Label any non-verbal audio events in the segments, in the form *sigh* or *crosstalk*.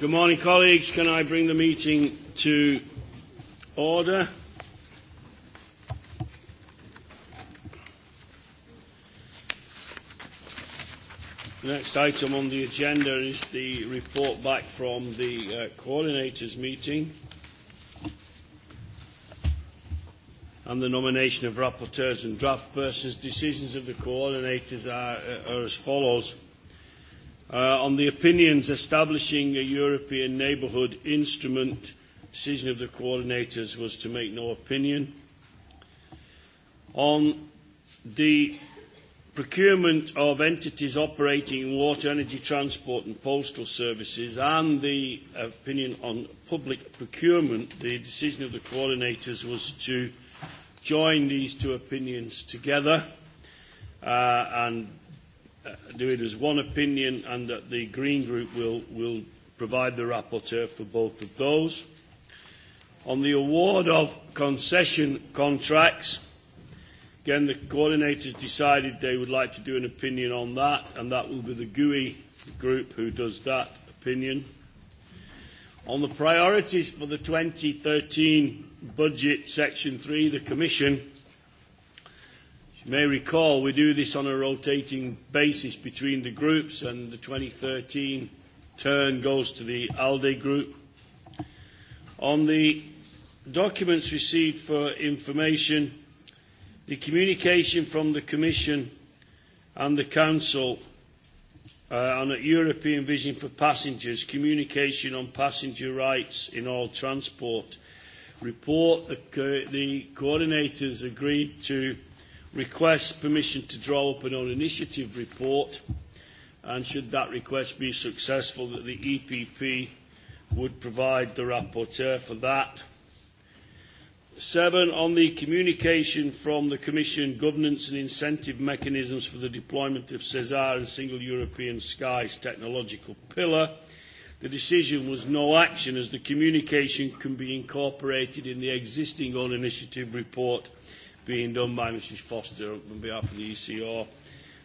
Good morning, colleagues. Can I bring the meeting to order? The next item on the agenda is the report back from the uh, coordinators' meeting and the nomination of rapporteurs and draft persons. Decisions of the coordinators are, uh, are as follows. Uh, on the opinions establishing a European neighbourhood instrument, decision of the coordinators was to make no opinion. On the procurement of entities operating in water, energy, transport and postal services and the opinion on public procurement, the decision of the coordinators was to join these two opinions together uh, and uh, do it as one opinion and that the Green Group will, will provide the rapporteur for both of those. On the award of concession contracts, again, the coordinators decided they would like to do an opinion on that, and that will be the GUI group who does that opinion. On the priorities for the 2013 budget, Section 3, the Commission You may recall we do this on a rotating basis between the groups, and the 2013 turn goes to the ALDE group. On the documents received for information, the communication from the Commission and the Council uh, on a European Vision for Passengers, Communication on Passenger Rights in All Transport report, the, co the coordinators agreed to Request permission to draw up an own initiative report, and should that request be successful, that the EPP would provide the rapporteur for that. Seven, on the communication from the Commission, governance and incentive mechanisms for the deployment of CESAR and Single European Skies technological pillar. The decision was no action as the communication can be incorporated in the existing own initiative report being done by Mrs Foster on behalf of the ECR.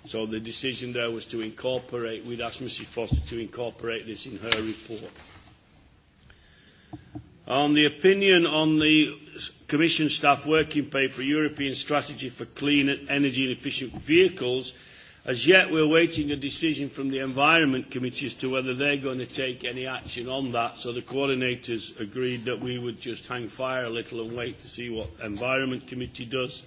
So the decision there was to incorporate, we'd asked Mrs Foster to incorporate this in her report. On the opinion on the Commission staff working paper, European Strategy for Clean Energy and Efficient Vehicles, As yet, we're waiting a decision from the Environment Committee as to whether they're going to take any action on that. So the coordinators agreed that we would just hang fire a little and wait to see what Environment Committee does.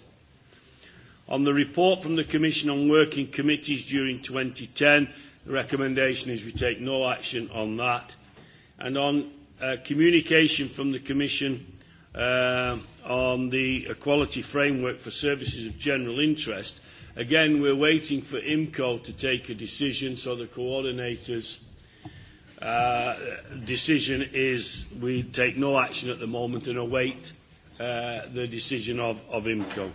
On the report from the Commission on Working Committees during 2010, the recommendation is we take no action on that. And on uh, communication from the Commission uh, on the Equality Framework for Services of General Interest, Again, we're waiting for IMCO to take a decision, so the coordinators' uh, decision is we take no action at the moment and await uh, the decision of, IMCO.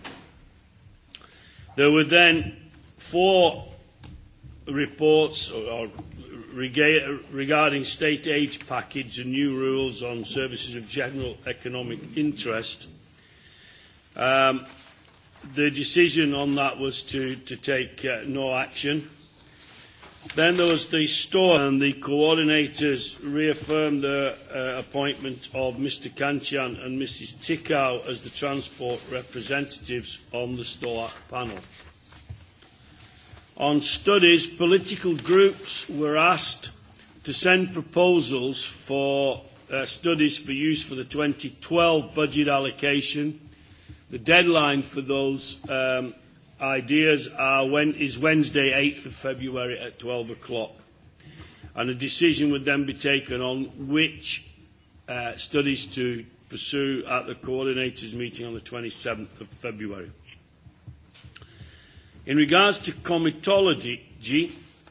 There were then four reports regarding state aid package and new rules on services of general economic interest. Um, the decision on that was to, to take uh, no action. Then there was the store, and the coordinators reaffirmed the uh, appointment of Mr. Kanchan and Mrs. Tikau as the transport representatives on the store panel. On studies, political groups were asked to send proposals for uh, studies for use for the 2012 budget allocation The deadline for those um, ideas are when, is Wednesday, 8th of February at 12 o'clock. And a decision would then be taken on which uh, studies to pursue at the coordinators' meeting on the 27th of February. In regards to comitology,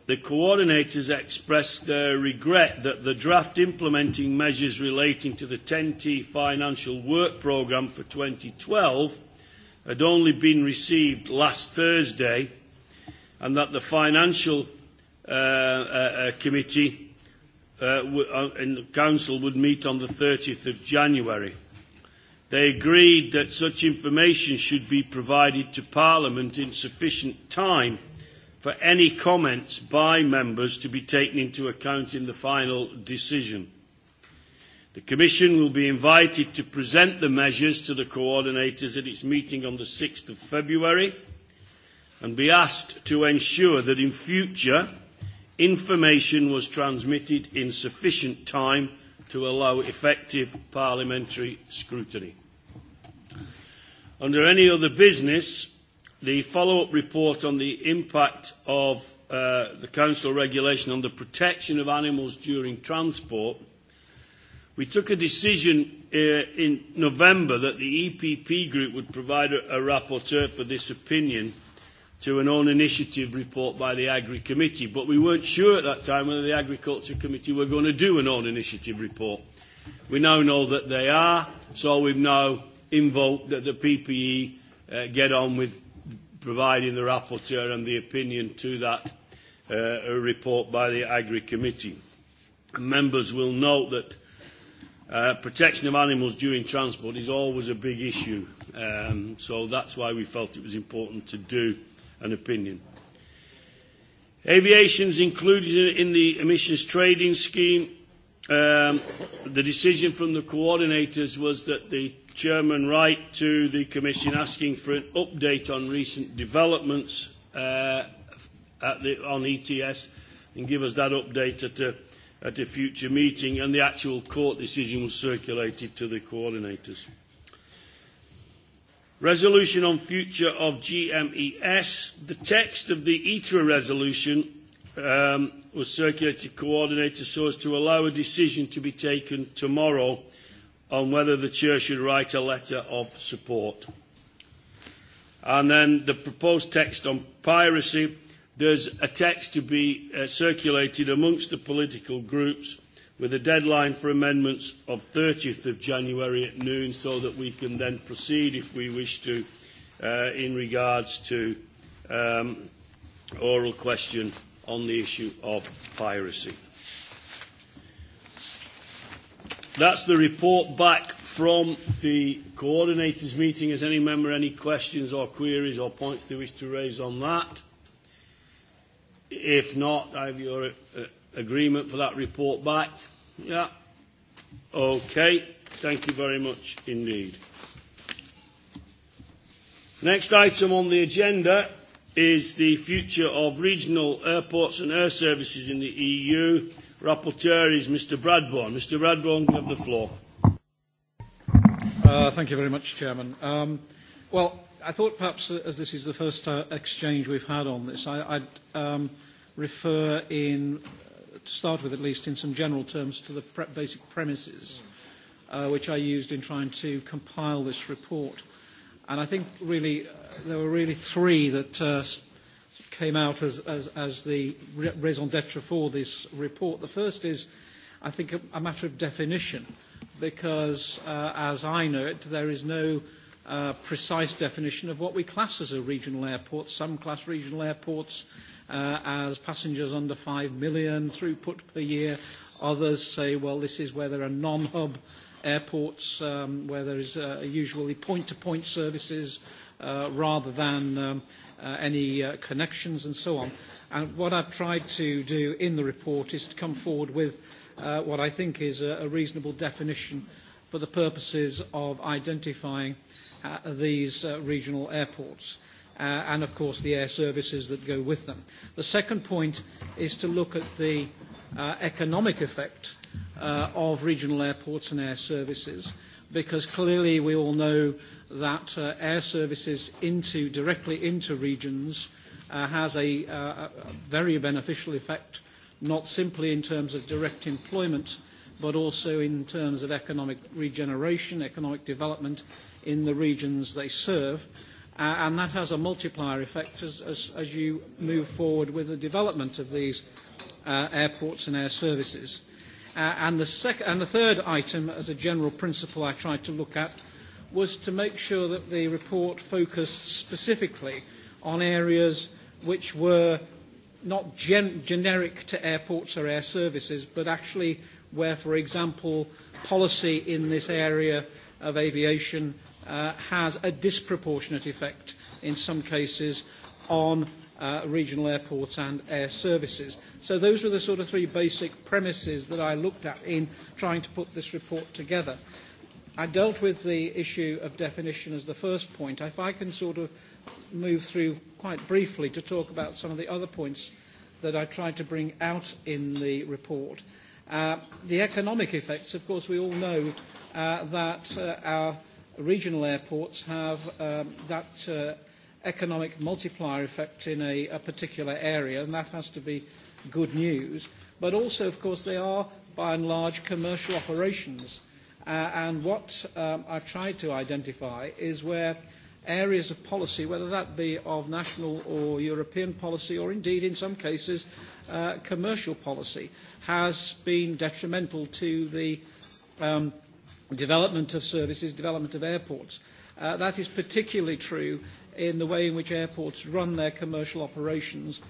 the coordinators expressed their regret that the draft implementing measures relating to the 10T financial work programme for 2012 had only been received last Thursday and that the financial uh, uh, uh committee uh, and uh, the council would meet on the 30th of January. They agreed that such information should be provided to Parliament in sufficient time – for any comments by members to be taken into account in the final decision. The Commission will be invited to present the measures to the coordinators at its meeting on the 6th of February and be asked to ensure that in future information was transmitted in sufficient time to allow effective parliamentary scrutiny. Under any other business, the follow-up report on the impact of uh, the Council regulation on the protection of animals during transport, we took a decision uh, in November that the EPP group would provide a, a rapporteur for this opinion to an own initiative report by the Agri Committee, but we weren't sure at that time whether the Agriculture Committee were going to do an own initiative report. We now know that they are, so we've now invoked that the PPE uh, get on with providing the rapporteur and the opinion to that uh, report by the Agri Committee. Members will note that uh, protection of animals during transport is always a big issue, um, so that's why we felt it was important to do an opinion. Aviation is included in the emissions trading scheme. Um, the decision from the coordinators was that the Chairman write to the Commission asking for an update on recent developments uh, the, on ETS and give us that update at a, at a future meeting. And the actual court decision was circulated to the coordinators. Resolution on future of GMES. The text of the ITRA resolution um, was circulated to coordinators so as to allow a decision to be taken tomorrow on whether the church should write a letter of support. And then the proposed text on piracy, there's a text to be uh, circulated amongst the political groups with a deadline for amendments of 30th of January at noon so that we can then proceed if we wish to uh, in regards to um, oral question on the issue of piracy. That's the report back from the coordinators meeting. Has any member any questions or queries or points they wish to raise on that? If not, I have your uh, agreement for that report back. Yeah. Okay. Thank you very much indeed. Next item on the agenda is the future of regional airports and air services in the EU Rapporteur is Mr. Bradbourne. Mr. Bradbourne, you have the floor. Uh, thank you very much, Chairman. Um, well, I thought perhaps as this is the first uh, exchange we've had on this, I, I'd um, refer in, uh, to start with at least, in some general terms to the pre basic premises uh, which I used in trying to compile this report. And I think really uh, there were really three that uh, came out as, as, as the raison d'etre for this report. The first is, I think, a, a matter of definition, because uh, as I know it, there is no uh, precise definition of what we class as a regional airport. Some class regional airports uh, as passengers under 5 million throughput per year. Others say, well, this is where there are non-hub airports, um, where there is uh, usually point-to-point services uh, rather than um, uh, any uh, connections and so on. And what I've tried to do in the report is to come forward with uh, what I think is a, a reasonable definition for the purposes of identifying uh, these uh, regional airports. Uh, and of course the air services that go with them. The second point is to look at the uh, economic effect uh, of regional airports and air services because clearly we all know that uh, air services into, directly into regions uh, has a, uh, a very beneficial effect, not simply in terms of direct employment, but also in terms of economic regeneration, economic development in the regions they serve. Uh, and that has a multiplier effect as, as, as you move forward with the development of these uh, airports and air services. Uh, and, the sec- and the third item, as a general principle I tried to look at, was to make sure that the report focused specifically on areas which were not gen- generic to airports or air services, but actually where, for example, policy in this area of aviation uh, has a disproportionate effect in some cases on uh, regional airports and air services. So those were the sort of three basic premises that I looked at in trying to put this report together. I dealt with the issue of definition as the first point. If I can sort of move through quite briefly to talk about some of the other points that I tried to bring out in the report. Uh, the economic effects, of course, we all know uh, that uh, our regional airports have um, that uh, economic multiplier effect in a, a particular area, and that has to be good news. But also, of course, they are, by and large, commercial operations Uh, and what um, I've tried to identify is where areas of policy, whether that be of national or European policy, or indeed in some cases uh, commercial policy, has been detrimental to the um, development of services, development of airports. Uh, that is particularly true in the way in which airports run their commercial operations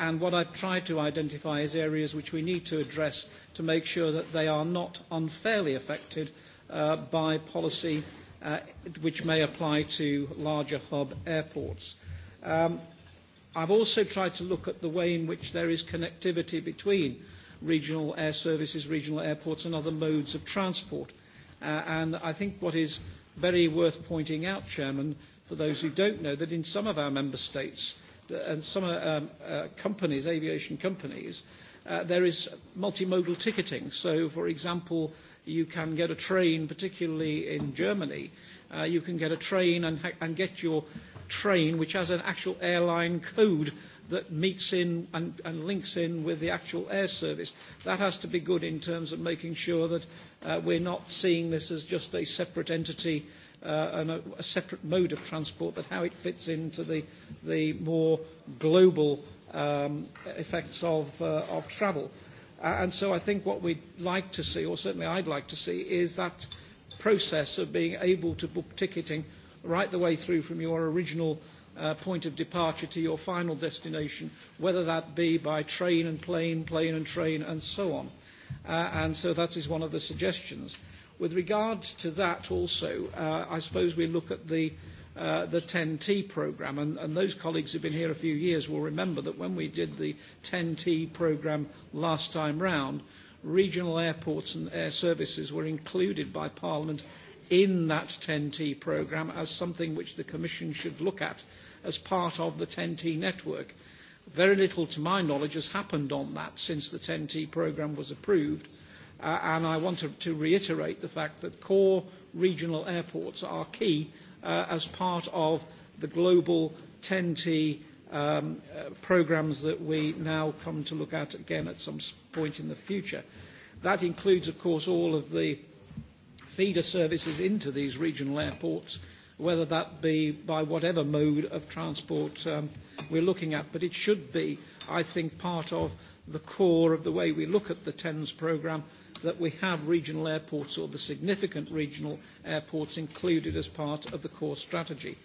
And what I've tried to identify is areas which we need to address to make sure that they are not unfairly affected uh, by policy uh, which may apply to larger hub airports. Um, I've also tried to look at the way in which there is connectivity between regional air services, regional airports and other modes of transport. Uh, and I think what is very worth pointing out, Chairman, for those who don't know, that in some of our member states, and some uh, um, uh, companies, aviation companies, uh, there is multimodal ticketing. So, for example, you can get a train, particularly in Germany, uh, you can get a train and, and get your train, which has an actual airline code that meets in and, and links in with the actual air service. That has to be good in terms of making sure that uh, we're not seeing this as just a separate entity uh, and a, a separate mode of transport, but how it fits into the, the more global um, effects of, uh, of travel. Uh, and so I think what we'd like to see, or certainly I'd like to see, is that process of being able to book ticketing right the way through from your original uh, point of departure to your final destination, whether that be by train and plane, plane and train, and so on. Uh, and so that is one of the suggestions. Uh, With regard to that also, uh, I suppose we look at the, uh, the 10T programme, and, and those colleagues who have been here a few years will remember that when we did the 10T programme last time round, regional airports and air services were included by Parliament in that 10T programme as something which the Commission should look at as part of the 10T network. Very little, to my knowledge, has happened on that since the 10T programme was approved, Uh, and I want to, to reiterate the fact that core regional airports are key uh, as part of the global 10T um, uh, programs that we now come to look at again at some point in the future. That includes, of course, all of the feeder services into these regional airports, whether that be by whatever mode of transport um, we're looking at. But it should be, I think, part of the core of the way we look at the TENS programme that we have regional airports or the significant regional airports included as part of the core strategy.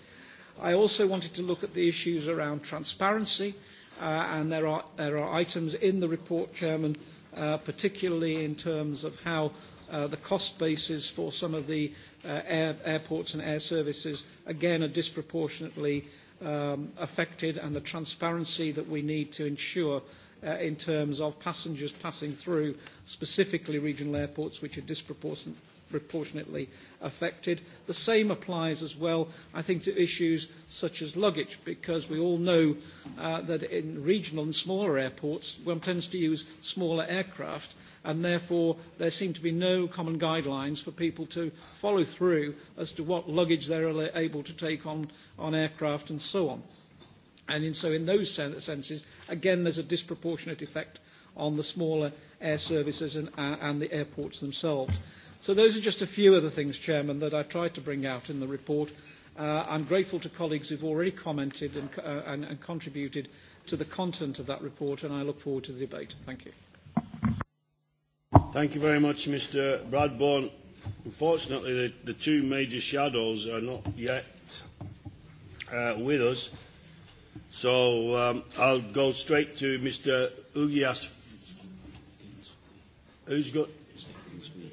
I also wanted to look at the issues around transparency, uh, and there are, there are items in the report, Chairman, uh, particularly in terms of how uh, the cost bases for some of the uh, air, airports and air services, again, are disproportionately um, affected, and the transparency that we need to ensure Uh, in terms of passengers passing through specifically regional airports which are disproportionately affected. The same applies as well, I think, to issues such as luggage, because we all know uh, that in regional and smaller airports, one tends to use smaller aircraft, and therefore there seem to be no common guidelines for people to follow through as to what luggage they are able to take on, on aircraft and so on. And in, so in those senses, Again, there's a disproportionate effect on the smaller air services and, uh, and the airports themselves. So those are just a few of the things, Chairman, that I've tried to bring out in the report. Uh, I'm grateful to colleagues who've already commented and, uh, and, and contributed to the content of that report, and I look forward to the debate. Thank you. Thank you very much, Mr Bradbourne. Unfortunately, the, the two major shadows are not yet uh, with us. So um, I'll go straight to Mr. Ugias. Who's got?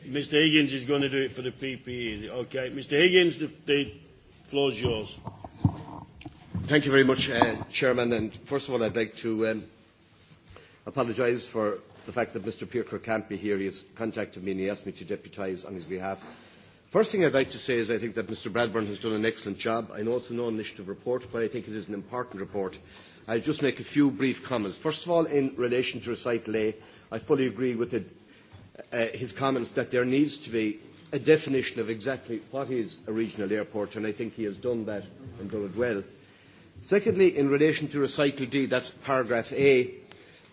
Mr. Higgins is going to do it for the PPE, is it? Okay. Mr. Higgins, the, the floor is yours. Thank you very much, uh, Chairman. And first of all, I'd like to um, apologise for the fact that Mr. Pirker can't be here. He has contacted me and he asked me to deputise on his behalf. First thing I'd like to say is I think that Mr Bradburn has done an excellent job. I know it's a non-initiative report, but I think it is an important report. I'll just make a few brief comments. First of all, in relation to recital A, I fully agree with it, uh, his comments that there needs to be a definition of exactly what is a regional airport, and I think he has done that and done it well. Secondly, in relation to recital D, that's paragraph A,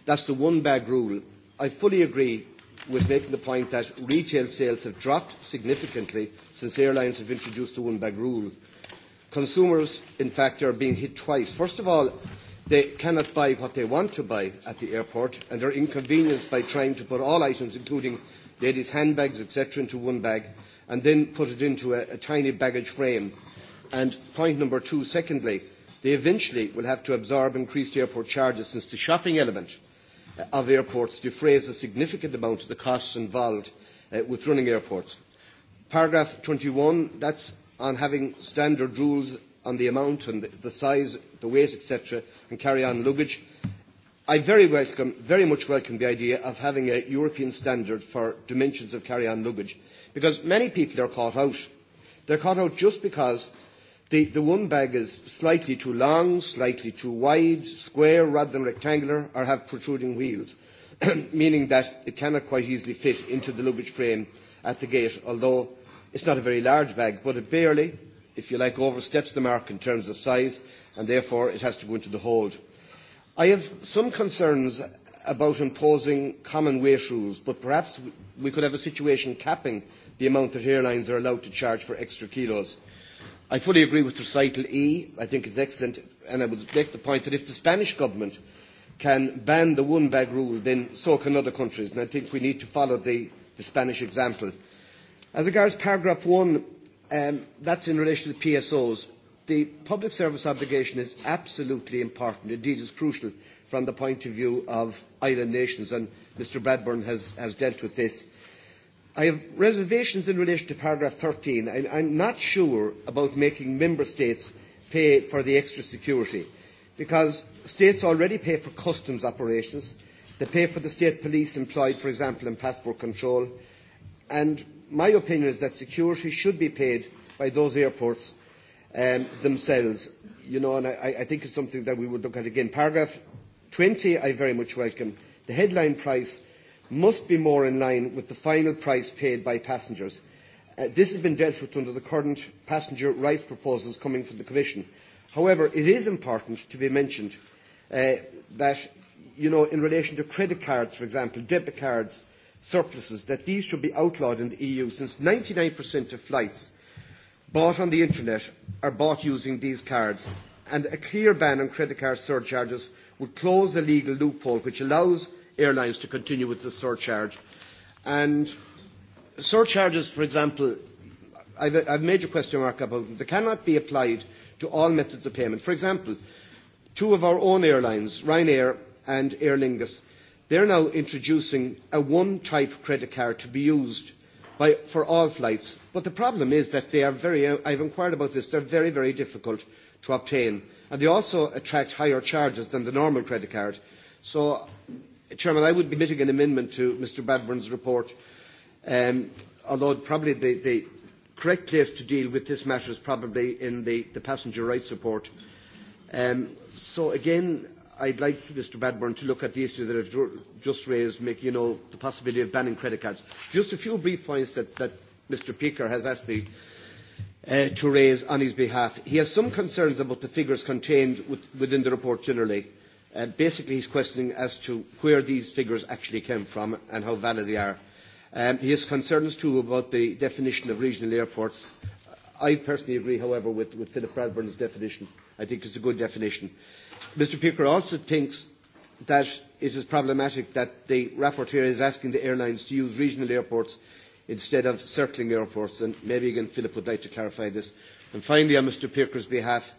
that's the one bag rule. I fully agree with making the point that retail sales have dropped significantly since airlines have introduced the one-bag rule. Consumers, in fact, are being hit twice. First of all, they cannot buy what they want to buy at the airport and are inconvenienced by trying to put all items, including ladies' handbags, etc., into one bag and then put it into a, a tiny baggage frame. And point number two, secondly, they eventually will have to absorb increased airport charges since the shopping element Uh, of airports defrays a significant amount of the costs involved uh, with running airports. Paragraph 21, that's on having standard rules on the amount and the size, the weight, etc., and carry-on luggage. I very, welcome, very much welcome the idea of having a European standard for dimensions of carry-on luggage, because many people are caught out. They're caught out just because The, the one bag is slightly too long, slightly too wide, square rather than rectangular, or have protruding wheels, *clears throat* meaning that it cannot quite easily fit into the luggage frame at the gate, although it's not a very large bag, but it barely, if you like, oversteps the mark in terms of size, and therefore it has to go into the hold. I have some concerns about imposing common weight rules, but perhaps we could have a situation capping the amount that airlines are allowed to charge for extra kilos. I fully agree with recital E. I think it's excellent, and I would make the point that if the Spanish government can ban the one-bag rule, then so can other countries, and I think we need to follow the, the Spanish example. As regards paragraph one, um, that's in relation to the PSOs. The public service obligation is absolutely important, indeed is crucial from the point of view of island nations, and Mr Bradburn has, has dealt with this. I have reservations in relation to paragraph 13. I, I'm not sure about making member states pay for the extra security because states already pay for customs operations. They pay for the state police employed, for example, in passport control. And my opinion is that security should be paid by those airports um, themselves. You know, and I, I think it's something that we would look at again. Paragraph 20, I very much welcome. The headline price must be more in line with the final price paid by passengers. Uh, this has been dealt with under the current passenger rights proposals coming from the Commission. However, it is important to be mentioned uh, that, you know, in relation to credit cards, for example, debit cards, surpluses, that these should be outlawed in the EU since 99% of flights bought on the internet are bought using these cards and a clear ban on credit card surcharges would close the legal loophole which allows airlines to continue with the surcharge. And surcharges, for example, I have a major question mark about them. They cannot be applied to all methods of payment. For example, two of our own airlines, Ryanair and Aer Lingus, they're now introducing a one-type credit card to be used by, for all flights. But the problem is that they are very, I've inquired about this, they're very, very difficult to obtain. And they also attract higher charges than the normal credit card. So Chairman, I would be making an amendment to Mr Bradburn's report, um, although probably the, the correct place to deal with this matter is probably in the, the passenger rights report. Um, so again, I'd like Mr Bradburn to look at the issue that I've just raised, make, you know, the possibility of banning credit cards. Just a few brief points that, that Mr Peaker has asked me uh, to raise on his behalf. He has some concerns about the figures contained with, within the report generally. Uh, basically, he's questioning as to where these figures actually came from and how valid they are. Um, he has concerns too about the definition of regional airports. I personally agree, however, with, with Philip Bradburn's definition. I think it's a good definition. Mr. Picker also thinks that it is problematic that the rapporteur is asking the airlines to use regional airports instead of circling airports, and maybe again Philip would like to clarify this. And finally, on Mr. Picker's behalf,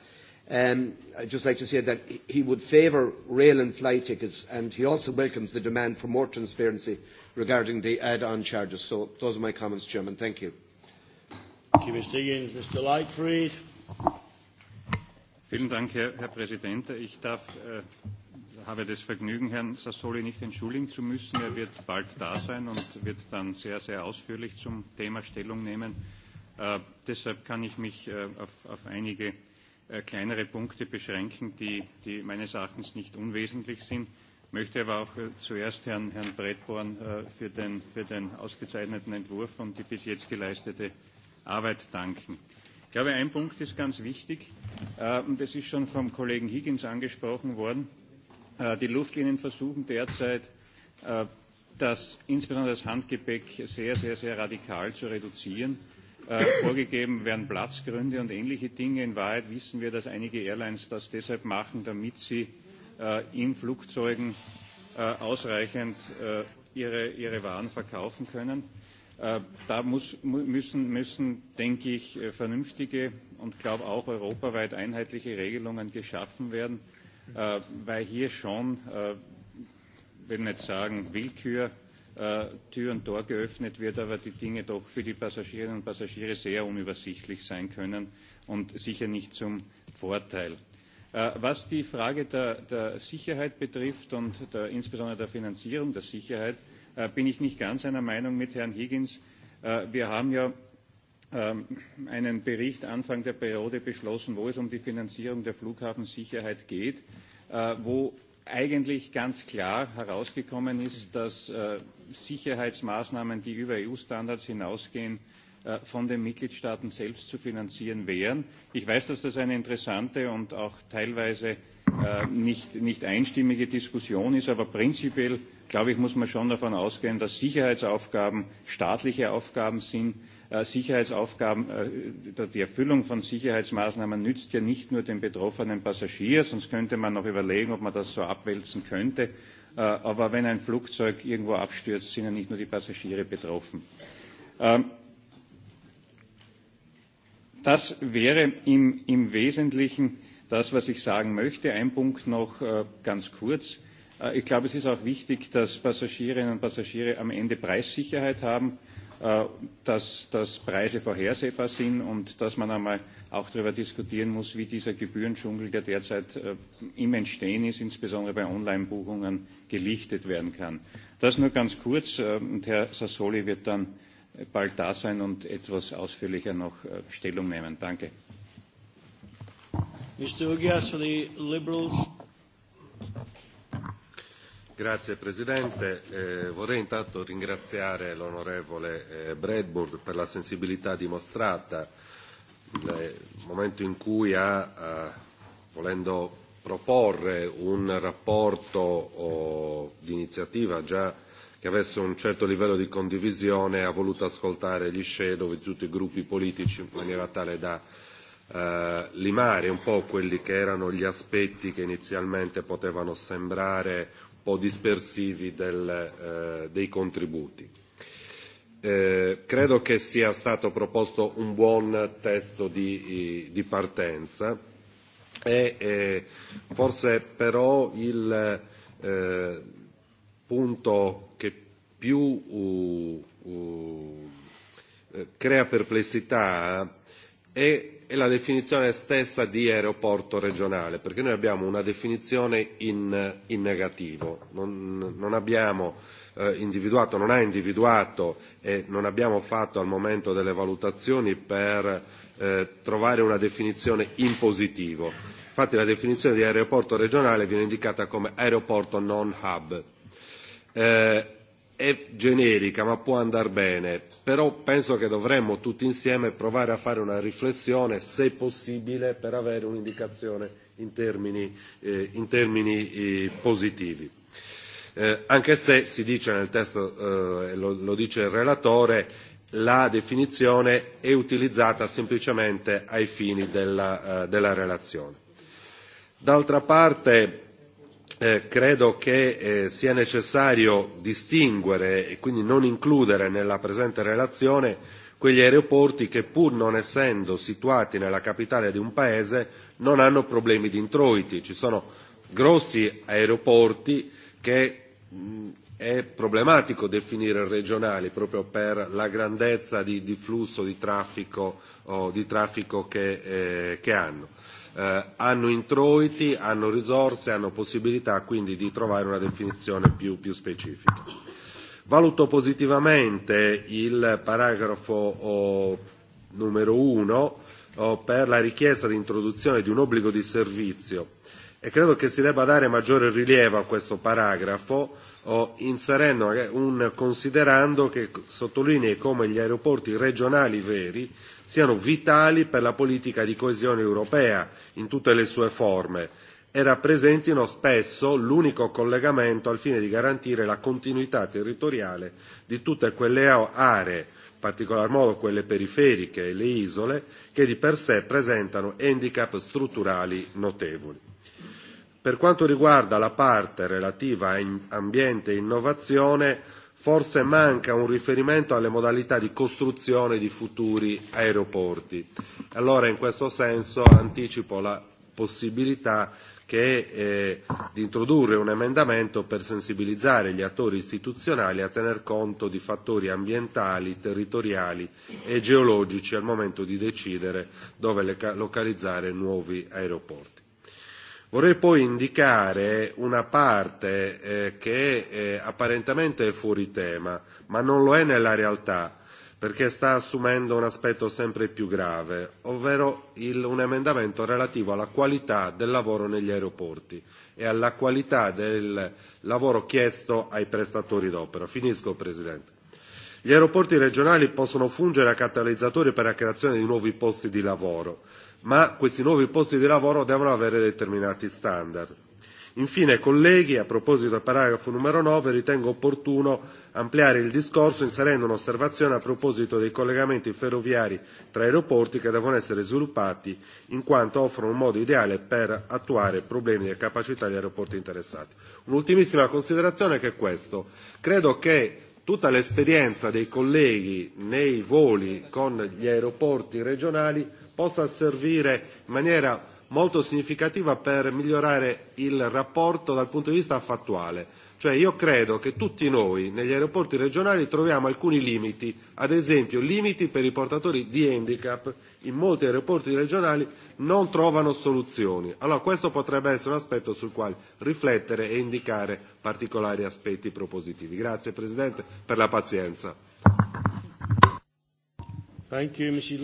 Um, I'd just like to say that he would favour rail and fly tickets, and he also welcomes the demand for more transparency regarding the add-on charges. So those are my comments, Chairman. Thank you. Thank you, Mr. Higgins. Mr. Lightfried. Vielen Dank, Herr, Herr Präsident. Ich darf, äh, habe das Vergnügen, Herrn Sassoli nicht entschuldigen zu müssen. Er wird bald da sein und wird dann sehr, sehr ausführlich zum Thema Stellung nehmen. Äh, deshalb kann ich mich äh, auf, auf einige Äh, kleinere Punkte beschränken, die, die meines Erachtens nicht unwesentlich sind. Ich möchte aber auch äh, zuerst Herrn, Herrn Bredborn äh, für, den, für den ausgezeichneten Entwurf und die bis jetzt geleistete Arbeit danken. Ich glaube, ein Punkt ist ganz wichtig, und das ist schon vom Kollegen Higgins angesprochen worden. die Luftlinien versuchen derzeit, das, insbesondere das Handgepäck sehr, sehr, sehr radikal zu reduzieren Äh, vorgegeben werden Platzgründe und ähnliche Dinge. In Wahrheit wissen wir, dass einige Airlines das deshalb machen, damit sie äh, in Flugzeugen äh, ausreichend ihre, ihre Waren verkaufen können. da muss, müssen, müssen, denke ich, vernünftige und glaube auch europaweit einheitliche Regelungen geschaffen werden, weil hier schon, ich will nicht sagen Willkür, Äh, Tür und Tor geöffnet wird, aber die Dinge doch für die Passagierinnen und Passagiere sehr unübersichtlich sein können und sicher nicht zum Vorteil. Äh, was die Frage der, der Sicherheit betrifft und der, insbesondere der Finanzierung der Sicherheit, äh, bin ich nicht ganz einer Meinung mit Herrn Higgins. Wir haben ja ähm, einen Bericht Anfang der Periode beschlossen, wo es um die Finanzierung der Flughafensicherheit geht, wo eigentlich ganz klar herausgekommen ist, dass äh, Sicherheitsmaßnahmen, die über EU-Standards hinausgehen, äh, von den Mitgliedstaaten selbst zu finanzieren wären. Ich weiß, dass das eine interessante und auch teilweise äh, nicht, nicht einstimmige Diskussion ist, aber prinzipiell, glaube ich, muss man schon davon ausgehen, dass Sicherheitsaufgaben staatliche Aufgaben sind, Äh, Sicherheitsaufgaben, äh, die Erfüllung von Sicherheitsmaßnahmen nützt ja nicht nur dem betroffenen Passagier, sonst könnte man noch überlegen, ob man das so abwälzen könnte. Äh, aber wenn ein Flugzeug irgendwo abstürzt, sind ja nicht nur die Passagiere betroffen. Ähm, das wäre im, im Wesentlichen das, was ich sagen möchte. Ein Punkt noch ganz kurz. Ich glaube, es ist auch wichtig, dass Passagierinnen und Passagiere am Ende Preissicherheit haben Äh, dass, dass Preise vorhersehbar sind und dass man einmal auch darüber diskutieren muss, wie dieser Gebührendschungel, der derzeit äh, im Entstehen ist, insbesondere bei Online-Buchungen, gelichtet werden kann. Das nur ganz kurz äh, und Herr Sassoli wird dann bald da sein und etwas ausführlicher noch Stellung nehmen. Danke. Mr. Ugias for the Liberals. Grazie Presidente, eh, vorrei intanto ringraziare l'onorevole eh, Bradburn per la sensibilità dimostrata nel eh, momento in cui ha, eh, volendo proporre un rapporto oh, di iniziativa già che avesse un certo livello di condivisione, ha voluto ascoltare gli shadow di tutti i gruppi politici in maniera tale da eh, limare un po' quelli che erano gli aspetti che inizialmente potevano sembrare po' dispersivi del, eh, dei contributi. Eh, credo che sia stato proposto un buon testo di, di partenza e eh, forse però il eh, punto che più uh, uh, crea perplessità è è la definizione stessa di aeroporto regionale, perché noi abbiamo una definizione in, in negativo, non, non abbiamo eh, individuato, non ha individuato e non abbiamo fatto al momento delle valutazioni per eh, trovare una definizione in positivo. Infatti la definizione di aeroporto regionale viene indicata come aeroporto non hub. Eh, è generica ma può andar bene, però penso che dovremmo tutti insieme provare a fare una riflessione, se possibile, per avere un'indicazione in termini, eh, in termini eh, positivi. Eh, anche se si dice nel testo, eh, lo, lo dice il relatore, la definizione è utilizzata semplicemente ai fini della, eh, della relazione. D'altra parte, Eh, credo che eh, sia necessario distinguere e quindi non includere nella presente relazione quegli aeroporti che pur non essendo situati nella capitale di un paese non hanno problemi di introiti. Ci sono grossi aeroporti che mh, mm, è problematico definire regionali proprio per la grandezza di, di flusso di traffico, o di traffico che, eh, che hanno. Eh, hanno introiti, hanno risorse, hanno possibilità quindi di trovare una definizione più, più specifica. Valuto positivamente il paragrafo oh, numero 1 oh, per la richiesta di introduzione di un obbligo di servizio e credo che si debba dare maggiore rilievo a questo paragrafo oh, inserendo un considerando che sottolinei come gli aeroporti regionali veri siano vitali per la politica di coesione europea in tutte le sue forme e rappresentino spesso l'unico collegamento al fine di garantire la continuità territoriale di tutte quelle aree, in particolar modo quelle periferiche e le isole, che di per sé presentano handicap strutturali notevoli. Per quanto riguarda la parte relativa a ambiente e innovazione, forse manca un riferimento alle modalità di costruzione di futuri aeroporti. Allora in questo senso anticipo la possibilità che eh, di introdurre un emendamento per sensibilizzare gli attori istituzionali a tener conto di fattori ambientali, territoriali e geologici al momento di decidere dove localizzare nuovi aeroporti. Vorrei poi indicare una parte eh, che eh, apparentemente è fuori tema, ma non lo è nella realtà, perché sta assumendo un aspetto sempre più grave, ovvero il, un emendamento relativo alla qualità del lavoro negli aeroporti e alla qualità del lavoro chiesto ai prestatori d'opera. Finisco, Presidente. Gli aeroporti regionali possono fungere a catalizzatori per la creazione di nuovi posti di lavoro, ma questi nuovi posti di lavoro devono avere determinati standard. Infine, colleghi, a proposito del paragrafo numero 9, ritengo opportuno ampliare il discorso inserendo un'osservazione a proposito dei collegamenti ferroviari tra aeroporti che devono essere sviluppati in quanto offrono un modo ideale per attuare problemi e capacità degli aeroporti interessati. Un'ultimissima considerazione che è questo. Credo che tutta l'esperienza dei colleghi nei voli con gli aeroporti regionali possa servire in maniera molto significativa per migliorare il rapporto dal punto di vista fattuale Cioè io credo che tutti noi negli aeroporti regionali troviamo alcuni limiti, ad esempio limiti per i portatori di handicap in molti aeroporti regionali non trovano soluzioni. Allora questo potrebbe essere un aspetto sul quale riflettere e indicare particolari aspetti propositivi. Grazie Presidente per la pazienza. Thank you, Mr.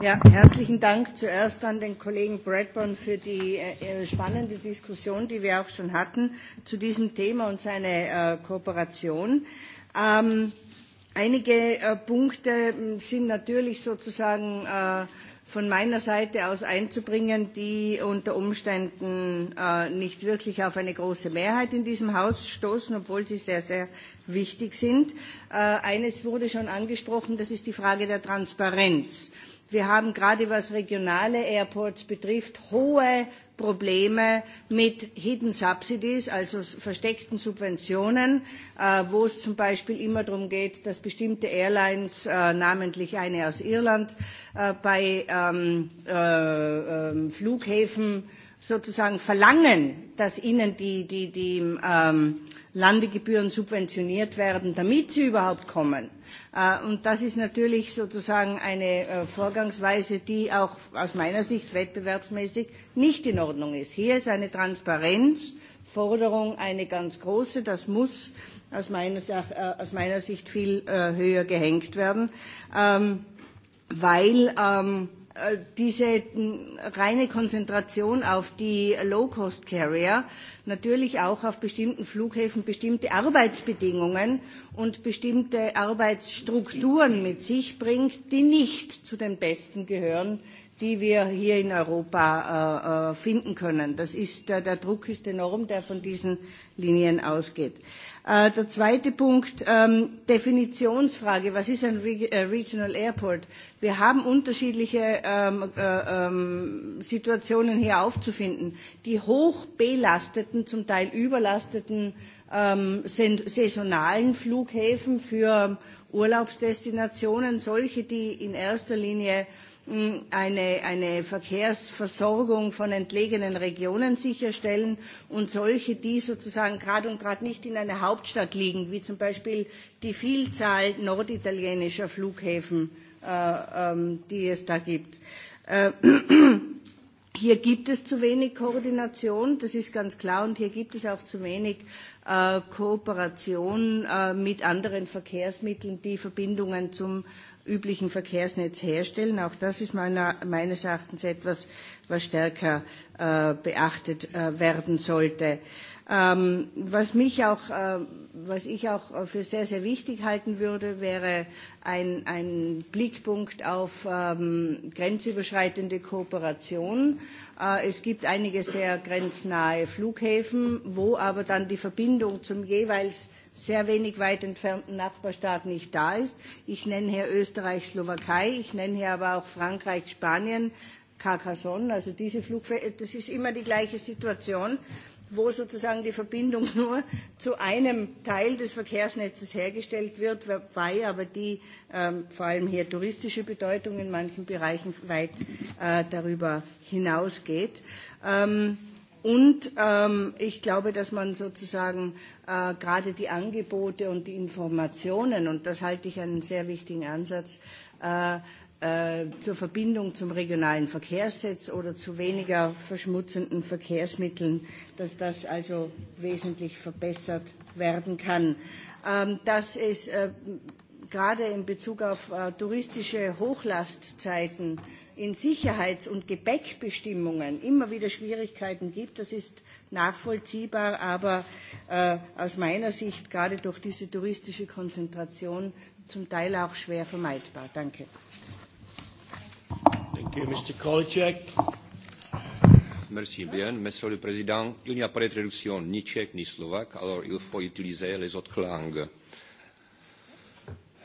Ja, herzlichen Dank zuerst an den Kollegen Bradburn für die äh, äh, spannende Diskussion, die wir auch schon hatten zu diesem Thema und seine äh, Kooperation. Ähm, einige äh, Punkte hm, sind natürlich sozusagen äh, von meiner Seite aus einzubringen, die unter Umständen äh, nicht wirklich auf eine große Mehrheit in diesem Haus stoßen, obwohl sie sehr, sehr wichtig sind. Äh, eines wurde schon angesprochen, das ist die Frage der Transparenz. Wir haben gerade was regionale Airports betrifft hohe Probleme mit Hidden Subsidies, also versteckten Subventionen, äh, wo es zum Beispiel immer darum geht, dass bestimmte Airlines, äh, namentlich eine aus Irland, äh, bei ähm, äh, äh, Flughäfen sozusagen verlangen, dass ihnen die, die, die ähm, Landegebühren subventioniert werden, damit sie überhaupt kommen. Äh, und das ist natürlich sozusagen eine äh, Vorgangsweise, die auch aus meiner Sicht wettbewerbsmäßig nicht in Ordnung ist. Hier ist eine Transparenzforderung eine ganz große. Das muss aus meiner, äh, aus meiner Sicht viel höher gehängt werden, ähm, weil ähm, diese reine Konzentration auf die Low-Cost-Carrier natürlich auch auf bestimmten Flughäfen bestimmte Arbeitsbedingungen und bestimmte Arbeitsstrukturen mit sich bringt, die nicht zu den besten gehören, die wir hier in Europa äh, äh finden können. Das ist, äh, der Druck ist enorm, der von diesen Linien ausgeht. Äh, der zweite Punkt, ähm, Definitionsfrage. Was ist ein Re äh, Regional Airport? Wir haben unterschiedliche ähm, äh, ähm, Situationen hier aufzufinden. Die hochbelasteten, zum Teil überlasteten ähm, saisonalen Flughäfen für Urlaubsdestinationen, solche, die in erster Linie eine, eine Verkehrsversorgung von entlegenen Regionen sicherstellen und solche, die sozusagen gerade und gerade nicht in einer Hauptstadt liegen, wie zum Beispiel die Vielzahl norditalienischer Flughäfen, äh, ähm, die es da gibt. Äh, Hier gibt es zu wenig Koordination, das ist ganz klar, und hier gibt es auch zu wenig äh, Kooperation äh, mit anderen Verkehrsmitteln, die Verbindungen zum üblichen Verkehrsnetz herstellen. Auch das ist meiner, meines Erachtens etwas, was stärker äh, beachtet äh, werden sollte. Ähm, was, mich auch, äh, was ich auch für sehr, sehr wichtig halten würde, wäre ein, ein Blickpunkt auf ähm, grenzüberschreitende Kooperation. Äh, es gibt einige sehr grenznahe Flughäfen, wo aber dann die Verbindung zum jeweils äh, sehr wenig weit entfernten Nachbarstaat nicht da ist. Ich nenne hier Österreich, Slowakei, ich nenne hier aber auch Frankreich, Spanien, Carcassonne, also diese Flugfläche, das ist immer die gleiche Situation, wo sozusagen die Verbindung *laughs* nur zu einem Teil des Verkehrsnetzes hergestellt wird, wobei aber die ähm, vor allem hier touristische Bedeutung in manchen Bereichen weit äh, darüber hinausgeht. Ähm, Und ähm, ich glaube, dass man sozusagen äh, gerade die Angebote und die Informationen, und das halte ich einen sehr wichtigen Ansatz, äh, äh zur Verbindung zum regionalen Verkehrssetz oder zu weniger verschmutzenden Verkehrsmitteln, dass das also wesentlich verbessert werden kann. Ähm, dass es äh, gerade in Bezug auf äh, touristische Hochlastzeiten in Sicherheits- und Gepäckbestimmungen immer wieder Schwierigkeiten gibt. Das ist nachvollziehbar, aber äh, aus meiner Sicht gerade durch diese touristische Konzentration zum Teil auch schwer vermeidbar. Danke. Thank you, Mr. Merci bien, Monsieur le Président. Il n'y a pas de traduction ni tchèque ni slovaque, alors il faut utiliser les autres langues.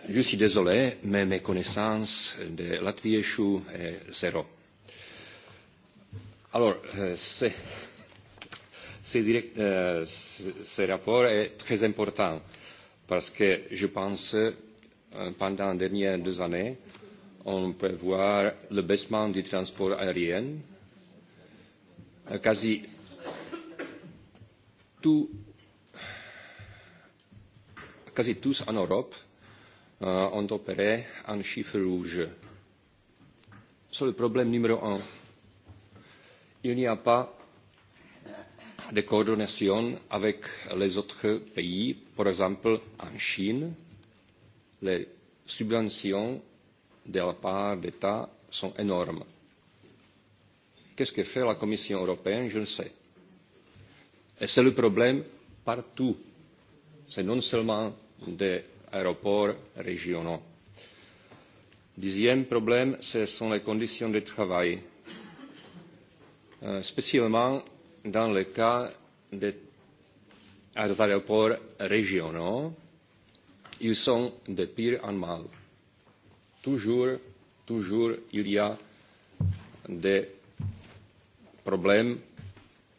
Je suis désolé, mais mes connaissances de Latvie échouent euh, zéro. Alors, euh, ce, ce, direct, euh, ce rapport est très important parce que je pense pendant les dernières deux années, on peut voir le baissement du transport aérien. Quasi tout, quasi tous en Europe euh, on opérait en chiffre rouge. C'est le problème numéro un. Il n'y a pas de coordination avec les autres pays. Par exemple, en Chine, les subventions de la part d'État sont énormes. Qu'est-ce que fait la Commission européenne Je ne sais. Et c'est le problème partout. C'est non seulement des aéroports régionaux. Dixième problème, ce sont les conditions de travail, euh, spécialement dans le cas des aéroports régionaux. Ils sont de pire en mal. Toujours, toujours, il y a des problèmes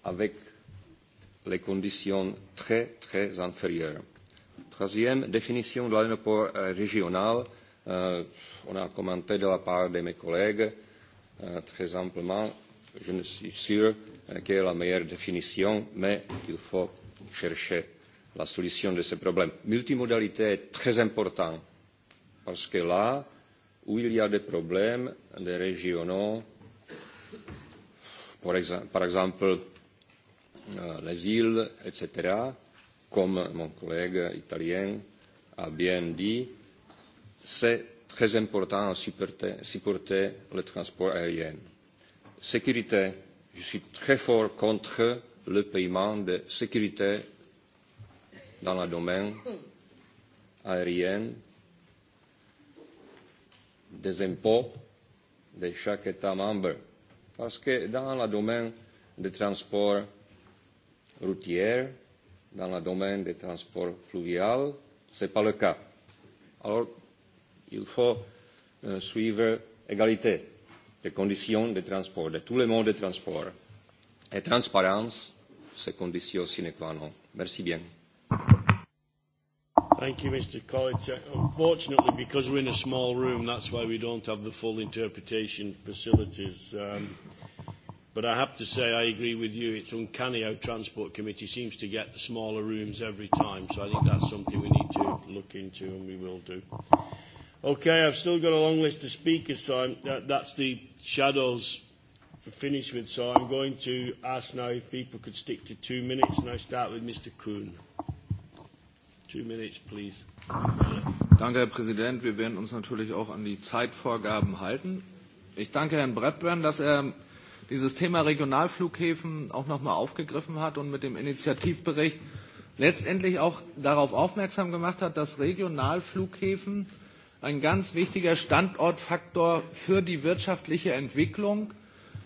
avec les conditions très, très inférieures. Troisième, définition de l'aéroport euh, régional. Euh, on a commenté de la part de mes collègues euh, très amplement. Je ne suis sûr euh, quelle est la meilleure définition, mais il faut chercher la solution de ce problème. Multimodalité est très important parce que là où il y a des problèmes des régionaux, par exemple, par euh, exemple les îles, etc., comme mon collègue italien a bien dit, c'est très important de supporter, supporter le transport aérien. Sécurité, je suis très fort contre le paiement de sécurité dans le domaine aérien des impôts de chaque État membre. Parce que dans le domaine des transports routiers, dans le domaine des transports fluviaux. Ce n'est pas le cas. Alors, il faut euh, suivre égalité des conditions de transport, de tous les modes de transport. Et transparence, c'est condition sine qua non. Merci bien. Thank you, Mr. Kolicek. Unfortunately, because we're in a small room, that's why we don't have the full interpretation facilities. Um, But I have to say, I agree with you. It's uncanny how Transport Committee seems to get the smaller rooms every time. So I think that's something we need to look into, and we will do. Okay, I've still got a long list of speakers, so I'm, that, that's the shadows to finish with. So I'm going to ask now if people could stick to two minutes, and I start with Mr. Kuhn. Two minutes, please. Danke, Herr Präsident. Wir werden uns natürlich auch an die Zeitvorgaben halten. Ich danke Herrn Bradburn, dass er dieses Thema Regionalflughäfen auch nochmal aufgegriffen hat und mit dem Initiativbericht letztendlich auch darauf aufmerksam gemacht hat, dass Regionalflughäfen ein ganz wichtiger Standortfaktor für die wirtschaftliche Entwicklung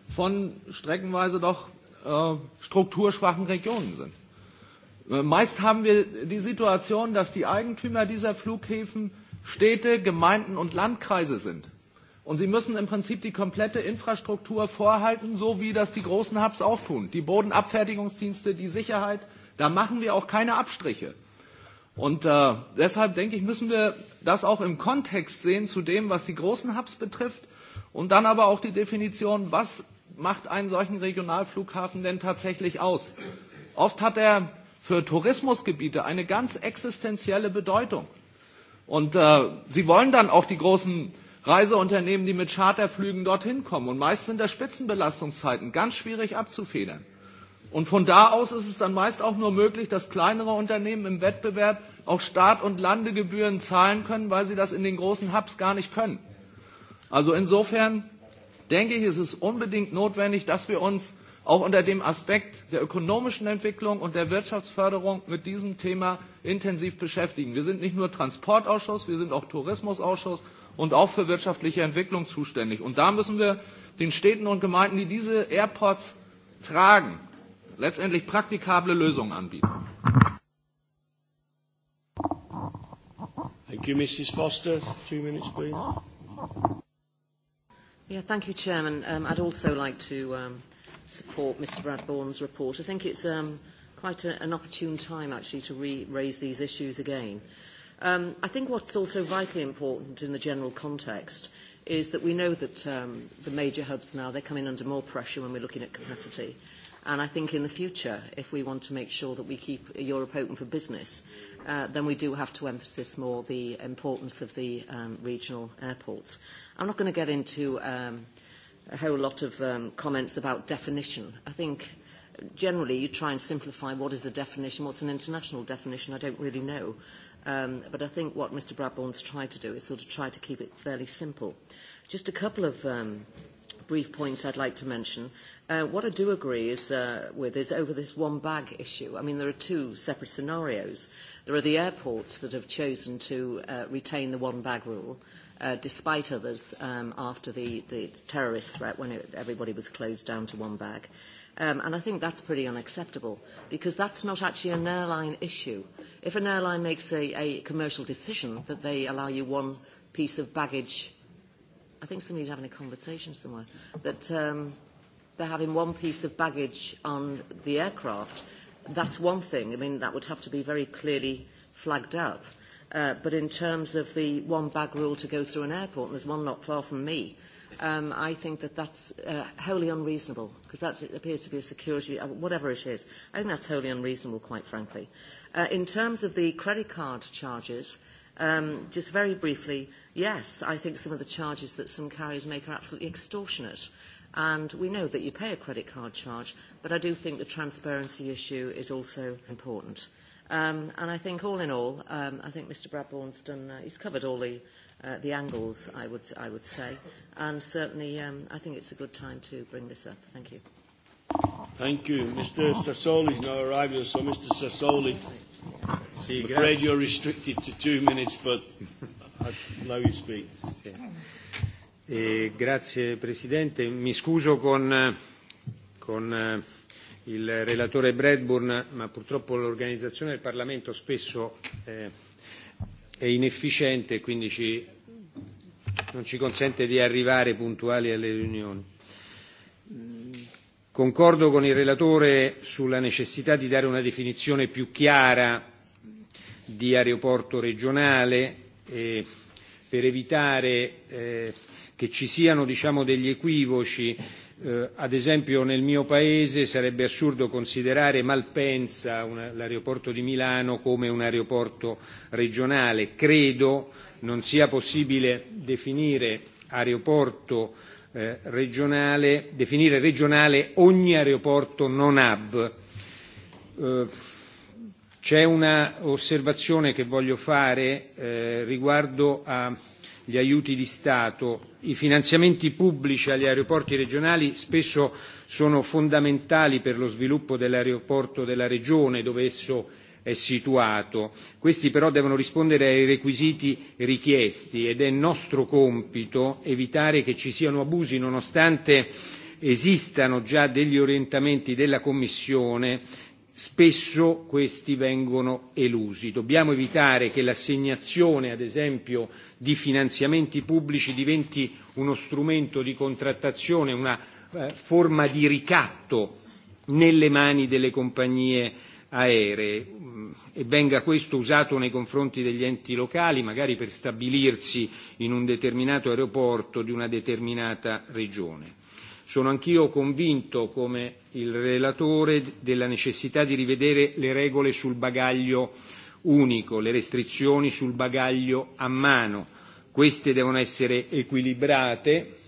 von streckenweise doch äh, strukturschwachen Regionen sind. Äh, meist haben wir die Situation, dass die Eigentümer dieser Flughäfen Städte, Gemeinden und Landkreise sind. Und Sie müssen im Prinzip die komplette Infrastruktur vorhalten, so wie das die großen Hubs auch tun. Die Bodenabfertigungsdienste, die Sicherheit, da machen wir auch keine Abstriche. Und äh, deshalb denke ich, müssen wir das auch im Kontext sehen zu dem, was die großen Hubs betrifft und dann aber auch die Definition, was macht einen solchen Regionalflughafen denn tatsächlich aus? Oft hat er für Tourismusgebiete eine ganz existenzielle Bedeutung. Und äh, Sie wollen dann auch die großen Reiseunternehmen, die mit Charterflügen dorthin kommen. Und meist sind das Spitzenbelastungszeiten ganz schwierig abzufedern. Und von da aus ist es dann meist auch nur möglich, dass kleinere Unternehmen im Wettbewerb auch Start- und Landegebühren zahlen können, weil sie das in den großen Hubs gar nicht können. Also insofern denke ich, ist es unbedingt notwendig, dass wir uns auch unter dem Aspekt der ökonomischen Entwicklung und der Wirtschaftsförderung mit diesem Thema intensiv beschäftigen. Wir sind nicht nur Transportausschuss, wir sind auch Tourismusausschuss und auch für wirtschaftliche Entwicklung zuständig. Und da müssen wir den Städten und Gemeinden, die diese Airports tragen, letztendlich praktikable Lösungen anbieten. Thank you, Mrs. Foster. Two minutes, please. Yeah, thank you, Chairman. Um, I'd also like to um, support Mr. Bradbourne's report. I think it's um, quite a, an opportune time, actually, to re raise these issues again. Um, I think what's also vitally important in the general context is that we know that um, the major hubs now, they're coming under more pressure when we're looking at capacity. And I think in the future, if we want to make sure that we keep Europe open for business, uh, then we do have to emphasise more the importance of the um, regional airports. I'm not going to get into um, a whole lot of um, comments about definition. I think generally you try and simplify what is the definition, what's an international definition, I don't really know. Um, but I think what Mr Bradbourne's tried to do is sort of try to keep it fairly simple. Just a couple of um, brief points I'd like to mention. Uh, what I do agree is, uh, with is over this one bag issue. I mean, there are two separate scenarios. There are the airports that have chosen to uh, retain the one bag rule, uh, despite others um, after the, the terrorist threat when it, everybody was closed down to one bag. Uh, Um, and I think that's pretty unacceptable because that's not actually an airline issue. If an airline makes a, a commercial decision that they allow you one piece of baggage, I think somebody's having a conversation somewhere, that um, they're having one piece of baggage on the aircraft, that's one thing. I mean, that would have to be very clearly flagged up. Uh, but in terms of the one bag rule to go through an airport, and there's one not far from me, um, I think that that's uh, wholly unreasonable, because that appears to be a security, uh, whatever it is. I think that's wholly unreasonable, quite frankly. Uh, in terms of the credit card charges, um, just very briefly, yes, I think some of the charges that some carriers make are absolutely extortionate. And we know that you pay a credit card charge, but I do think the transparency issue is also important. Um, and I think all in all, um, I think Mr Bradbourne's done, uh, he's covered all the uh, the angles, I would, I would say. And certainly, um, I think it's a good time to bring this up. Thank you. Thank you. Mr. Sassoli is now arriving, so Mr. Sassoli, sì, I'm afraid grazie. you're restricted to two minutes, but I'll allow you speak. Sì. E eh, grazie Presidente. Mi scuso con, eh, con eh, il relatore Bradburn, ma purtroppo l'organizzazione del Parlamento spesso eh, è inefficiente e quindi ci, non ci consente di arrivare puntuali alle riunioni. Mm, concordo con il relatore sulla necessità di dare una definizione più chiara di aeroporto regionale eh, per evitare eh, che ci siano diciamo, degli equivoci Eh, ad esempio nel mio paese sarebbe assurdo considerare Malpensa, un, l'aeroporto di Milano, come un aeroporto regionale. Credo non sia possibile definire aeroporto eh, regionale, definire regionale ogni aeroporto non hub. Eh, c'è una osservazione che voglio fare eh, riguardo a gli aiuti di Stato. I finanziamenti pubblici agli aeroporti regionali spesso sono fondamentali per lo sviluppo dell'aeroporto della regione dove esso è situato. Questi però devono rispondere ai requisiti richiesti ed è nostro compito evitare che ci siano abusi nonostante esistano già degli orientamenti della Commissione spesso questi vengono elusi. Dobbiamo evitare che l'assegnazione, ad esempio, di finanziamenti pubblici diventi uno strumento di contrattazione, una eh, forma di ricatto nelle mani delle compagnie aeree mm, e venga questo usato nei confronti degli enti locali, magari per stabilirsi in un determinato aeroporto di una determinata regione. Sono anch'io convinto, come il relatore, della necessità di rivedere le regole sul bagaglio unico, le restrizioni sul bagaglio a mano. Queste devono essere equilibrate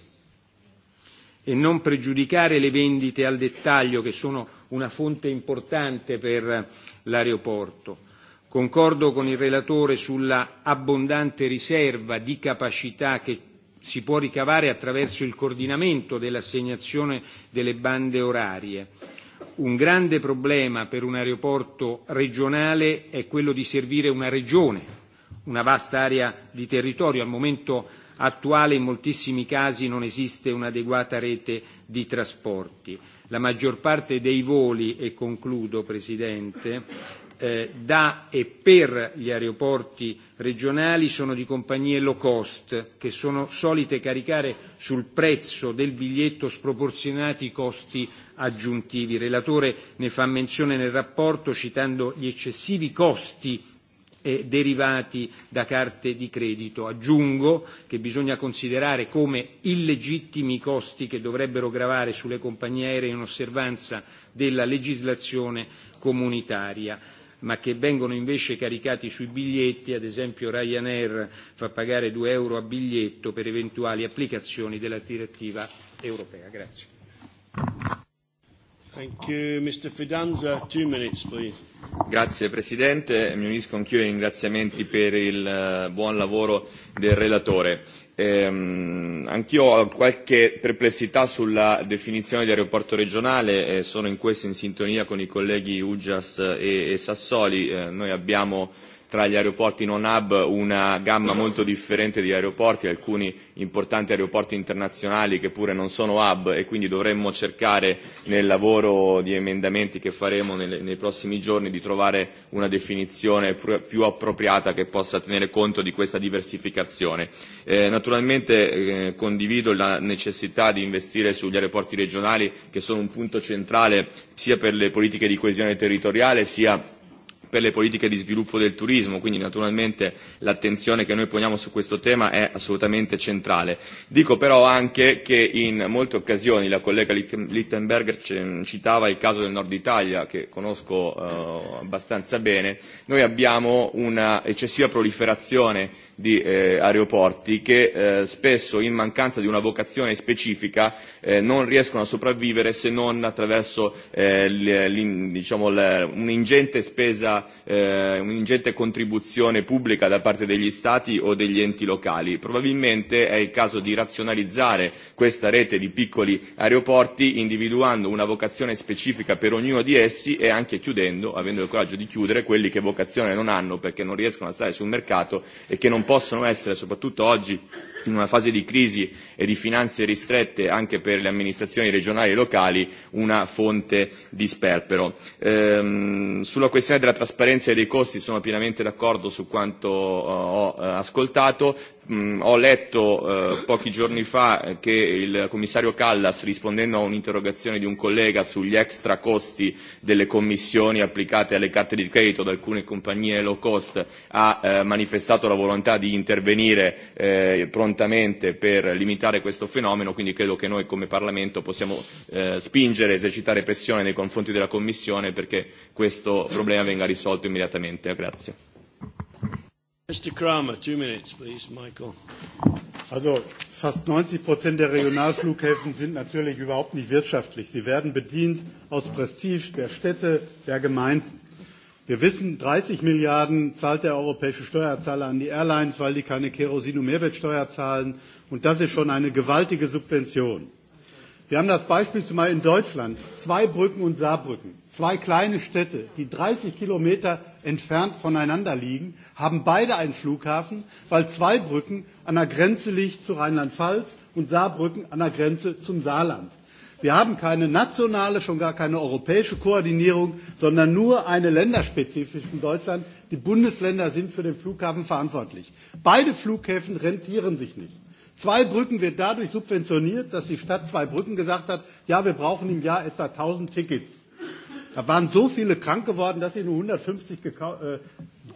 e non pregiudicare le vendite al dettaglio, che sono una fonte importante per l'aeroporto. Concordo con il relatore sulla abbondante riserva di capacità che si può ricavare attraverso il coordinamento dell'assegnazione delle bande orarie. Un grande problema per un aeroporto regionale è quello di servire una regione, una vasta area di territorio. Al momento attuale in moltissimi casi non esiste un'adeguata rete di trasporti. La maggior parte dei voli, e concludo Presidente, eh, da e per gli aeroporti regionali sono di compagnie low cost che sono solite caricare sul prezzo del biglietto sproporzionati costi aggiuntivi. Il relatore ne fa menzione nel rapporto citando gli eccessivi costi eh, derivati da carte di credito. Aggiungo che bisogna considerare come illegittimi i costi che dovrebbero gravare sulle compagnie aeree in osservanza della legislazione comunitaria ma che vengono invece caricati sui biglietti, ad esempio Ryanair fa pagare 2 euro a biglietto per eventuali applicazioni della direttiva europea. Grazie. Thank you, Mr. Fidanza. Two minutes, please. Grazie Presidente, mi unisco anch'io ai ringraziamenti per il eh, buon lavoro del relatore. Ehm, anch'io ho qualche perplessità sulla definizione di aeroporto regionale, e eh, sono in questo in sintonia con i colleghi Uggias eh, e, e Sassoli. Eh, noi abbiamo tra gli aeroporti non hub una gamma molto differente di aeroporti, alcuni importanti aeroporti internazionali che pure non sono hub e quindi dovremmo cercare nel lavoro di emendamenti che faremo nelle, nei prossimi giorni di trovare una definizione più appropriata che possa tenere conto di questa diversificazione. Eh, naturalmente eh, condivido la necessità di investire sugli aeroporti regionali che sono un punto centrale sia per le politiche di coesione territoriale sia per le politiche di sviluppo del turismo, quindi naturalmente l'attenzione che noi poniamo su questo tema è assolutamente centrale. Dico però anche che in molte occasioni, la collega Littenberger citava il caso del nord Italia, che conosco eh, abbastanza bene, noi abbiamo una eccessiva proliferazione di eh, aeroporti che eh, spesso in mancanza di una vocazione specifica eh, non riescono a sopravvivere se non attraverso eh, diciamo, un'ingente spesa, eh, un'ingente contribuzione pubblica da parte degli stati o degli enti locali. Probabilmente è il caso di razionalizzare questa rete di piccoli aeroporti individuando una vocazione specifica per ognuno di essi e anche chiudendo, avendo il coraggio di chiudere, quelli che vocazione non hanno perché non riescono a stare sul mercato e che non possono essere, soprattutto oggi, in una fase di crisi e di finanze ristrette anche per le amministrazioni regionali e locali, una fonte di sperpero. Ehm, sulla questione della trasparenza e dei costi sono pienamente d'accordo su quanto eh, ho eh, ascoltato, mh, mm, ho letto eh, pochi giorni fa che il commissario Callas, rispondendo a un'interrogazione di un collega sugli extra costi delle commissioni applicate alle carte di credito da alcune compagnie low cost, ha eh, manifestato la volontà di intervenire eh, prontamente per limitare questo fenomeno, quindi credo che noi come Parlamento possiamo eh, spingere, esercitare pressione nei confronti della Commissione perché questo problema venga risolto immediatamente. Grazie. Mr. Kramer, two minutes, please, Michael. Also fast 90 Prozent der Regionalflughäfen sind natürlich überhaupt nicht wirtschaftlich. Sie werden bedient aus Prestige der Städte, der Gemeinden. Wir wissen, 30 Milliarden zahlt der europäische Steuerzahler an die Airlines, weil die keine Kerosin- und Mehrwertsteuer zahlen. Und das ist schon eine gewaltige Subvention. Wir haben das Beispiel zumal in Deutschland. Zwei Brücken und Saarbrücken, zwei kleine Städte, die 30 Kilometer entfernt voneinander liegen, haben beide einen Flughafen, weil zwei Brücken an der Grenze liegt zu Rheinland-Pfalz und Saarbrücken an der Grenze zum Saarland. Wir haben keine nationale, schon gar keine europäische Koordinierung, sondern nur eine länderspezifische in Deutschland. Die Bundesländer sind für den Flughafen verantwortlich. Beide Flughäfen rentieren sich nicht. Zwei Brücken wird dadurch subventioniert, dass die Stadt Zwei Brücken gesagt hat, ja, wir brauchen im Jahr etwa 1000 Tickets. Da waren so viele krank geworden, dass sie nur 150 äh,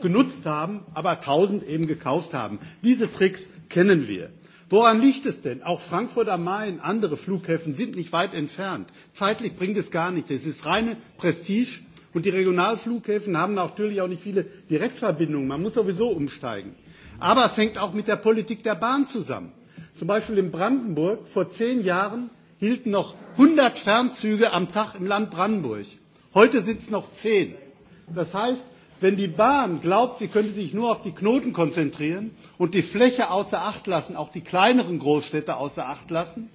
genutzt haben, aber 1000 eben gekauft haben. Diese Tricks kennen wir. Woran liegt es denn? Auch Frankfurt am Main, andere Flughäfen sind nicht weit entfernt. Zeitlich bringt es gar nichts. Es ist reine Prestige. Und die Regionalflughäfen haben natürlich auch nicht viele Direktverbindungen. Man muss sowieso umsteigen. Aber es hängt auch mit der Politik der Bahn zusammen. Zum Beispiel in Brandenburg vor zehn Jahren hielten noch 100 Fernzüge am Tag im Land Brandenburg. Heute sind es noch zehn. Das heißt, wenn die Bahn glaubt, sie könnte sich nur auf die Knoten konzentrieren und die Fläche außer Acht lassen, auch die kleineren Großstädte außer Acht lassen,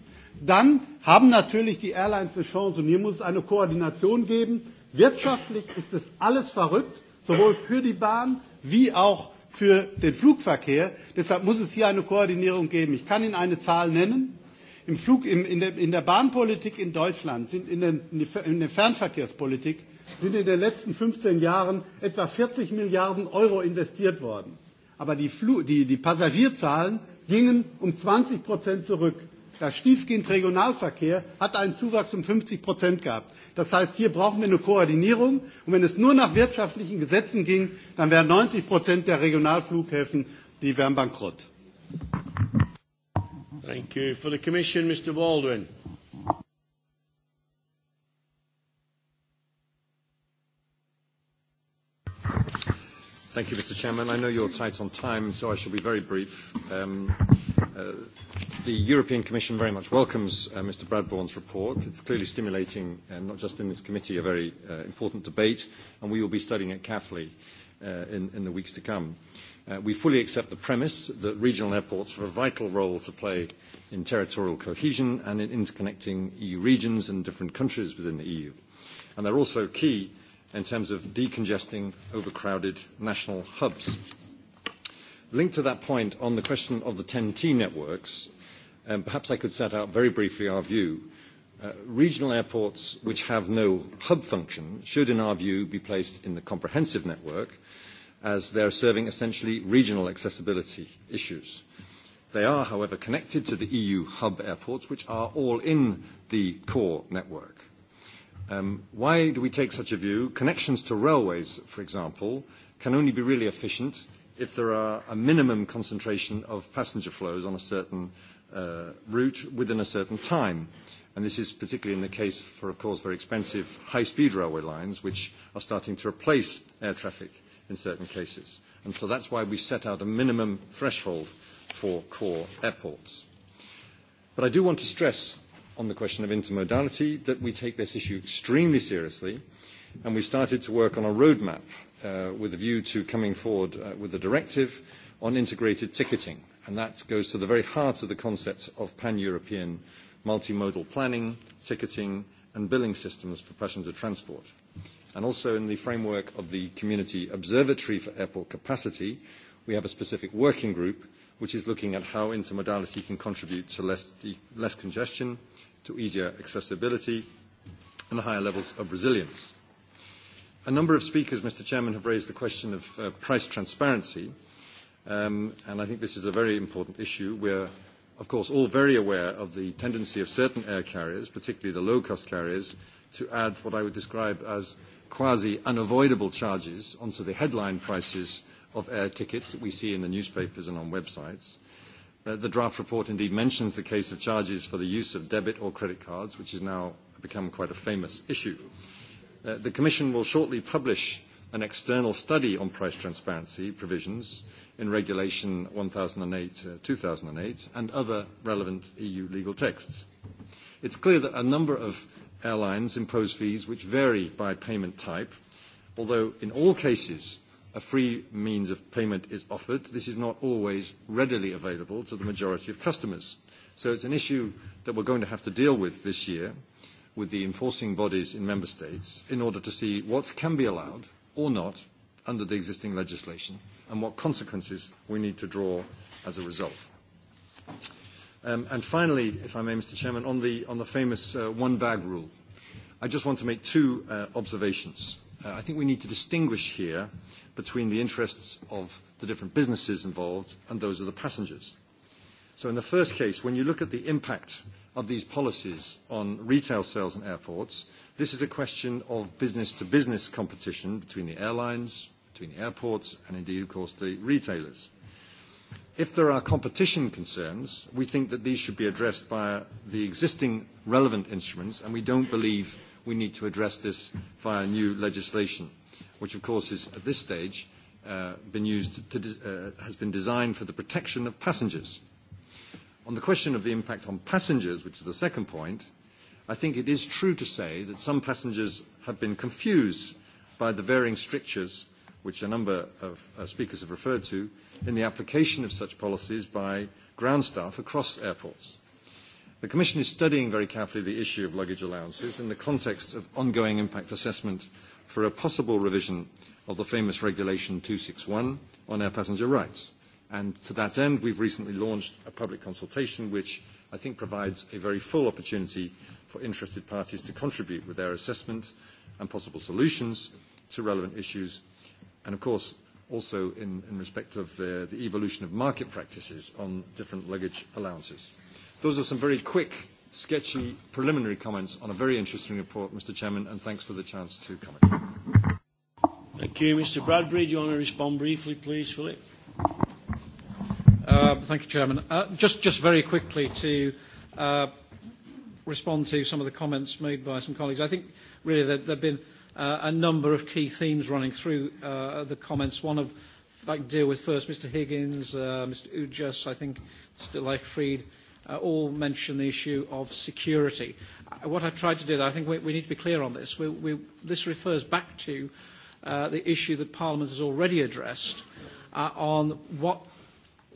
dann haben natürlich die Airlines eine Chance. Und hier muss es eine Koordination geben. Wirtschaftlich ist das alles verrückt, sowohl für die Bahn wie auch für den Flugverkehr. Deshalb muss es hier eine Koordinierung geben. Ich kann Ihnen eine Zahl nennen. Im Flug, im, in, der, in der Bahnpolitik in Deutschland sind in der, in der Fernverkehrspolitik sind in den letzten 15 Jahren etwa 40 Milliarden Euro investiert worden. Aber die, Flu die, die Passagierzahlen gingen um 20 Prozent zurück. Das Stiefkind Regionalverkehr hat einen Zuwachs um 50 Prozent gehabt. Das heißt, hier brauchen wir eine Koordinierung. Und wenn es nur nach wirtschaftlichen Gesetzen ging, dann wären 90 Prozent der Regionalflughäfen, die wären bankrott. Thank you. For the Commission, Mr. Baldwin. Thank you, Mr. Chairman. I know you're tight on time, so I shall be very brief. Um, Uh, the European Commission very much welcomes uh, Mr. Bradbourne's report. It's clearly stimulating, uh, not just in this committee, a very uh, important debate, and we will be studying it carefully uh, in, in the weeks to come. Uh, we fully accept the premise that regional airports have a vital role to play in territorial cohesion and in interconnecting EU regions and different countries within the EU. And they're also key in terms of decongesting overcrowded national hubs. Linked to that point on the question of the 10T networks, um, perhaps I could set out very briefly our view. Uh, regional airports which have no hub function should, in our view, be placed in the comprehensive network as they are serving essentially regional accessibility issues. They are, however, connected to the EU hub airports, which are all in the core network. Um, why do we take such a view? Connections to railways, for example, can only be really efficient if there are a minimum concentration of passenger flows on a certain uh, route within a certain time. And this is particularly in the case for, of course, very expensive high-speed railway lines, which are starting to replace air traffic in certain cases. And so that's why we set out a minimum threshold for core airports. But I do want to stress on the question of intermodality that we take this issue extremely seriously, and we started to work on a roadmap Uh, with a view to coming forward uh, with a directive on integrated ticketing. And that goes to the very heart of the concept of pan-European multimodal planning, ticketing and billing systems for passenger transport. And also in the framework of the Community Observatory for Airport Capacity, we have a specific working group which is looking at how intermodality can contribute to less congestion, to easier accessibility and higher levels of resilience. A number of speakers, Mr. Chairman, have raised the question of uh, price transparency, um, and I think this is a very important issue. We're, of course, all very aware of the tendency of certain air carriers, particularly the low-cost carriers, to add what I would describe as quasi-unavoidable charges onto the headline prices of air tickets that we see in the newspapers and on websites. Uh, the draft report indeed mentions the case of charges for the use of debit or credit cards, which has now become quite a famous issue. Uh, the Commission will shortly publish an external study on price transparency provisions in Regulation 1008-2008 uh, and other relevant EU legal texts. It's clear that a number of airlines impose fees which vary by payment type, although in all cases a free means of payment is offered. This is not always readily available to the majority of customers. So it's an issue that we're going to have to deal with this year with the enforcing bodies in member states in order to see what can be allowed or not under the existing legislation and what consequences we need to draw as a result. Um, and finally, if I may, Mr. Chairman, on the, on the famous uh, one-bag rule, I just want to make two uh, observations. Uh, I think we need to distinguish here between the interests of the different businesses involved and those of the passengers. So in the first case, when you look at the impact of these policies on retail sales in airports, this is a question of business-to-business -business competition between the airlines, between the airports, and indeed, of course, the retailers. If there are competition concerns, we think that these should be addressed by the existing relevant instruments, and we don't believe we need to address this via new legislation, which, of course, is at this stage uh, been used to, uh, has been designed for the protection of passengers On the question of the impact on passengers, which is the second point, I think it is true to say that some passengers have been confused by the varying strictures which a number of uh, speakers have referred to in the application of such policies by ground staff across airports. The Commission is studying very carefully the issue of luggage allowances in the context of ongoing impact assessment for a possible revision of the famous Regulation 261 on air passenger rights to that end, we've recently launched a public consultation, which I think provides a very full opportunity for interested parties to contribute with their assessment and possible solutions to relevant issues. And of course, also in, respect of uh, the evolution of market practices on different luggage allowances. Those are some very quick, sketchy, preliminary comments on a very interesting report, Mr. Chairman, and thanks for the chance to comment. Thank you. Mr. Bradbury, do you want to respond briefly, please, Philip? Uh, thank you, Chairman. Uh, just, very quickly to uh, respond to some of the comments made by some colleagues. I think really that there have been a number of key themes running through the comments. One of, if I can deal with first, Mr. Higgins, Mr. Ujas, I think Mr. Leichfried, all mentioned the issue of security. What I've tried to do, I think we, need to be clear on this. this refers back to the issue that Parliament has already addressed on what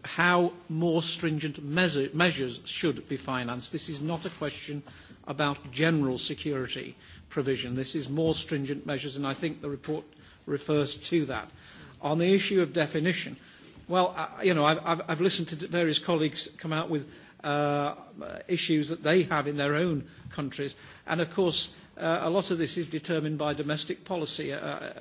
how more stringent measure, measures should be financed. This is not a question about general security provision. This is more stringent measures, and I think the report refers to that. On the issue of definition, well, I, you know, I've, I've listened to various colleagues come out with uh, issues that they have in their own countries, and of course, uh, a lot of this is determined by domestic policy. Uh, uh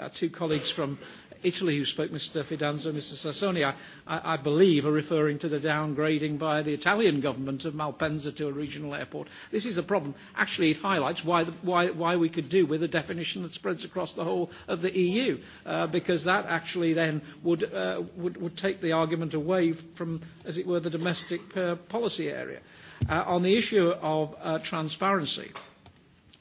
our two colleagues from Italy who spoke, Mr. Fidanza and Mr. Sassoni, I, I, I believe are referring to the downgrading by the Italian government of Malpensa to a regional airport. This is a problem. Actually, it highlights why, the, why, why we could do with a definition that spreads across the whole of the EU, uh, because that actually then would, uh, would, would take the argument away from, as it were, the domestic uh, policy area. Uh, on the issue of uh, transparency,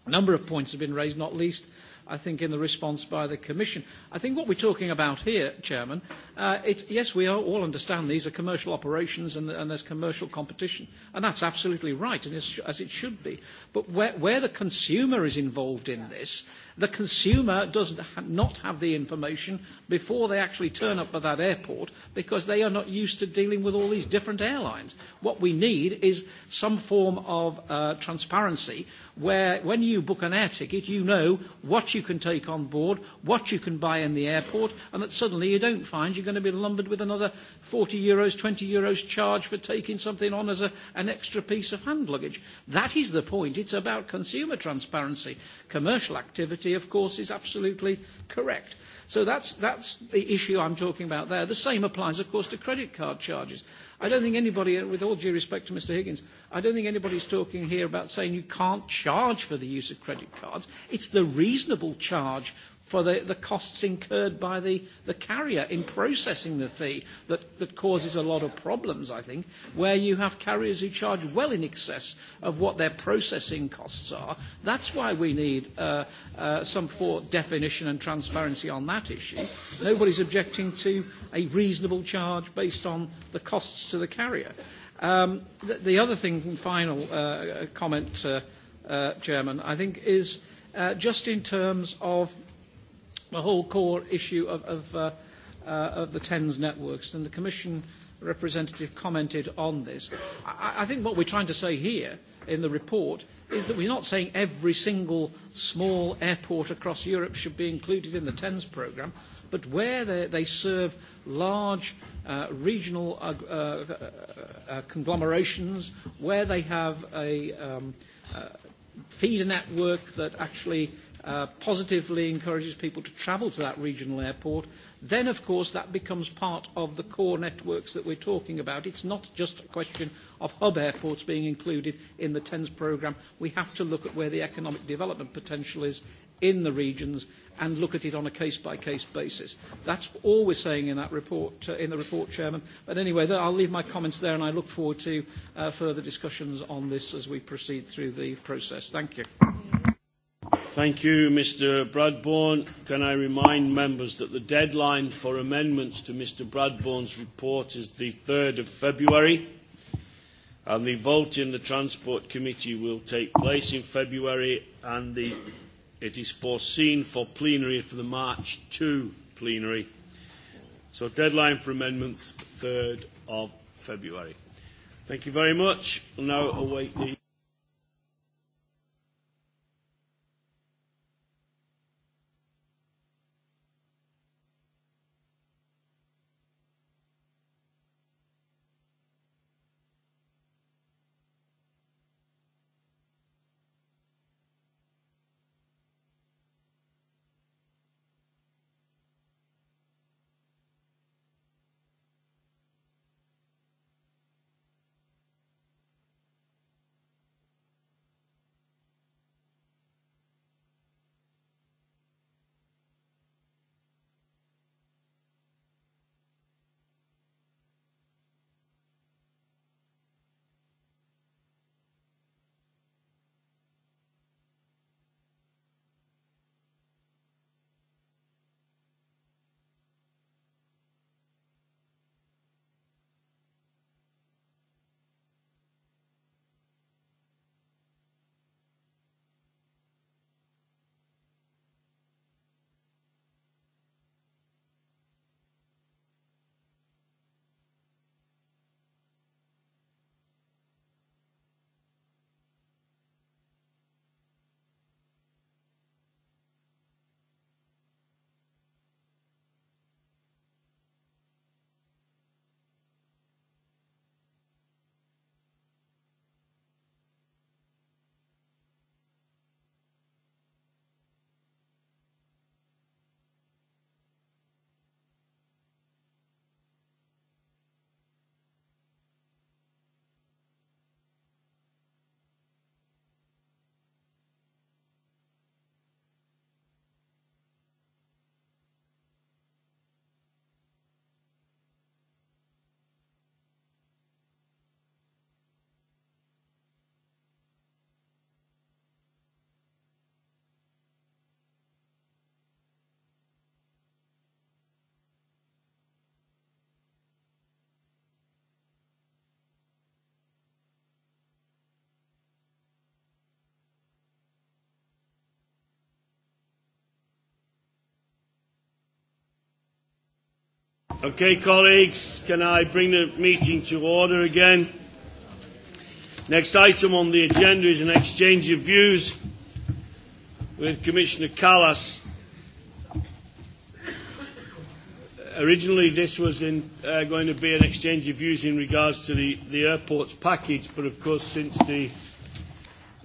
a number of points have been raised, not least – I think, in the response by the Commission. I think what we're talking about here, Chairman, uh, yes, we all understand these are commercial operations and, and there's commercial competition, and that's absolutely right, and as it should be. But where, where the consumer is involved in this, the consumer does not have the information before they actually turn up at that airport because they are not used to dealing with all these different airlines. What we need is some form of uh, transparency where when you book an air ticket, you know what you can take on board, what you can buy in the airport, and that suddenly you don't find you're going to be lumbered with another 40 euros, 20 euros charge for taking something on as a, an extra piece of hand luggage. That is the point. It's about consumer transparency. Commercial activity, of course, is absolutely correct. So that's, that's the issue I'm talking about there. The same applies, of course, to credit card charges. I don't think anybody, uh, with all due respect to Mr Higgins, I don't think anybody's talking here about saying you can't charge for the use of credit cards. It's the reasonable charge for the, the costs incurred by the, the carrier in processing the fee that, that causes a lot of problems, I think, where you have carriers who charge well in excess of what their processing costs are. That's why we need uh, uh, some for definition and transparency on that issue. Nobody's objecting to a reasonable charge based on the costs to the carrier. Um, the, the other thing, final uh, comment, uh, uh, Chairman, I think is uh, just in terms of the whole core issue of, of, uh, uh, of the TENS networks, and the Commission representative commented on this. I, I think what we're trying to say here in the report is that we're not saying every single small airport across Europe should be included in the TENS programme, but where they, they serve large uh, regional uh, uh, uh, uh conglomerations, where they have a um, uh, feeder network that actually Uh, positively encourages people to travel to that regional airport, then of course that becomes part of the core networks that we're talking about. It's not just a question of hub airports being included in the TENS programme. We have to look at where the economic development potential is in the regions and look at it on a case-by-case -case basis. That's all we're saying in that report, uh, in the report, Chairman. But anyway, th I'll leave my comments there, and I look forward to uh, further discussions on this as we proceed through the process. Thank you. Thank you, Mr Bradbourne. Can I remind members that the deadline for amendments to Mr Bradbourne's report is the 3rd of February, and the vote in the Transport Committee will take place in February, and the, it is foreseen for plenary for the March 2 plenary. So deadline for amendments, 3rd of February. Thank you very much. We'll now await the... Okay, colleagues, can I bring the meeting to order again? Next item on the agenda is an exchange of views with Commissioner Callas. Originally, this was in, uh, going to be an exchange of views in regards to the, the airport's package, but of course, since the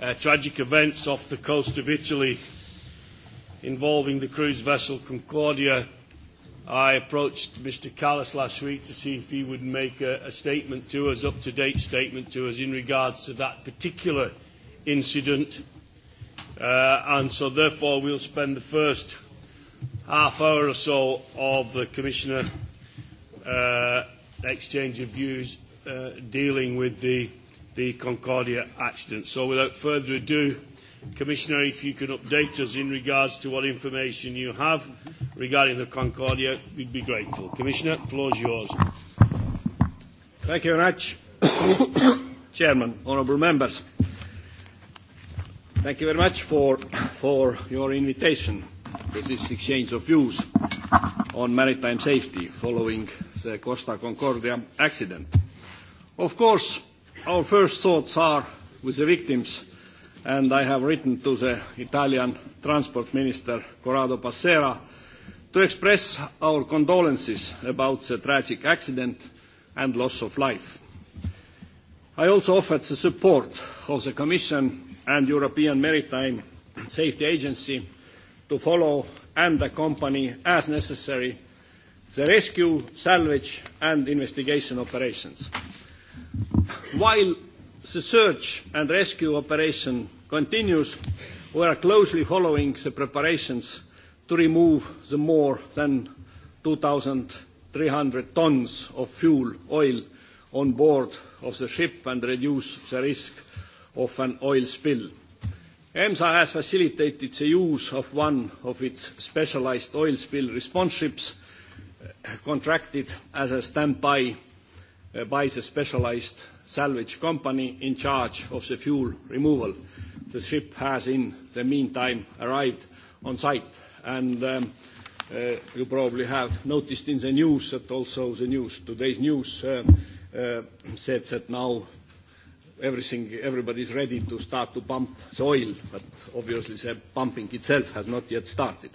uh, tragic events off the coast of Italy involving the cruise vessel Concordia, I approached Mr. Callis last week to see if he would make a, a statement to us, up-to-date statement to us in regards to that particular incident. Uh, and so therefore we'll spend the first half hour or so of the Commissioner uh, exchange of views uh, dealing with the, the Concordia accident. So without further ado, Commissioner, if you can update us in regards to what information you have regarding the Concordia, we'd be grateful. Commissioner, the floor is yours. Thank you very much, *coughs* Chairman, honourable members. Thank you very much for, for your invitation to this exchange of views on maritime safety following the Costa Concordia accident. Of course, our first thoughts are with the victims, and I have written to the Italian Transport Minister, Corrado Passera, to express our condolences about the tragic accident and loss of life. I also offered the support of the Commission and European Maritime Safety Agency to follow and accompany as necessary the rescue, salvage and investigation operations. While the search and rescue operation continues, we are closely following the preparations to remove the more than 2,300 tons of fuel oil on board of the ship and reduce the risk of an oil spill. EMSA has facilitated the use of one of its specialized oil spill response ships uh, contracted as a standby uh, by the specialized salvage company in charge of the fuel removal. The ship has in the meantime arrived on site. And um, uh, you probably have noticed in the news that also the news, today's news, uh, uh, said that now everything, everybody's ready to start to pump the oil, but obviously the pumping itself has not yet started.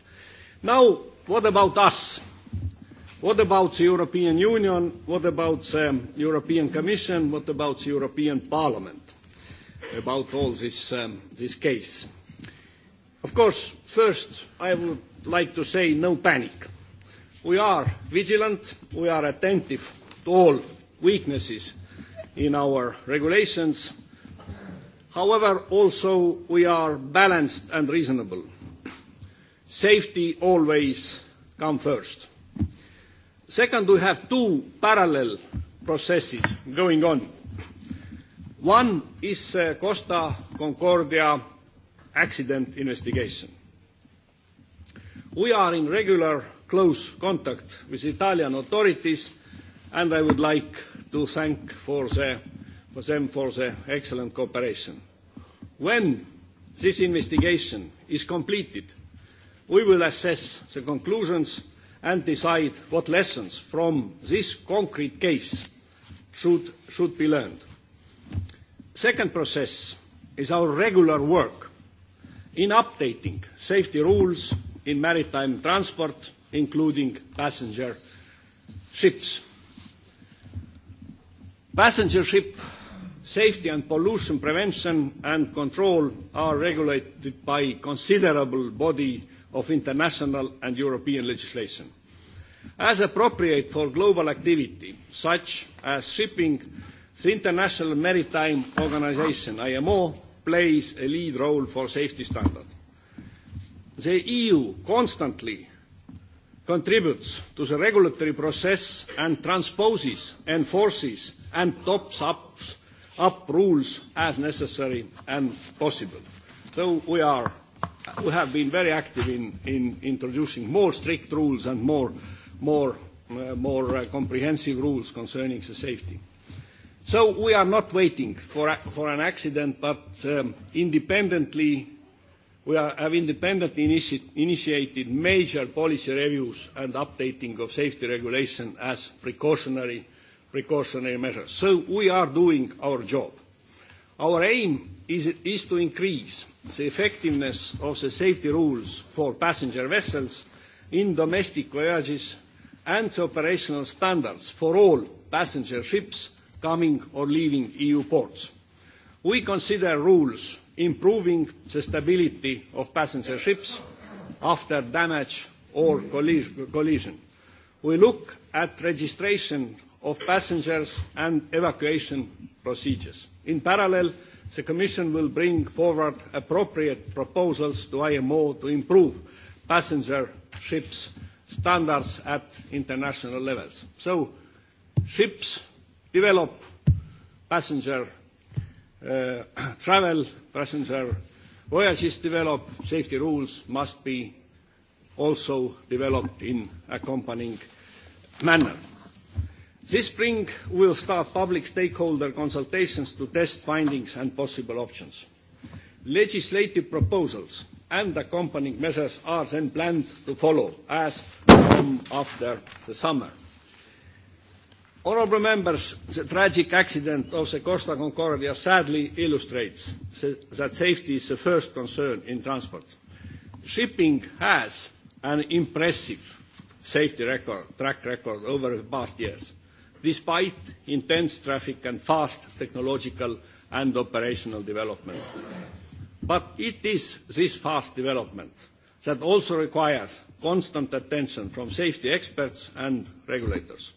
Now, what about us? What about the European Union? What about the European Commission? What about the European Parliament about all this, um, this case? Of course, first, I would like to say no panic. We are vigilant, we are attentive to all weaknesses in our regulations. However, also we are balanced and reasonable. Safety always comes first. Second, we have two parallel processes going on. One is uh, Costa Concordia accident investigation. We are in regular close contact with Italian authorities, and I would like to thank for, the, for them for the excellent cooperation. When this investigation is completed, we will assess the conclusions and decide what lessons from this concrete case should, should be learned. Second process is our regular work in updating safety rules in maritime transport, including passenger ships. Passenger ship safety and pollution prevention and control are regulated by considerable body of international and European legislation. As appropriate for global activity, such as shipping, the International Maritime Organization, IMO, plays a lead role for safety standards. The EU constantly contributes to the regulatory process and transposes, enforces, and tops up, up rules as necessary and possible. So we, are, we have been very active in, in introducing more strict rules and more, more, uh, more uh, comprehensive rules concerning the safety. So we are not waiting for, for an accident, but um, independently, we are, have independently initi initiated major policy reviews and updating of safety regulation as precautionary, precautionary measures. So we are doing our job. Our aim is, is to increase the effectiveness of the safety rules for passenger vessels in domestic voyages and the operational standards for all passenger ships coming or leaving EU ports. We consider rules improving the stability of passenger ships after damage or collision. We look at registration of passengers and evacuation procedures. In parallel, the Commission will bring forward appropriate proposals to IMO to improve passenger ships standards at international levels. So ships develop passenger uh, *clears throat* travel, passenger voyages develop, safety rules must be also developed in accompanying manner. This spring, we will start public stakeholder consultations to test findings and possible options. Legislative proposals and accompanying measures are then planned to follow as from after the summer. Honourable members, the tragic accident of the Costa Concordia sadly illustrates that safety is the first concern in transport. Shipping has an impressive safety record, track record over the past years, despite intense traffic and fast technological and operational development. But it is this fast development that also requires constant attention from safety experts and regulators.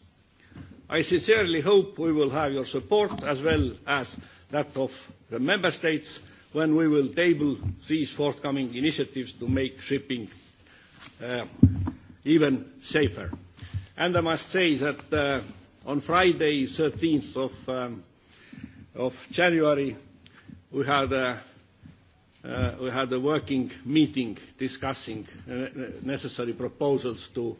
I sincerely hope we will have your support as well as that of the Member States when we will table these forthcoming initiatives to make shipping uh, even safer. And I must say that uh, on Friday, 13th of, um, of January, we had a uh, we had a working meeting discussing uh, necessary proposals to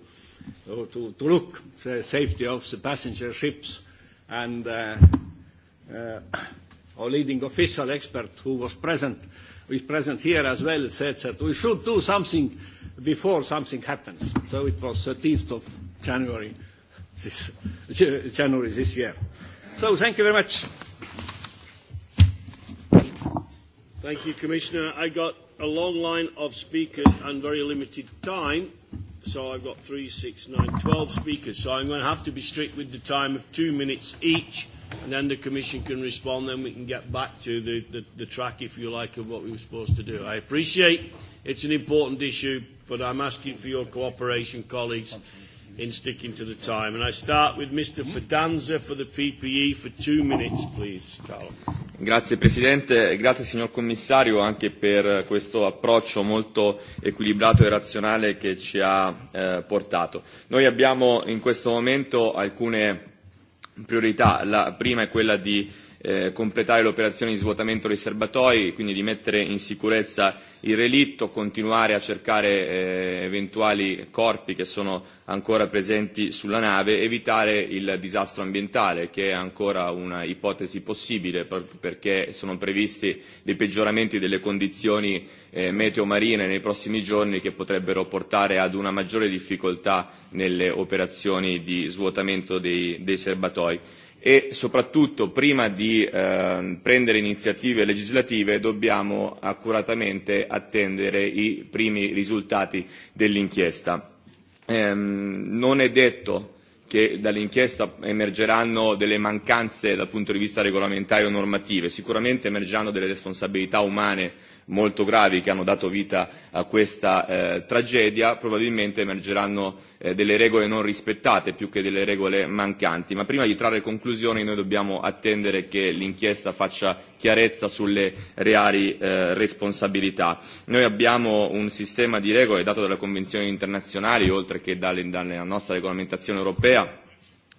to, to, look the safety of the passenger ships. And uh, uh, our leading official expert who was present, who is present here as well, said that we should do something before something happens. So it was 13th of January this, January this year. So thank you very much. Thank you, Commissioner. I got a long line of speakers and very limited time so I've got three, six, nine, 12 speakers. So I'm going to have to be strict with the time of two minutes each, and then the Commission can respond. Then we can get back to the, the, the track, if you like, of what we were supposed to do. I appreciate it's an important issue, but I'm asking for your cooperation, colleagues in sticking to the time. And I start with Mr. Fidanza for the PPE for two minutes, please, Carlo. Grazie Presidente, grazie signor Commissario anche per eh, questo approccio molto equilibrato e razionale che ci ha eh, portato. Noi abbiamo in questo momento alcune priorità. La prima è quella di eh, completare l'operazione di svuotamento dei serbatoi, quindi di mettere in sicurezza il relitto, continuare a cercare eh, eventuali corpi che sono ancora presenti sulla nave, evitare il disastro ambientale che è ancora una ipotesi possibile proprio perché sono previsti dei peggioramenti delle condizioni eh, meteo marine nei prossimi giorni che potrebbero portare ad una maggiore difficoltà nelle operazioni di svuotamento dei, dei serbatoi e soprattutto prima di eh, prendere iniziative legislative dobbiamo accuratamente attendere i primi risultati dell'inchiesta. Ehm, non è detto che dall'inchiesta emergeranno delle mancanze dal punto di vista regolamentare o normative, sicuramente emergeranno delle responsabilità umane molto gravi che hanno dato vita a questa eh, tragedia, probabilmente emergeranno eh, delle regole non rispettate più che delle regole mancanti. Ma prima di trarre conclusioni noi dobbiamo attendere che l'inchiesta faccia chiarezza sulle reali eh, responsabilità. Noi abbiamo un sistema di regole dato dalle convenzioni internazionali, oltre che dalle, dalla nostra regolamentazione europea,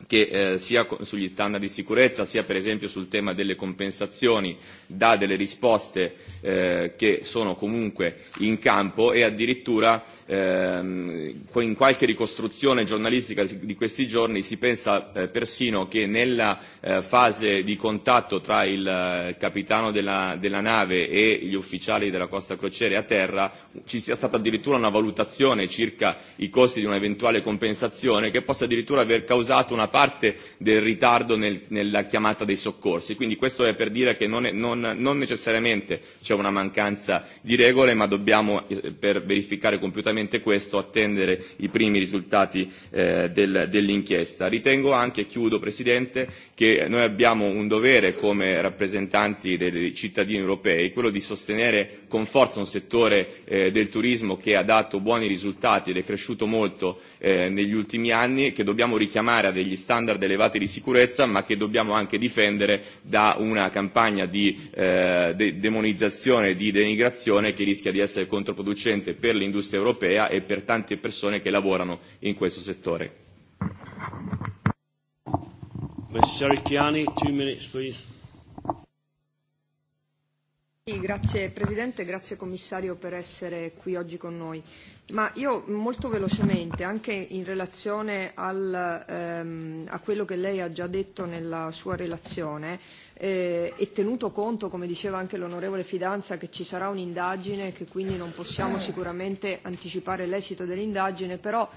che eh, sia sugli standard di sicurezza, sia per esempio sul tema delle compensazioni, dà delle risposte eh, che sono comunque in campo e addirittura ehm, in qualche ricostruzione giornalistica di questi giorni si pensa eh, persino che nella eh, fase di contatto tra il eh, capitano della, della nave e gli ufficiali della Costa Crociere a terra ci sia stata addirittura una valutazione circa i costi di un'eventuale compensazione che possa addirittura aver causato una parte del ritardo nel, nella chiamata dei soccorsi. Quindi questo è per dire che non, è, non, non necessariamente c'è una mancanza di regole, ma dobbiamo, eh, per verificare compiutamente questo, attendere i primi risultati eh, del, dell'inchiesta. Ritengo anche, chiudo Presidente, che noi abbiamo un dovere come rappresentanti dei, dei cittadini europei, quello di sostenere con forza un settore eh, del turismo che ha dato buoni risultati ed è cresciuto molto eh, negli ultimi anni e che dobbiamo richiamare a degli degli standard elevati di sicurezza, ma che dobbiamo anche difendere da una campagna di eh, de- demonizzazione e di denigrazione che rischia di essere controproducente per l'industria europea e per tante persone che lavorano in questo settore. Mr. Chiani, two minutes, please. Grazie Presidente, grazie Commissario per essere qui oggi con noi. Ma io molto velocemente, anche in relazione al, ehm, a quello che lei ha già detto nella sua relazione, eh, e tenuto conto, come diceva anche l'onorevole Fidanza, che ci sarà un'indagine, che quindi non possiamo sicuramente anticipare l'esito dell'indagine, però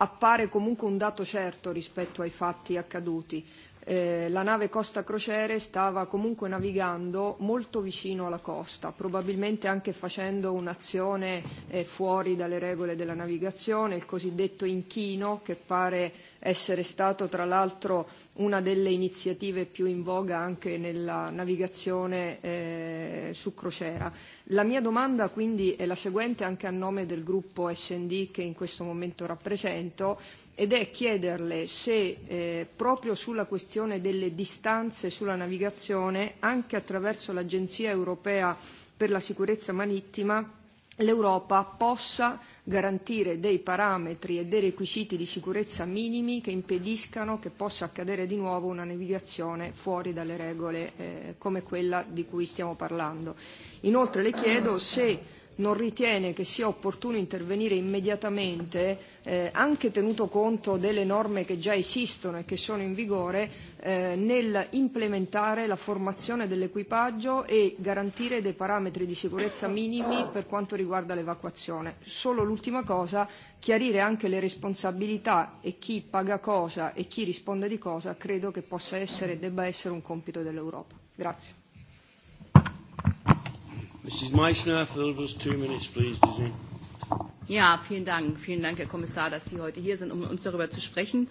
appare comunque un dato certo rispetto ai fatti accaduti eh, la nave Costa Crociere stava comunque navigando molto vicino alla costa, probabilmente anche facendo un'azione eh, fuori dalle regole della navigazione, il cosiddetto inchino che pare essere stato tra l'altro una delle iniziative più in voga anche nella navigazione eh, su crociera. La mia domanda quindi è la seguente anche a nome del gruppo SD che in questo momento rappresento ed è chiederle se eh, proprio sulla questione delle distanze sulla navigazione, anche attraverso l'Agenzia europea per la sicurezza marittima, l'Europa possa garantire dei parametri e dei requisiti di sicurezza minimi che impediscano che possa accadere di nuovo una navigazione fuori dalle regole eh, come quella di cui stiamo parlando. Inoltre le chiedo se non ritiene che sia opportuno intervenire immediatamente, eh, anche tenuto conto delle norme che già esistono e che sono in vigore, eh, nel implementare la formazione dell'equipaggio e garantire dei parametri di sicurezza minimi per quanto riguarda l'evacuazione. Solo l'ultima cosa, chiarire anche le responsabilità e chi paga cosa e chi risponde di cosa, credo che possa essere e debba essere un compito dell'Europa. Grazie. Mrs. Meissner, for two minutes, please, Dizzy. Ja, vielen Dank. Vielen Dank, Herr Kommissar, dass Sie heute hier sind, um uns darüber zu sprechen.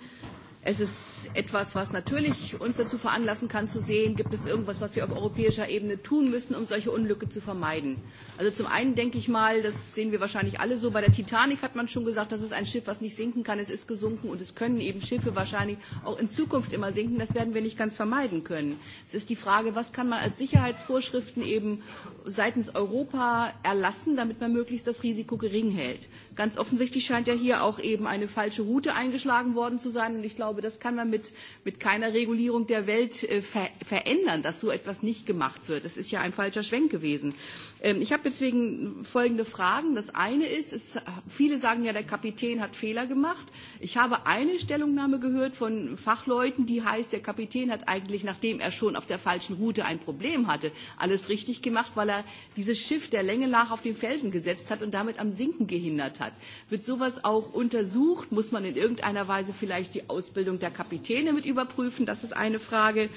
Es ist etwas, was natürlich uns dazu veranlassen kann zu sehen, gibt es irgendwas, was wir auf europäischer Ebene tun müssen, um solche Unglücke zu vermeiden. Also zum einen denke ich mal, das sehen wir wahrscheinlich alle so, bei der Titanic hat man schon gesagt, das ist ein Schiff, was nicht sinken kann, es ist gesunken und es können eben Schiffe wahrscheinlich auch in Zukunft immer sinken, das werden wir nicht ganz vermeiden können. Es ist die Frage, was kann man als Sicherheitsvorschriften eben seitens Europa erlassen, damit man möglichst das Risiko gering hält. Ganz offensichtlich scheint ja hier auch eben eine falsche Route eingeschlagen worden zu sein. Und ich glaube, das kann man mit, mit keiner Regulierung der Welt äh, ver verändern, dass so etwas nicht gemacht wird. Das ist ja ein falscher Schwenk gewesen. Ähm, ich habe deswegen folgende Fragen. Das eine ist, es, äh, viele sagen ja, der Kapitän hat Fehler gemacht. Ich habe eine Stellungnahme gehört von Fachleuten, die heißt, der Kapitän hat eigentlich, nachdem er schon auf der falschen Route ein Problem hatte, alles richtig gemacht, weil er dieses Schiff der Länge nach auf den Felsen gesetzt hat und damit am Sinken gehindert hat. Wird sowas auch untersucht? Muss man in irgendeiner Weise vielleicht die Ausbildung der Kapitäne mit überprüfen? Das ist eine Frage. Frage.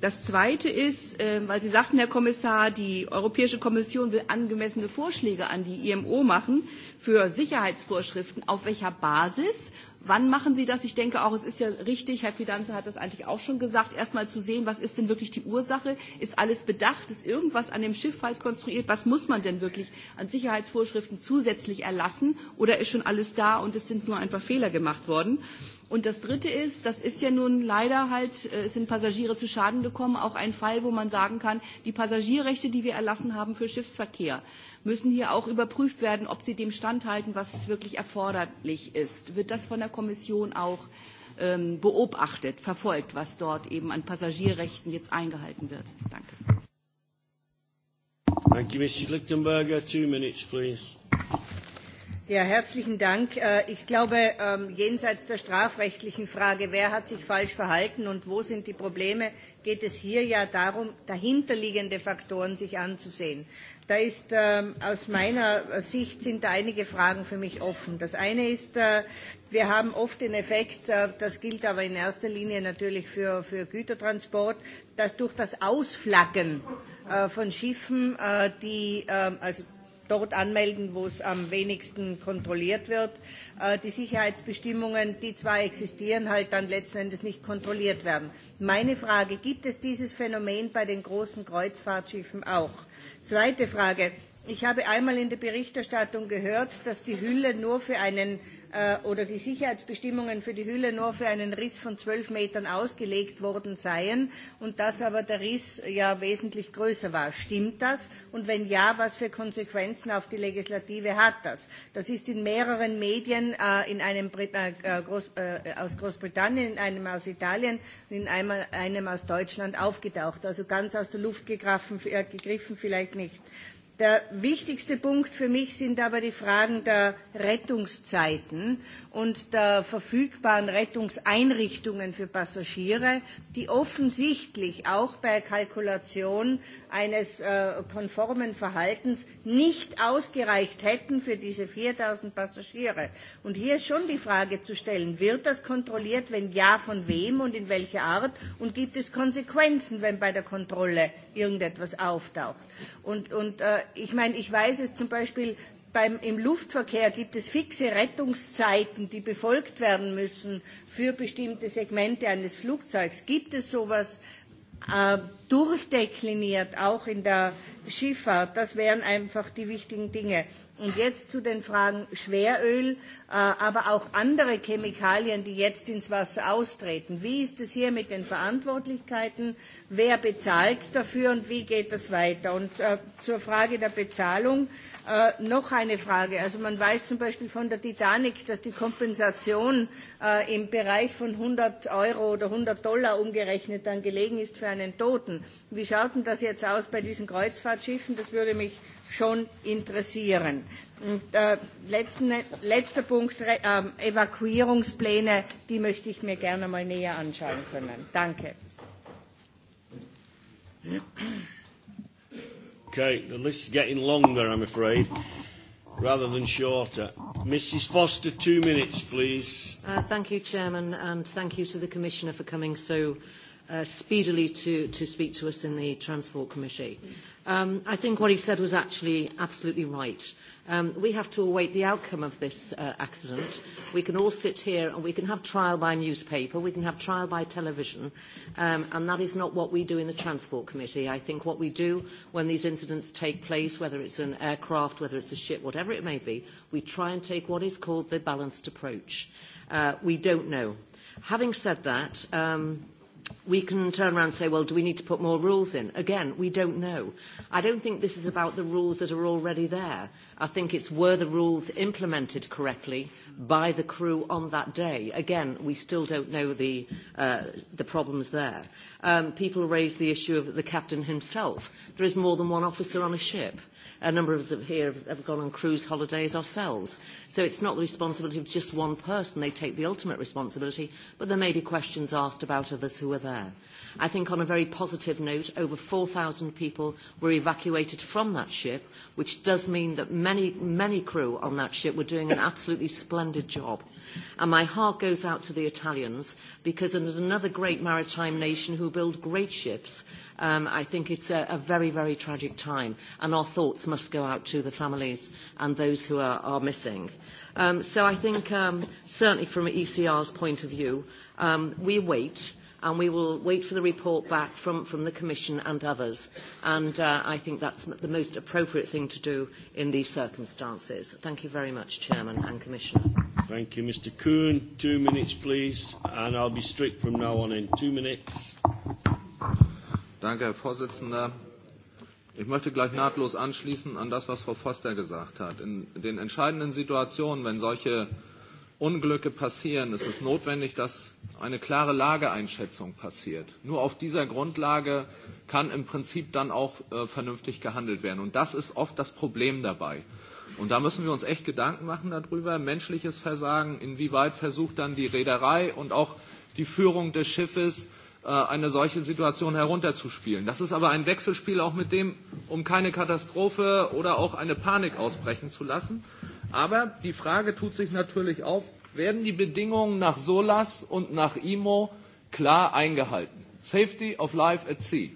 Das Zweite ist, ähm, weil Sie sagten, Herr Kommissar, die Europäische Kommission will angemessene Vorschläge an die IMO machen für Sicherheitsvorschriften. Auf welcher Basis? Wann machen Sie das? Ich denke auch, es ist ja richtig, Herr Fidanza hat das eigentlich auch schon gesagt, erstmal zu sehen, was ist denn wirklich die Ursache? Ist alles bedacht? Ist irgendwas an dem Schiff falsch konstruiert? Was muss man denn wirklich an Sicherheitsvorschriften zusätzlich erlassen? Oder ist schon alles da und es sind nur ein paar Fehler gemacht worden? Und das Dritte ist, das ist ja nun leider halt, äh, es sind Passagiere zu Schaden gekommen, auch ein Fall, wo man sagen kann, die Passagierrechte, die wir erlassen haben für Schiffsverkehr, müssen hier auch überprüft werden, ob sie dem standhalten, was wirklich erforderlich ist. Wird das von der Kommission auch ähm, beobachtet, verfolgt, was dort eben an Passagierrechten jetzt eingehalten wird? Danke. Thank you, Mrs. Lichtenberger. Two minutes, please. Ja, herzlichen Dank. Äh, ich glaube, ähm, jenseits der strafrechtlichen Frage, wer hat sich falsch verhalten und wo sind die Probleme, geht es hier ja darum, dahinterliegende Faktoren sich anzusehen. Da ist ähm, aus meiner Sicht sind da einige Fragen für mich offen. Das eine ist, äh, wir haben oft den Effekt, äh, das gilt aber in erster Linie natürlich für, für Gütertransport, dass durch das Ausflaggen von Schiffen, die, ähm, also dort anmelden, wo es am wenigsten kontrolliert wird. Äh, die Sicherheitsbestimmungen, die zwar existieren, halt dann letzten Endes nicht kontrolliert werden. Meine Frage, gibt es dieses Phänomen bei den großen Kreuzfahrtschiffen auch? Zweite Frage, Ich habe einmal in der Berichterstattung gehört, dass die Hülle nur für einen äh, oder die Sicherheitsbestimmungen für die Hülle nur für einen Riss von zwölf Metern ausgelegt worden seien und dass aber der Riss ja wesentlich größer war. Stimmt das? Und wenn ja, was für Konsequenzen auf die Legislative hat das? Das ist in mehreren Medien äh, in einem Brit äh, Groß, äh, aus Großbritannien, in einem aus Italien und in einem, einem aus Deutschland aufgetaucht. Also ganz aus der Luft gegriffen, äh, gegriffen vielleicht nicht. Der wichtigste Punkt für mich sind aber die Fragen der Rettungszeiten und der verfügbaren Rettungseinrichtungen für Passagiere, die offensichtlich auch bei Kalkulation eines äh, konformen Verhaltens nicht ausgereicht hätten für diese 4000 Passagiere. Und hier ist schon die Frage zu stellen, wird das kontrolliert, wenn ja, von wem und in welcher Art und gibt es Konsequenzen, wenn bei der Kontrolle irgendetwas auftaucht? Und, und äh, ich meine, ich weiß es zum Beispiel, beim, im Luftverkehr gibt es fixe Rettungszeiten, die befolgt werden müssen für bestimmte Segmente eines Flugzeugs. Gibt es sowas? Äh, durchdekliniert, auch in der Schifffahrt. Das wären einfach die wichtigen Dinge. Und jetzt zu den Fragen Schweröl, äh, aber auch andere Chemikalien, die jetzt ins Wasser austreten. Wie ist es hier mit den Verantwortlichkeiten? Wer bezahlt dafür und wie geht das weiter? Und äh, zur Frage der Bezahlung äh, noch eine Frage. Also man weiß zum Beispiel von der Titanic, dass die Kompensation im Bereich von 100 Euro oder 100 Dollar umgerechnet dann gelegen ist für einen Toten. Wie schaut denn das jetzt aus bei diesen Kreuzfahrtschiffen? Das würde mich schon interessieren. Und, äh, letzten, letzter Punkt, äh, Evakuierungspläne, die möchte ich mir gerne mal näher anschauen können. Danke. Okay, the list is getting longer, I'm afraid, rather than shorter. Mrs Foster, two minutes, please. Uh, thank you, Chairman, and thank you to the Commissioner for coming so Uh, speedily to, to speak to us in the Transport Committee. Um, I think what he said was actually absolutely right. Um, we have to await the outcome of this uh, accident. We can all sit here and we can have trial by newspaper, we can have trial by television, um, and that is not what we do in the Transport Committee. I think what we do when these incidents take place, whether it's an aircraft, whether it's a ship, whatever it may be, we try and take what is called the balanced approach. Uh, we don't know. Having said that, um, we can turn around and say, well, do we need to put more rules in? Again, we don't know. I don't think this is about the rules that are already there. I think it's were the rules implemented correctly by the crew on that day. Again, we still don't know the, uh, the problems there. Um, people raised the issue of the captain himself. There is more than one officer on a ship a number of us here have have gone on cruise holidays ourselves. So it's not the responsibility of just one person. They take the ultimate responsibility, but there may be questions asked about others who were there. I think on a very positive note, over 4,000 people were evacuated from that ship, which does mean that many, many crew on that ship were doing an absolutely splendid job. And my heart goes out to the Italians because there's another great maritime nation who build great ships Um, I think it's a, a very, very tragic time, and our thoughts must go out to the families and those who are, are missing. Um, so I think, um, certainly from ECR's point of view, um, we wait and we will wait for the report back from, from the Commission and others. And uh, I think that's the most appropriate thing to do in these circumstances. Thank you very much, Chairman and Commissioner. Thank you, Mr Kuhn. Two minutes, please, and I'll be strict from now on in. Two minutes. Danke, Herr Vorsitzender. Ich möchte gleich nahtlos anschließen an das, was Frau Foster gesagt hat. In den entscheidenden Situationen, wenn solche Unglücke passieren, ist es notwendig, dass eine klare Lageeinschätzung passiert. Nur auf dieser Grundlage kann im Prinzip dann auch äh, vernünftig gehandelt werden. Und das ist oft das Problem dabei. Und da müssen wir uns echt Gedanken machen darüber, menschliches Versagen, inwieweit versucht dann die Reederei und auch die Führung des Schiffes, Äh, eine solche Situation herunterzuspielen. Das ist aber ein Wechselspiel auch mit dem, um keine Katastrophe oder auch eine Panik ausbrechen zu lassen. Aber die Frage tut sich natürlich auf, werden die Bedingungen nach SOLAS und nach IMO klar eingehalten? Safety of Life at Sea.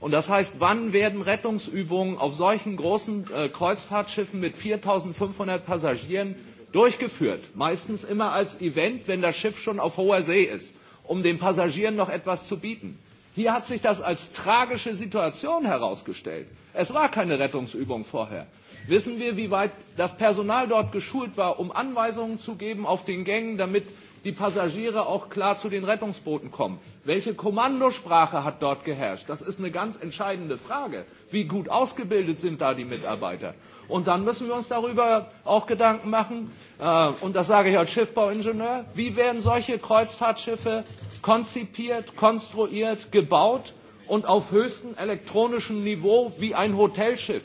Und das heißt, wann werden Rettungsübungen auf solchen großen äh, Kreuzfahrtschiffen mit 4.500 Passagieren durchgeführt? Meistens immer als Event, wenn das Schiff schon auf hoher See ist um den Passagieren noch etwas zu bieten. Hier hat sich das als tragische Situation herausgestellt. Es war keine Rettungsübung vorher. Wissen wir, wie weit das Personal dort geschult war, um Anweisungen zu geben auf den Gängen, damit die Passagiere auch klar zu den Rettungsbooten kommen? Welche Kommandosprache hat dort geherrscht? Das ist eine ganz entscheidende Frage. Wie gut ausgebildet sind da die Mitarbeiter? Und dann müssen wir uns darüber auch Gedanken machen, äh, und das sage ich als Schiffbauingenieur, wie werden solche Kreuzfahrtschiffe konzipiert, konstruiert, gebaut und auf höchstem elektronischem Niveau wie ein Hotelschiff.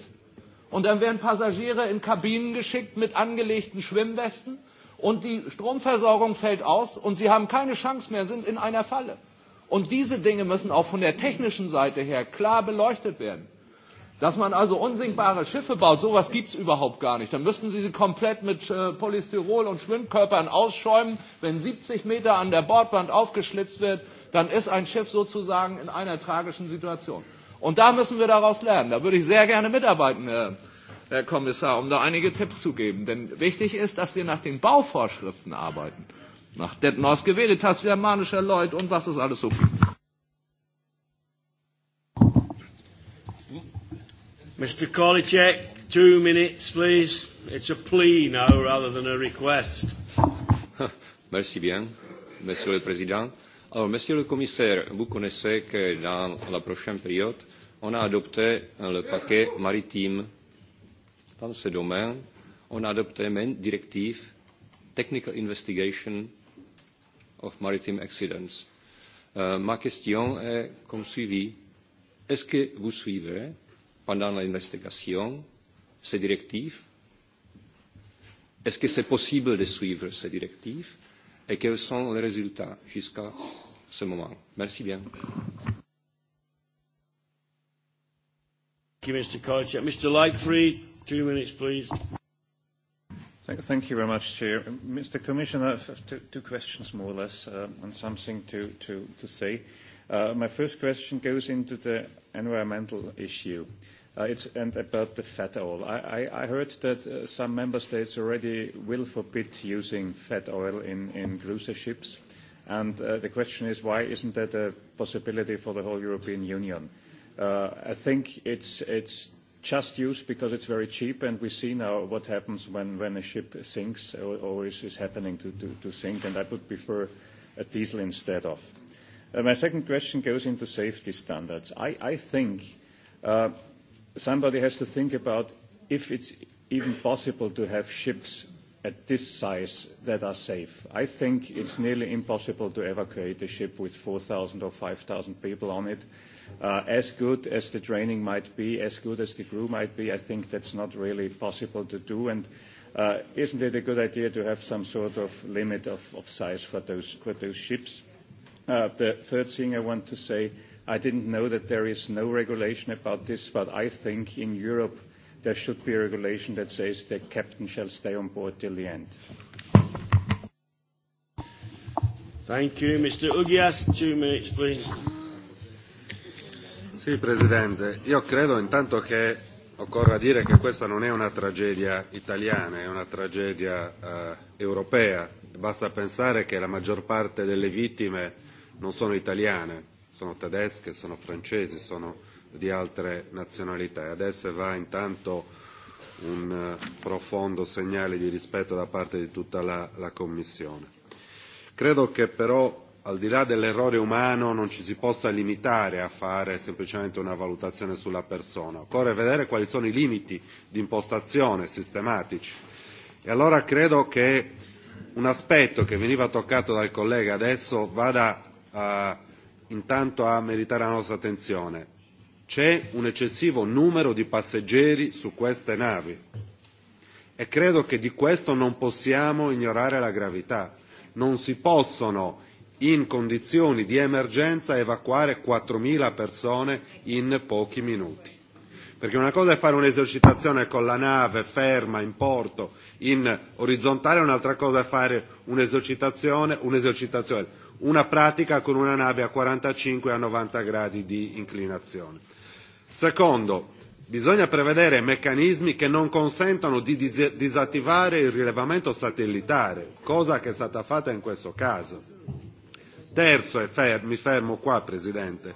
Und dann werden Passagiere in Kabinen geschickt mit angelegten Schwimmwesten und die Stromversorgung fällt aus und sie haben keine Chance mehr, sind in einer Falle. Und diese Dinge müssen auch von der technischen Seite her klar beleuchtet werden. Dass man also unsinkbare Schiffe baut, sowas gibt es überhaupt gar nicht. Dann müssten Sie sie komplett mit äh, Polystyrol und Schwimmkörpern ausschäumen. Wenn 70 Meter an der Bordwand aufgeschlitzt wird, dann ist ein Schiff sozusagen in einer tragischen Situation. Und da müssen wir daraus lernen. Da würde ich sehr gerne mitarbeiten, Herr, Herr Kommissar, um da einige Tipps zu geben. Denn wichtig ist, dass wir nach den Bauvorschriften arbeiten. Nach Detmors Gewedetas, germanischer Leut und was es alles so gibt. Mr. Kolicek, two minutes, please. It's a plea now rather than a request. *laughs* Merci bien, Monsieur le Président. Alors, Monsieur le Commissaire, vous connaissez que dans la prochaine période, on a adopté le paquet maritime. Dans ce domaine, on a adopté une directive Technical Investigation of Maritime Accidents. Euh, ma question est comme suivit. Est-ce que vous suivez pendant l'investigation, ces directives Est-ce que c'est possible de suivre ces directives et quels sont les résultats jusqu'à ce moment Merci bien. Thank you, Mr. Kolicek. Mr. Lightfried, two minutes, please. Thank, thank you very much, Chair. Mr. Commissioner, two, two questions more or less uh, and something to, to, to say. Uh, my first question goes into the environmental issue. Uh, Uh, it's, and about the fat oil. I, I, I heard that uh, some member states already will forbid using fat oil in, in cruiser ships. And uh, the question is, why isn't that a possibility for the whole European Union? Uh, I think it's, it's just used because it's very cheap, and we see now what happens when, when a ship sinks or, or is, is happening to, to, to sink, and I would prefer a diesel instead of. Uh, my second question goes into safety standards. I, I think uh, somebody has to think about if it's even possible to have ships at this size that are safe. I think it's nearly impossible to evacuate a ship with 4,000 or 5,000 people on it. Uh, as good as the training might be, as good as the crew might be, I think that's not really possible to do. And uh, isn't it a good idea to have some sort of limit of, of size for those, for those ships? Uh, the third thing I want to say I didn't know that there is no regulation about this, but I think in Europe there should be a regulation that says the captain shall stay on board till the end. Thank you. Mr. Ugias, two minutes, please. Sì, Presidente, io credo intanto che occorra dire che questa non è una tragedia italiana, è una tragedia eh, europea. Basta pensare che la maggior parte delle vittime non sono italiane sono tedesche, sono francesi, sono di altre nazionalità e adesso va intanto un eh, profondo segnale di rispetto da parte di tutta la, la Commissione. Credo che però al di là dell'errore umano non ci si possa limitare a fare semplicemente una valutazione sulla persona, occorre vedere quali sono i limiti di impostazione sistematici. E allora credo che un aspetto che veniva toccato dal collega adesso vada a intanto a meritare la nostra attenzione. C'è un eccessivo numero di passeggeri su queste navi e credo che di questo non possiamo ignorare la gravità. Non si possono in condizioni di emergenza evacuare 4.000 persone in pochi minuti. Perché una cosa è fare un'esercitazione con la nave ferma in porto in orizzontale, un'altra cosa è fare un'esercitazione, un'esercitazione una pratica con una nave a 45 e a 90 gradi di inclinazione. Secondo, bisogna prevedere meccanismi che non consentano di dis- disattivare il rilevamento satellitare, cosa che è stata fatta in questo caso. Terzo, e fer- mi fermo qua Presidente,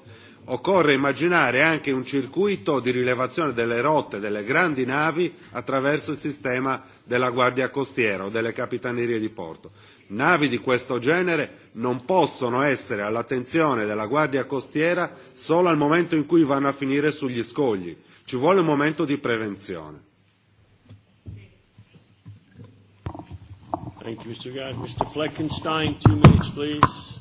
occorre immaginare anche un circuito di rilevazione delle rotte delle grandi navi attraverso il sistema della guardia costiera o delle capitanerie di porto navi di questo genere non possono essere all'attenzione della Guardia Costiera solo al momento in cui vanno a finire sugli scogli. Ci vuole un momento di prevenzione. Thank you, Mr. Guy. Mr. Fleckenstein, two minutes, please.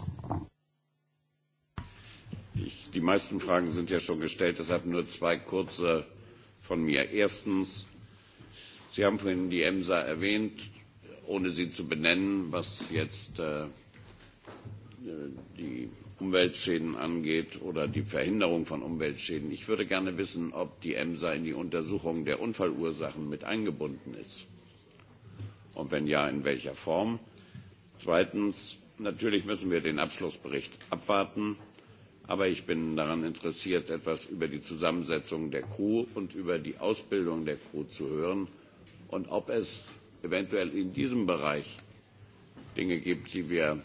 Ich, die meisten Fragen sind ja schon gestellt, deshalb nur zwei kurze von mir. Erstens, Sie haben vorhin die EMSA erwähnt ohne sie zu benennen, was jetzt äh, die Umweltschäden angeht oder die Verhinderung von Umweltschäden. Ich würde gerne wissen, ob die EMSA in die Untersuchung der Unfallursachen mit eingebunden ist. Und wenn ja, in welcher Form? Zweitens, natürlich müssen wir den Abschlussbericht abwarten. Aber ich bin daran interessiert, etwas über die Zusammensetzung der Crew und über die Ausbildung der Crew zu hören und ob es eventuell in diesem Bereich Dinge gibt, die wir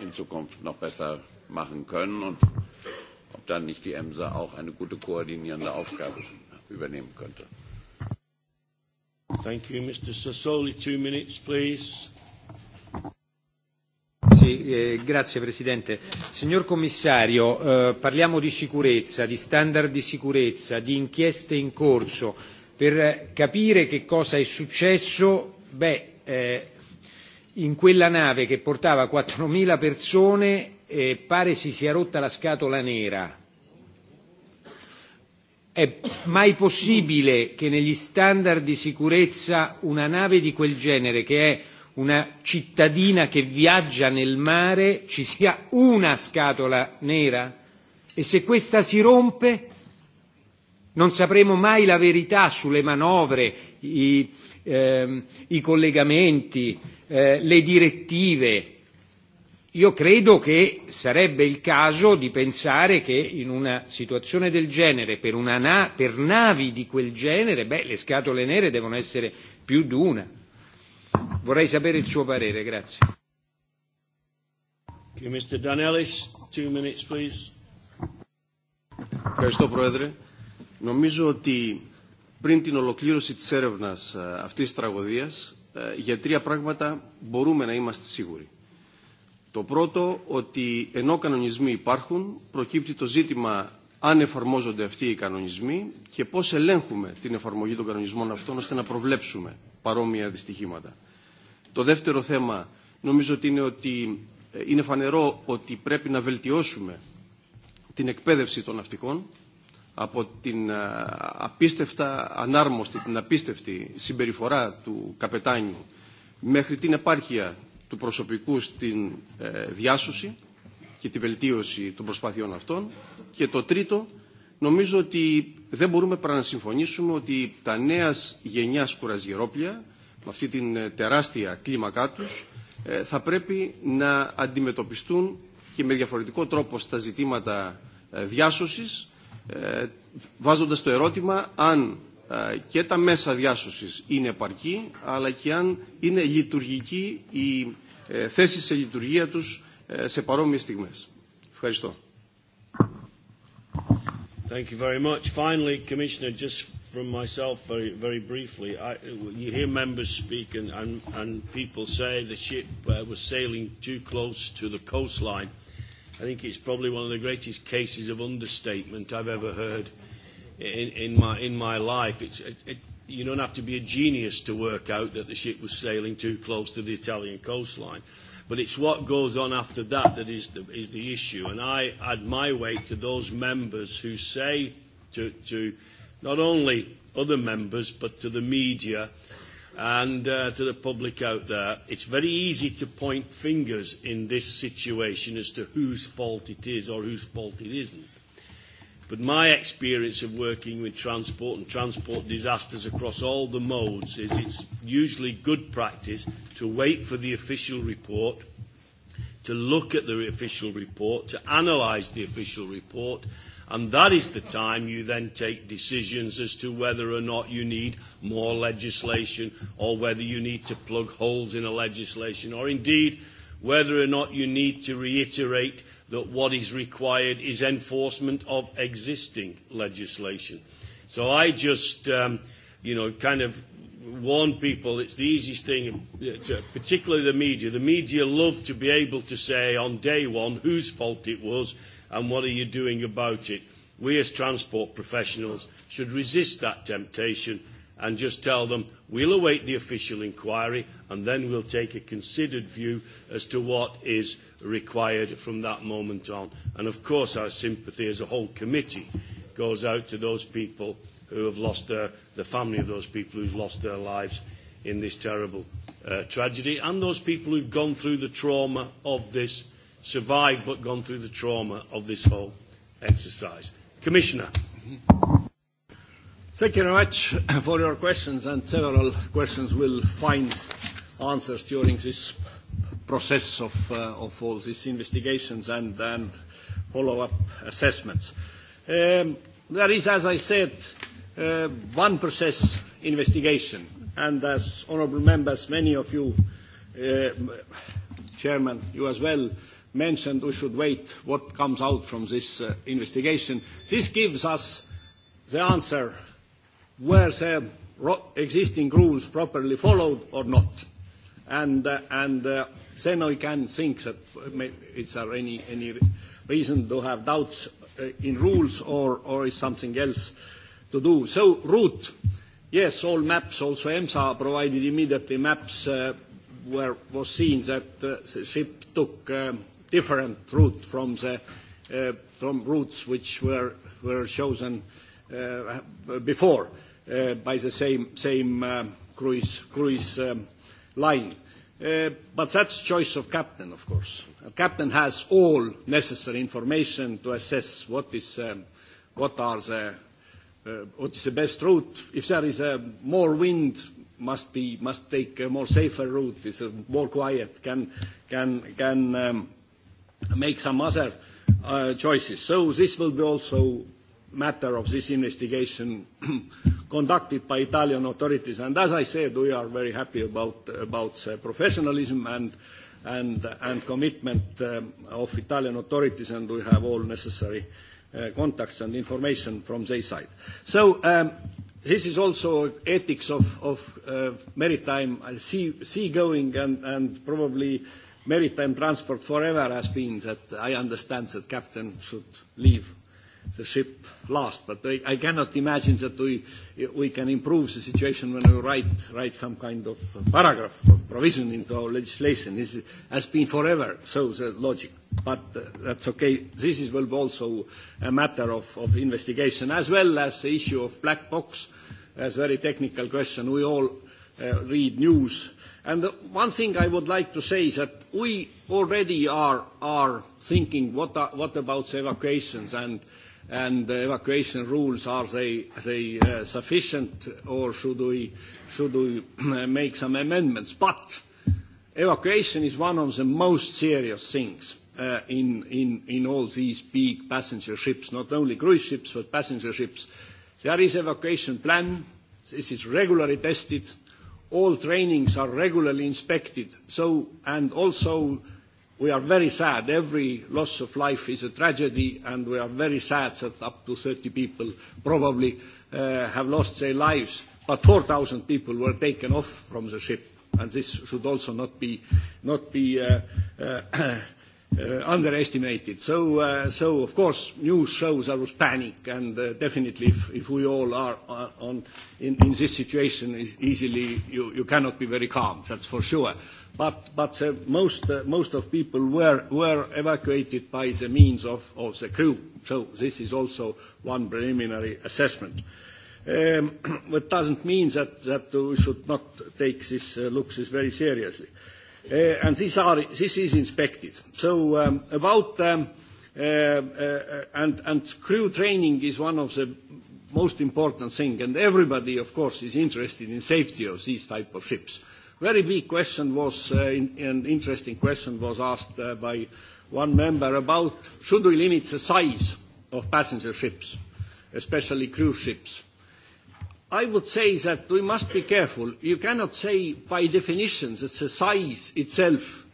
in Zukunft noch besser machen können und ob dann nicht die EMSA auch eine gute koordinierende Aufgabe übernehmen könnte. Thank you, Mr. Sassoli. Two minutes, please. Sì, eh, grazie Presidente. Signor Commissario, eh, parliamo di sicurezza, di standard di sicurezza, di inchieste in corso per capire che cosa è successo Beh, eh, in quella nave che portava 4.000 persone eh, pare si sia rotta la scatola nera. È mai possibile che negli standard di sicurezza una nave di quel genere, che è una cittadina che viaggia nel mare, ci sia una scatola nera? E se questa si rompe non sapremo mai la verità sulle manovre, i, ehm, i collegamenti, eh, le direttive. Io credo che sarebbe il caso di pensare che in una situazione del genere, per, una na- per navi di quel genere, beh, le scatole nere devono essere più di una. Vorrei sapere il suo parere, grazie. Mr. Danelis, two minutes, please. Ευχαριστώ Πρόεδρε. Νομίζω ότι πριν την ολοκλήρωση της έρευνας αυτής της τραγωδίας για τρία πράγματα μπορούμε να είμαστε σίγουροι. Το πρώτο, ότι ενώ κανονισμοί υπάρχουν, προκύπτει το ζήτημα αν εφαρμόζονται αυτοί οι κανονισμοί και πώς ελέγχουμε την εφαρμογή των κανονισμών αυτών ώστε να προβλέψουμε παρόμοια δυστυχήματα. Το δεύτερο θέμα νομίζω ότι είναι ότι είναι φανερό ότι πρέπει να βελτιώσουμε την εκπαίδευση των ναυτικών από την απίστευτα ανάρμοστη, την απίστευτη συμπεριφορά του καπετάνιου μέχρι την επάρχεια του προσωπικού στην ε, διάσωση και τη βελτίωση των προσπαθειών αυτών. Και το τρίτο, νομίζω ότι δεν μπορούμε παρά να συμφωνήσουμε ότι τα νέα γενιά κουραζιερόπλια, με αυτή την τεράστια κλίμακά τους, ε, θα πρέπει να αντιμετωπιστούν και με διαφορετικό τρόπο στα ζητήματα διάσωσης, βάζοντας το ερώτημα αν και τα μέσα διάσωσης είναι επαρκή, αλλά και αν είναι λειτουργική η θέση σε λειτουργία τους σε παρόμοιες στιγμές. Ευχαριστώ. Thank you very much. Finally, Commissioner, just from myself very, very briefly, I, you hear members speak and, and, and people say the ship uh, was sailing too close to the coastline. I think it's probably one of the greatest cases of understatement I've ever heard in, in, my, in my life. It's, it, it, you don't have to be a genius to work out that the ship was sailing too close to the Italian coastline. But it's what goes on after that that is the, is the issue. And I add my weight to those members who say to, to not only other members but to the media and uh, to the public out there, it's very easy to point fingers in this situation as to whose fault it is or whose fault it isn't. But my experience of working with transport and transport disasters across all the modes is it's usually good practice to wait for the official report, to look at the official report, to analyse the official report, And that is the time you then take decisions as to whether or not you need more legislation or whether you need to plug holes in a legislation or indeed whether or not you need to reiterate that what is required is enforcement of existing legislation. So I just, um, you know, kind of warn people it's the easiest thing, uh, to, particularly the media. The media love to be able to say on day one whose fault it was and what are you doing about it? We as transport professionals should resist that temptation and just tell them we'll await the official inquiry and then we'll take a considered view as to what is required from that moment on. And of course our sympathy as a whole committee goes out to those people who have lost their, the family of those people who've lost their lives in this terrible uh, tragedy and those people who've gone through the trauma of this survived but gone through the trauma of this whole exercise. Commissioner. Thank you very much for your questions, and several questions will find answers during this process of, uh, of all these investigations and, and follow-up assessments. Um, there is, as I said, uh, one process investigation, and as honourable members, many of you, uh, Chairman, you as well, mentioned, we should wait what comes out from this uh, investigation. This gives us the answer were the existing rules properly followed or not. And, uh, and uh, then we can think that is there any, any reason to have doubts uh, in rules or, or is something else to do. So route, yes, all maps, also EMSA provided immediately maps uh, where was seen that uh, the ship took um, different route from the uh, from routes which were were chosen uh, before uh, by the same same um, cruise cruise um, line. Uh, but that's choice of captain, of course. A captain has all necessary information to assess what is um, what are the uh, is the best route. If there is a uh, more wind, must be must take a more safer route. Is more quiet. Can can can. Um, make some other uh, choices. So this will be also matter of this investigation *clears throat* conducted by Italian authorities. And as I said, we are very happy about, about uh, professionalism and, and, and commitment um, of Italian authorities, and we have all necessary uh, contacts and information from their side. So um, this is also ethics of, of uh, maritime uh, sea, seagoing and, and probably uh, maritime transport forever has been that I understand that captain should leave the ship last, but I, I cannot imagine that we, we can improve the situation when we write, write some kind of paragraph or provision into our legislation. This has been forever, so the logic. But uh, that's okay. This is well also a matter of, of investigation, as well as the issue of black box, as a very technical question. We all uh, read news And the one thing I would like to say is that we already are, are thinking what, are, uh, what about evacuations and, and the evacuation rules, are they, they uh, sufficient or should we, should we *clears throat* make some amendments? But evacuation is one of the most serious things. Uh, in, in, in all these big passenger ships, not only cruise ships, but passenger ships. There is evacuation plan. This is regularly tested all trainings are regularly inspected. So, and also we are very sad. Every loss of life is a tragedy, and we are very sad that up to 30 people probably uh, have lost their lives. But 4,000 people were taken off from the ship, and this should also not be, not be uh, uh, uh, underestimated. So, uh, so of course, news shows there was panic, and uh, definitely, if, if we all are uh, on, in, in this situation, is easily you, you cannot be very calm. That's for sure. But, but uh, most, uh, most of people were, were evacuated by the means of, of the crew. So this is also one preliminary assessment. Um, it *clears throat* doesn't mean that, that we should not take this, uh, look this very seriously. Uh, Uh, and these are, this is inspected. So um, about um, uh, uh, and, and crew training is one of the most important thing, and everybody, of course, is interested in safety of these type of ships. Very big question was, uh, in, an interesting question was asked uh, by one member about should we limit the size of passenger ships, especially cruise ships. I would say that we must be careful. You cannot say by definition that the size itself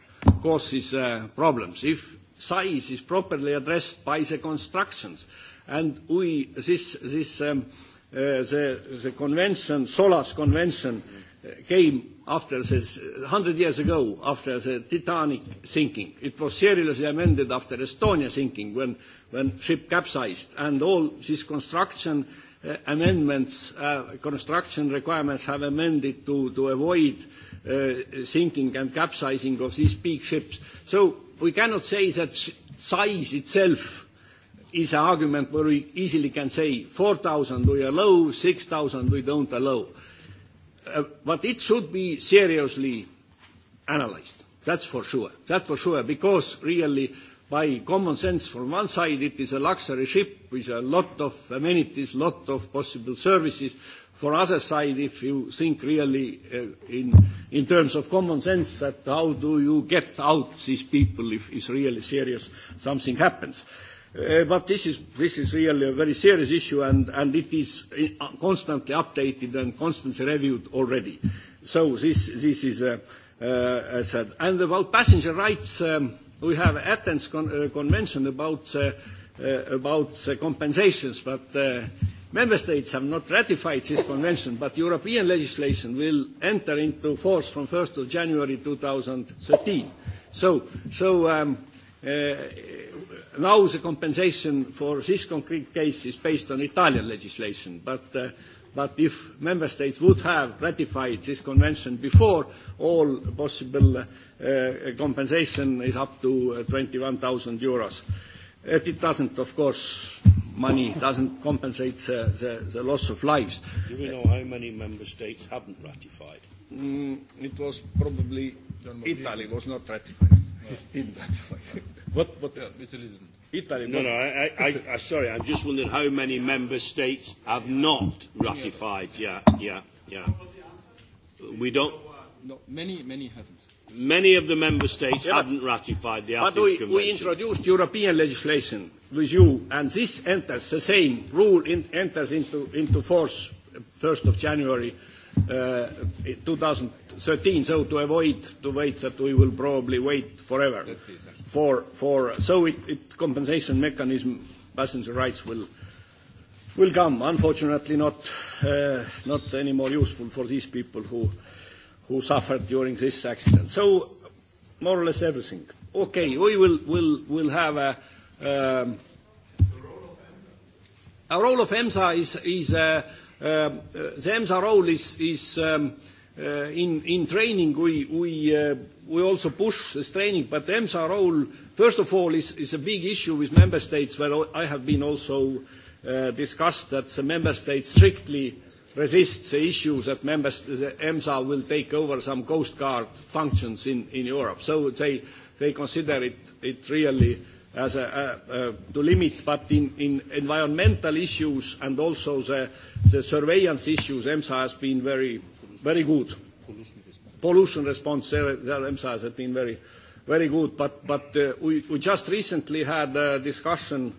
causes uh, problems. If size is properly addressed by the constructions, and we, this, this, um, uh, the, the convention, SOLAS convention, uh, came after this, 100 years ago, after the Titanic sinking. It was seriously amended after Estonia sinking, when, when ship capsized, and all this construction Uh, amendments, uh, construction requirements have amended to, to avoid uh, sinking and capsizing of these big ships. So we cannot say that size itself is an argument where we easily can say 4,000 we allow, 6,000 we don't allow. but it should be seriously analyzed. That's for sure. That for sure, because really by common sense. From one side, it is a luxury ship with a lot of amenities, lot of possible services. For other side, if you think really uh, in, in terms of common sense, that how do you get out these people if it's really serious, something happens. Uh, but this is, this is really a very serious issue and, and it is uh, constantly updated and constantly reviewed already. So this, this is uh, as uh, said. And about passenger rights, um, We have Athens uh, Convention about, uh, uh, about compensations, but Member States have not ratified this convention, but European legislation will enter into force from 1st of January 2013. So, so um, now the compensation for this concrete case is based on Italian legislation, but But if member states would have ratified this convention before, all possible uh, uh compensation is up to 21,000 uh, euros. It doesn't, of course, money doesn't compensate the, the, the loss of lives. Do we know how many member states haven't ratified? Mm, it was probably Italy was not ratified. No. It didn't ratify. *laughs* what? What? Yeah, Italy didn't. Italy. No, no, I, I, I, sorry, I'm just wondering how many member states have not ratified. Yeah, yeah, yeah. We don't. No, many, many haven't. Many of the member states yeah, hadn't ratified the Athens but we, Convention. we introduced European legislation with you, and this enters the same rule in, enters into, into force 1st of January 2013. Uh, so to avoid to wait that we will probably wait forever for for so it, it compensation mechanism passenger rights will will come. Unfortunately, not uh, not any more useful for these people who who suffered during this accident. So more or less everything. Okay, we will will will have a. Um, a role of EMSA is, is uh, Uh, uh, EMSA role is, um, uh, in, training, we, also push this training, but EMSA role, first of all, is, a big issue with member states where I have been also discussed that the member states strictly resist the issue that EMSA will take over some coast guard functions in, Europe. So they, consider it, it really as a, to limit, but in, environmental issues and also the, surveillance issues, EMSA has been very, very good. Pollution response, Pollution uh, response there, EMSA has been very, very good. But, uh, we, just recently had a discussion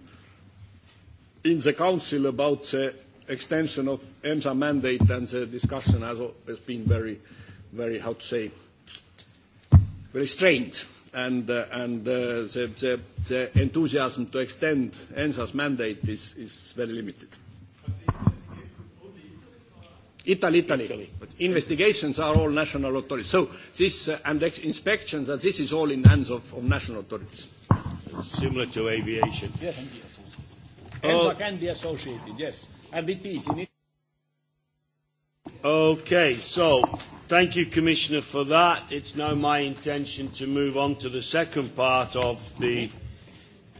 in the council about the extension of EMSA mandate, and the discussion has been very, very, how to say, very strained and, uh, uh, the, enthusiasm to extend ENSA's mandate is, very limited. Italy, Italy. investigations are all national authorities. So this uh, and inspections, and this is all in hands of, national authorities. similar to aviation. Yes, and oh. ENSA can be associated, yes. And it is. In it. Okay, so Thank you, Commissioner, for that. It's now my intention to move on to the second part of the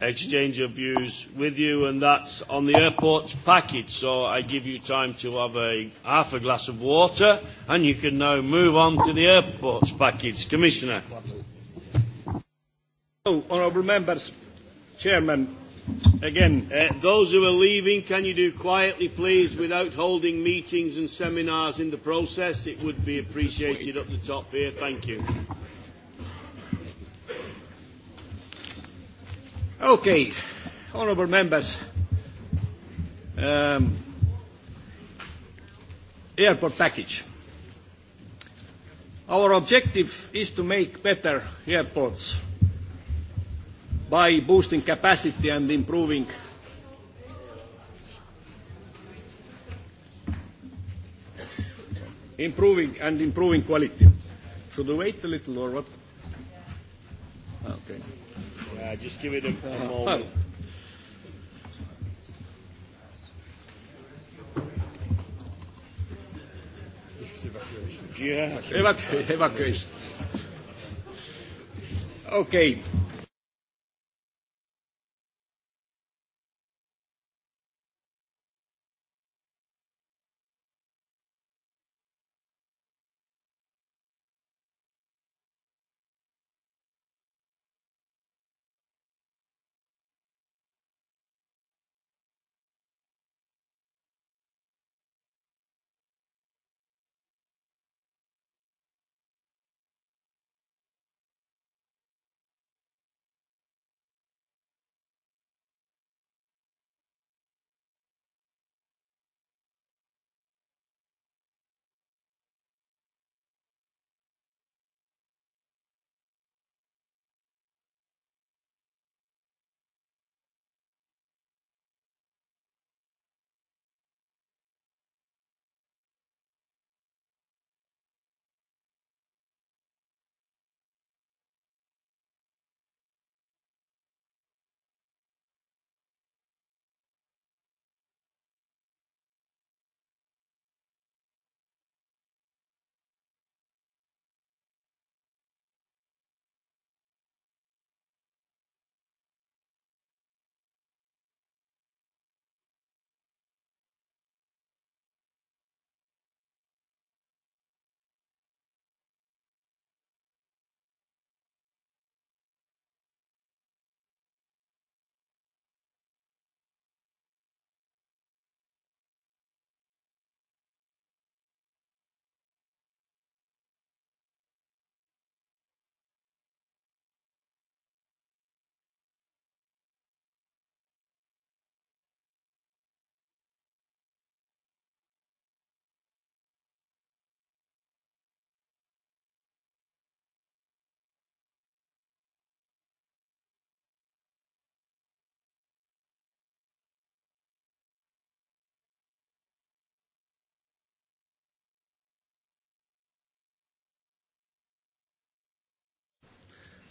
exchange of views with you, and that's on the airports package. So I give you time to have a half a glass of water, and you can now move on to the airports package. Commissioner. Oh, honourable members, Chairman, Again, uh, those who are leaving, can you do quietly, please, without holding meetings and seminars in the process? It would be appreciated up the top here. Thank you. Okay, honourable members, um, airport package. Our objective is to make better airports by boosting capacity and improving improving and improving quality. Should we wait a little or what? Ah, okay. Yeah, just give it a, a *laughs* moment. Oh. evacuation. Yeah. Evacuation. evacuation. Okay.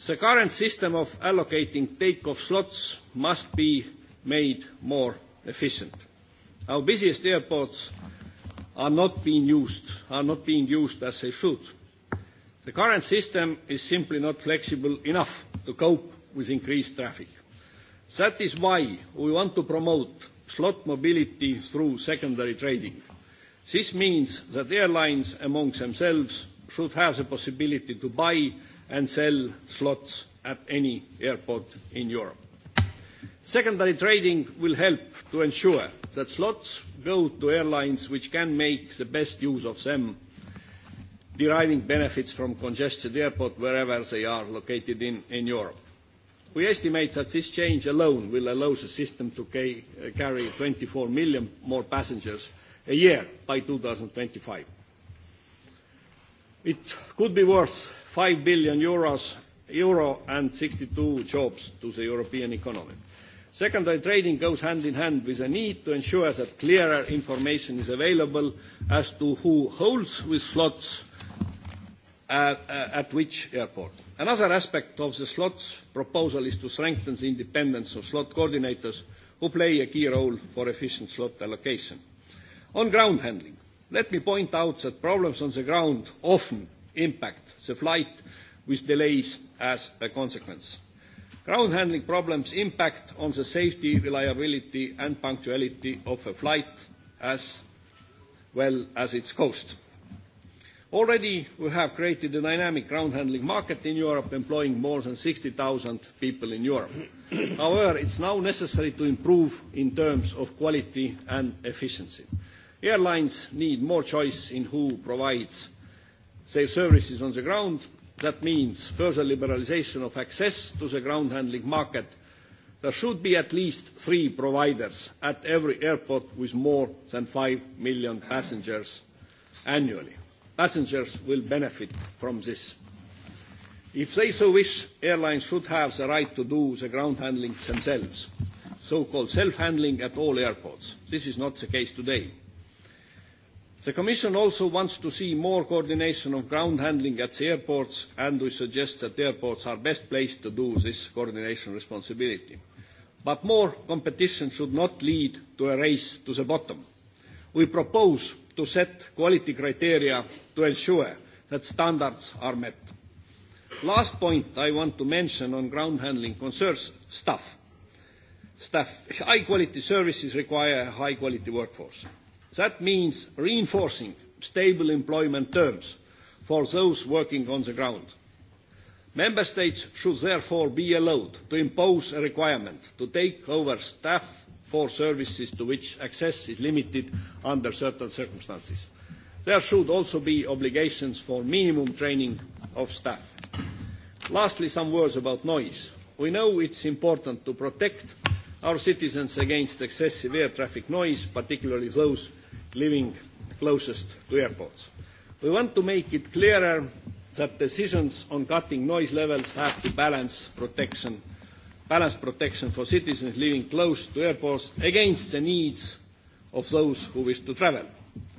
The current system of allocating take-off slots must be made more efficient. Our busiest airports are not being used, are not being used as they should. The current system is simply not flexible enough to cope with increased traffic. That is why we want to promote slot mobility through secondary trading. This means that airlines among themselves should have the possibility to buy and sell slots at any airport in Europe. Secondary trading will help to ensure that slots go to airlines which can make the best use of them, deriving benefits from congested airports wherever they are located in, Europe. We estimate that this change alone will allow the system to uh, carry 24 million more passengers a year by 2025. It could be worth 5 billion euros, and 62 jobs to the European economy. Secondary trading goes hand in hand with the need to ensure that clearer information is available as to who holds which slots uh, uh, at which airport. Another aspect of the slots proposal is to strengthen the independence of slot coordinators who play a key role for efficient slot allocation. On ground handling, Let me point out that problems on the ground often impact the flight with delays as a consequence. Ground handling problems impact on the safety, reliability and punctuality of a flight as well as its cost. Already, we have created a dynamic ground handling market in Europe, employing more than 60,000 people in Europe. However, it's now necessary to improve in terms of quality and efficiency. Airlines need more choice in who provides their services on the ground. That means further liberalisation of access to the ground handling market. There should be at least three providers at every airport with more than 5 million passengers annually. Passengers will benefit from this. If they so wish, airlines should have the right to do the ground handling themselves, so-called self-handling at all airports. This is not the case today. The Commission also wants to see more coordination of ground handling at the airports, and we suggest that airports are best placed to do this coordination responsibility. But more competition should not lead to a race to the bottom. We propose to set quality criteria to ensure that standards are met. Last point I want to mention on ground handling concerns staff. staff. High quality services require a high quality workforce. That means reinforcing stable employment terms for those working on the ground. Member States should therefore be allowed to impose a requirement to take over staff for services to which access is limited under certain circumstances. There should also be obligations for minimum training of staff. Lastly, some words about noise. We know it's important to protect our citizens against excessive air traffic noise, particularly those living closest to airports. We want to make it clearer that decisions on cutting noise levels have to balance protection, balance protection for citizens living close to airports against the needs of those who wish to travel.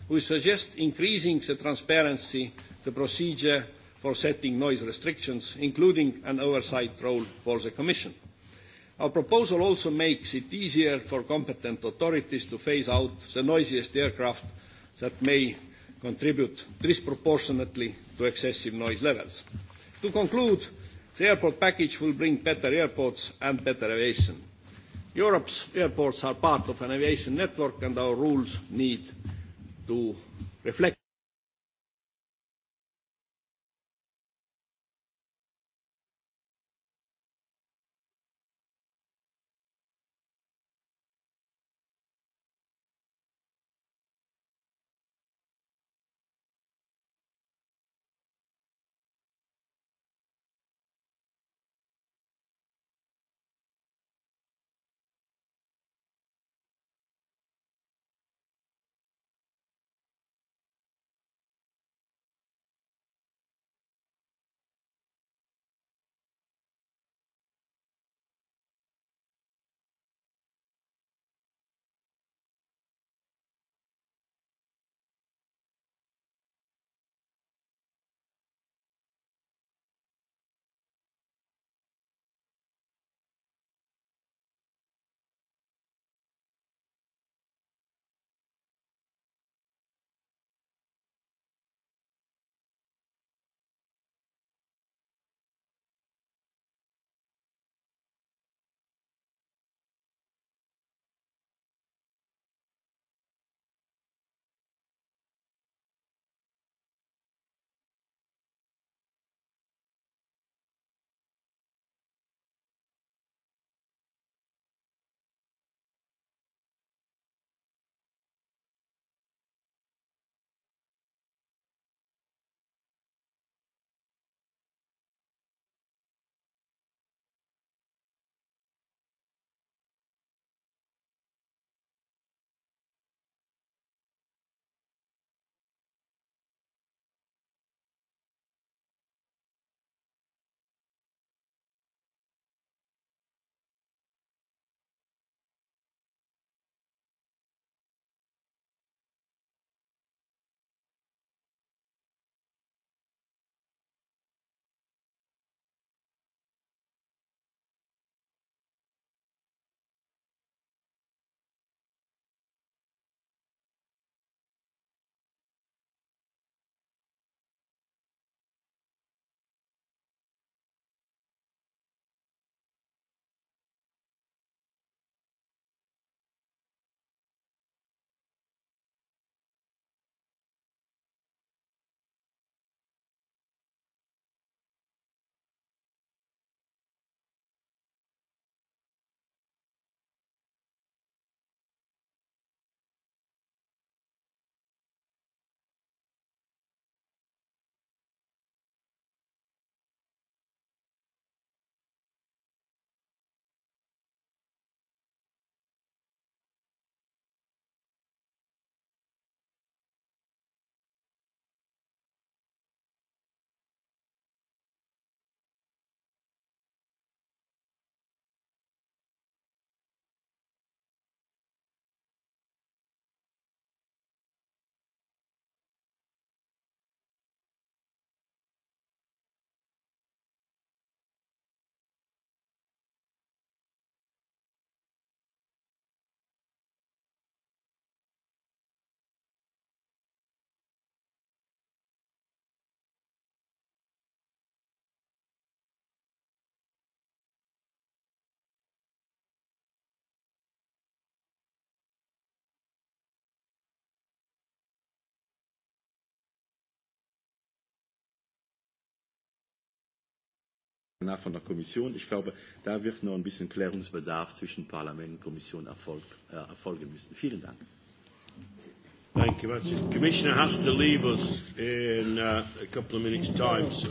We suggest increasing the transparency, the procedure for setting noise restrictions, including an oversight role for the Commission. Our proposal also makes it easier for competent authorities to phase out the noisiest aircraft that may contribute disproportionately to excessive noise levels. To conclude, the airport package will bring better airports and better aviation. Europe's airports are part of an aviation network and our rules need to reflect nach von der Kommission. Ich glaube, da wird noch ein bisschen Klärungsbedarf zwischen Parlament und Kommission erfolg, äh, erfolgen müssen. Vielen Dank. Thank you much. The Commissioner has to leave us in uh, a couple of minutes' time, so,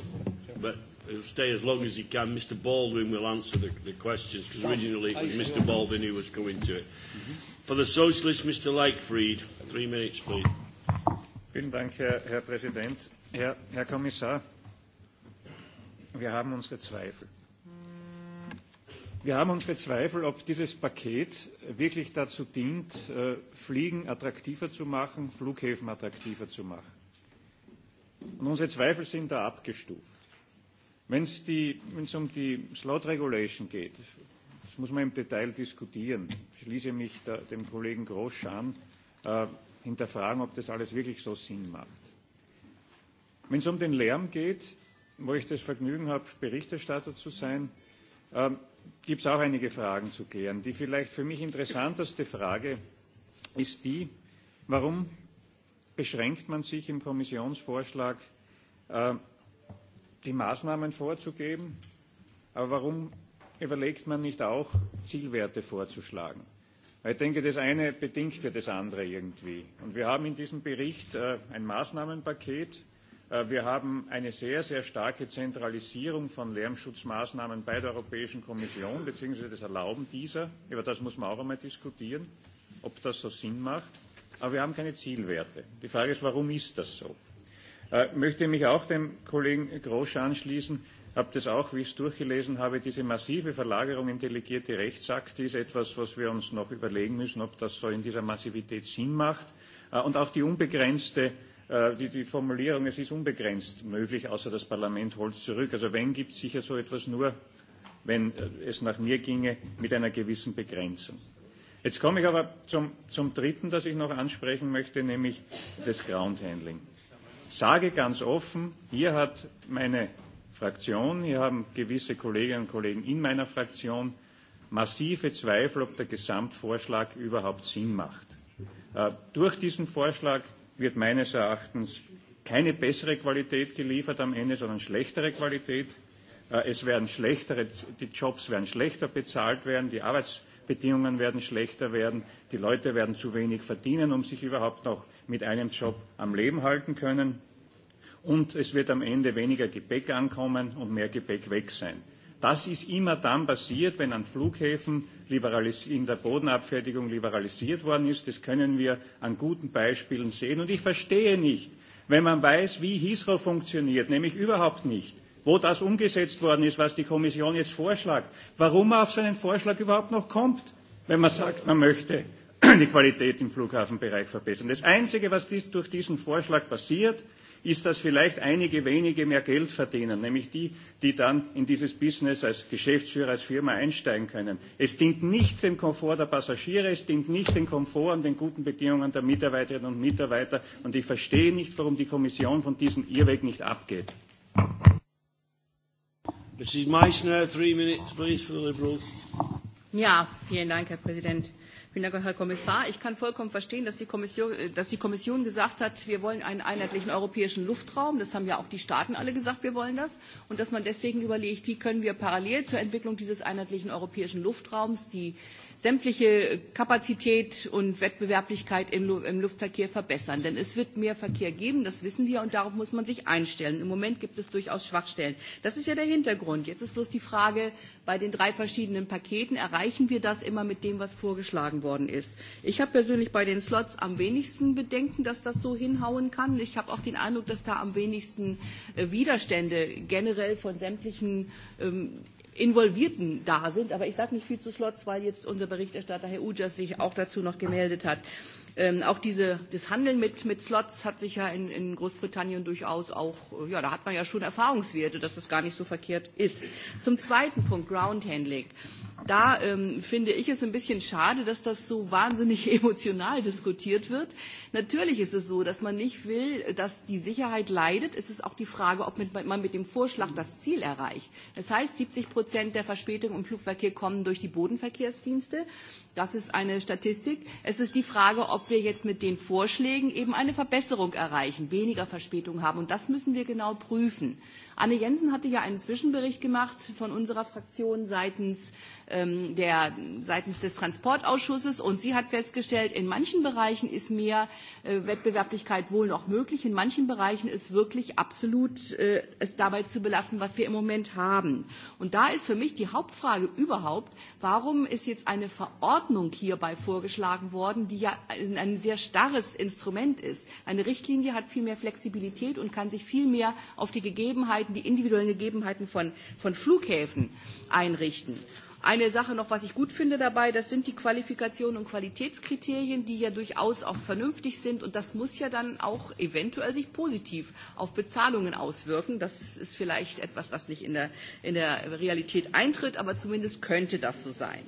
but he'll stay as long as he can. Mr. Baldwin will answer the, the questions because originally it was Mr. Baldwin who was coming to it. For the Socialist, Mr. Lakefried, three minutes, please. Vielen Dank, Herr, Herr Präsident. Herr, Herr Kommissar, Wir haben unsere Zweifel. Wir haben unsere Zweifel, ob dieses Paket wirklich dazu dient, äh, Fliegen attraktiver zu machen, Flughäfen attraktiver zu machen. Und unsere Zweifel sind da abgestuft. Wenn es um die Slot Regulation geht, das muss man im Detail diskutieren. Ich schließe mich da, dem Kollegen Grosch an, äh, hinterfragen, ob das alles wirklich so Sinn macht. Wenn es um den Lärm geht, wo ich das Vergnügen habe, Berichterstatter zu sein, ähm, gibt es auch einige Fragen zu klären. Die vielleicht für mich interessanteste Frage ist die, warum beschränkt man sich im Kommissionsvorschlag, äh, die Maßnahmen vorzugeben, aber warum überlegt man nicht auch, Zielwerte vorzuschlagen? Ich denke, das eine bedingt ja das andere irgendwie. Und wir haben in diesem Bericht äh, ein Maßnahmenpaket, Äh, wir haben eine sehr, sehr starke Zentralisierung von Lärmschutzmaßnahmen bei der Europäischen Kommission beziehungsweise das Erlauben dieser. Über das muss man auch einmal diskutieren, ob das so Sinn macht. Aber wir haben keine Zielwerte. Die Frage ist, warum ist das so? Ich äh, möchte mich auch dem Kollegen Grosch anschließen. Ich habe das auch, wie ich es durchgelesen habe, diese massive Verlagerung in delegierte Rechtsakte ist etwas, was wir uns noch überlegen müssen, ob das so in dieser Massivität Sinn macht. Äh, und auch die unbegrenzte Äh, die, die Formulierung, es ist unbegrenzt möglich, außer das Parlament holt es zurück. Also wenn gibt es sicher so etwas nur, wenn äh, es nach mir ginge, mit einer gewissen Begrenzung. Jetzt komme ich aber zum, zum Dritten, das ich noch ansprechen möchte, nämlich das Groundhandling. Sage ganz offen, hier hat meine Fraktion, hier haben gewisse Kolleginnen und Kollegen in meiner Fraktion massive Zweifel, ob der Gesamtvorschlag überhaupt Sinn macht. Äh, durch diesen Vorschlag wird meines Erachtens keine bessere Qualität geliefert am Ende, sondern schlechtere Qualität. Äh, es werden schlechtere, die Jobs werden schlechter bezahlt werden, die Arbeitsbedingungen werden schlechter werden, die Leute werden zu wenig verdienen, um sich überhaupt noch mit einem Job am Leben halten können. Und es wird am Ende weniger Gepäck ankommen und mehr Gepäck weg sein. Das ist immer dann passiert, wenn an Flughäfen in der Bodenabfertigung liberalisiert worden ist. Das können wir an guten Beispielen sehen. Und ich verstehe nicht, wenn man weiß, wie Heathrow funktioniert, nämlich überhaupt nicht, wo das umgesetzt worden ist, was die Kommission jetzt vorschlägt, warum man auf so einen Vorschlag überhaupt noch kommt, wenn man sagt, man möchte die Qualität im Flughafenbereich verbessern. Das Einzige, was dies, durch diesen Vorschlag passiert, ist, dass vielleicht einige wenige mehr Geld verdienen, nämlich die, die dann in dieses Business als Geschäftsführer, als Firma einsteigen können. Es dient nicht dem Komfort der Passagiere, es dient nicht dem Komfort und den guten Bedingungen der Mitarbeiterinnen und Mitarbeiter. Und ich verstehe nicht, warum die Kommission von diesem Irrweg nicht abgeht. Mrs. Meissner, three minutes, please, for the Liberals. Ja, vielen Dank, Herr Präsident. Vielen Dank, Herr Kommissar. Ich kann vollkommen verstehen, dass die, Kommission, äh, dass die Kommission gesagt hat, wir wollen einen einheitlichen europäischen Luftraum. Das haben ja auch die Staaten alle gesagt, wir wollen das. Und dass man deswegen überlegt, wie können wir parallel zur Entwicklung dieses einheitlichen europäischen Luftraums die sämtliche Kapazität und Wettbewerblichkeit im, Luftverkehr verbessern. Denn es wird mehr Verkehr geben, das wissen wir, und darauf muss man sich einstellen. Im Moment gibt es durchaus Schwachstellen. Das ist ja der Hintergrund. Jetzt ist bloß die Frage bei den drei verschiedenen Paketen, erreichen wir das immer mit dem, was vorgeschlagen worden ist? Ich habe persönlich bei den Slots am wenigsten Bedenken, dass das so hinhauen kann. Ich habe auch den Eindruck, dass da am wenigsten äh, Widerstände generell von sämtlichen ähm, Involvierten da sind. Aber ich sage nicht viel zu Slots, weil jetzt unser Berichterstatter Herr Ujas sich auch dazu noch gemeldet hat. Ähm, auch diese, das Handeln mit, mit Slots hat sich ja in, in Großbritannien durchaus auch, ja, da hat man ja schon Erfahrungswerte, dass das gar nicht so verkehrt ist. Zum zweiten Punkt, Groundhandling da ähm, finde ich es ein bisschen schade, dass das so wahnsinnig *laughs* emotional diskutiert wird. Natürlich ist es so, dass man nicht will, dass die Sicherheit leidet. Es ist auch die Frage, ob mit, man mit dem Vorschlag das Ziel erreicht. Das heißt, 70 Prozent der Verspätungen im Flugverkehr kommen durch die Bodenverkehrsdienste. Das ist eine Statistik. Es ist die Frage, ob wir jetzt mit den Vorschlägen eben eine Verbesserung erreichen, weniger Verspätungen haben. Und das müssen wir genau prüfen. Anne Jensen hatte ja einen Zwischenbericht gemacht von unserer Fraktion seitens, ähm, der, seitens des Transportausschusses und sie hat festgestellt, in manchen Bereichen ist mehr äh, Wettbewerblichkeit wohl noch möglich, in manchen Bereichen ist wirklich absolut äh, es dabei zu belassen, was wir im Moment haben. Und da ist für mich die Hauptfrage überhaupt, warum ist jetzt eine Verordnung hierbei vorgeschlagen worden, die ja ein, ein sehr starres Instrument ist. Eine Richtlinie hat viel mehr Flexibilität und kann sich viel mehr auf die Gegebenheiten Gegebenheiten, die individuellen Gegebenheiten von, von Flughäfen einrichten. Eine Sache noch, was ich gut finde dabei, das sind die Qualifikationen und Qualitätskriterien, die ja durchaus auch vernünftig sind. Und das muss ja dann auch eventuell sich positiv auf Bezahlungen auswirken. Das ist vielleicht etwas, was nicht in der, in der Realität eintritt, aber zumindest könnte das so sein.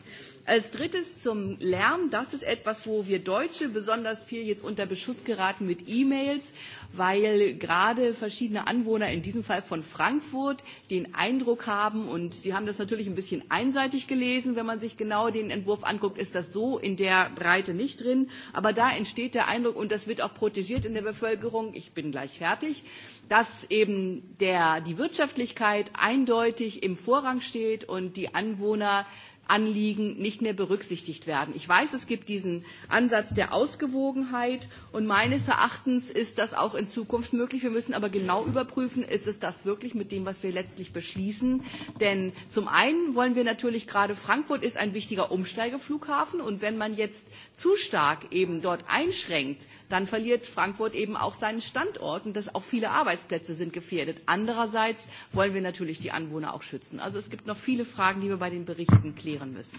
Als drittes zum Lärm. Das ist etwas, wo wir Deutsche besonders viel jetzt unter Beschuss geraten mit E-Mails, weil gerade verschiedene Anwohner, in diesem Fall von Frankfurt, den Eindruck haben, und Sie haben das natürlich ein bisschen einseitig gelesen, wenn man sich genau den Entwurf anguckt, ist das so in der Breite nicht drin. Aber da entsteht der Eindruck, und das wird auch protegiert in der Bevölkerung, ich bin gleich fertig, dass eben der, die Wirtschaftlichkeit eindeutig im Vorrang steht und die Anwohner Anliegen nicht mehr berücksichtigt werden. Ich weiß, es gibt diesen Ansatz der Ausgewogenheit und meines Erachtens ist das auch in Zukunft möglich. Wir müssen aber genau überprüfen, ist es das wirklich mit dem, was wir letztlich beschließen? Denn zum einen wollen wir natürlich gerade Frankfurt ist ein wichtiger Umsteigeflughafen und wenn man jetzt zu stark eben dort einschränkt, dann verliert Frankfurt eben auch seinen Standort und das auch viele Arbeitsplätze sind gefährdet. Andererseits wollen wir natürlich die Anwohner auch schützen. Also es gibt noch viele Fragen, die wir bei den Berichten klären müssen.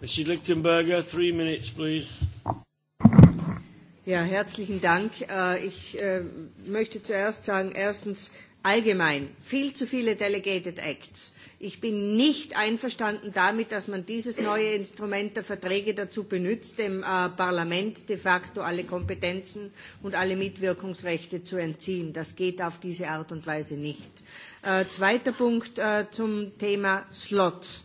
Lichtenberger, three minutes, please. Ja, herzlichen Dank. Äh, ich äh, möchte zuerst sagen, erstens allgemein viel zu viele Delegated Acts Ich bin nicht einverstanden damit, dass man dieses neue Instrument der Verträge dazu benutzt, dem äh, Parlament de facto alle Kompetenzen und alle Mitwirkungsrechte zu entziehen. Das geht auf diese Art und Weise nicht. Äh, zweiter Punkt äh, zum Thema Slots.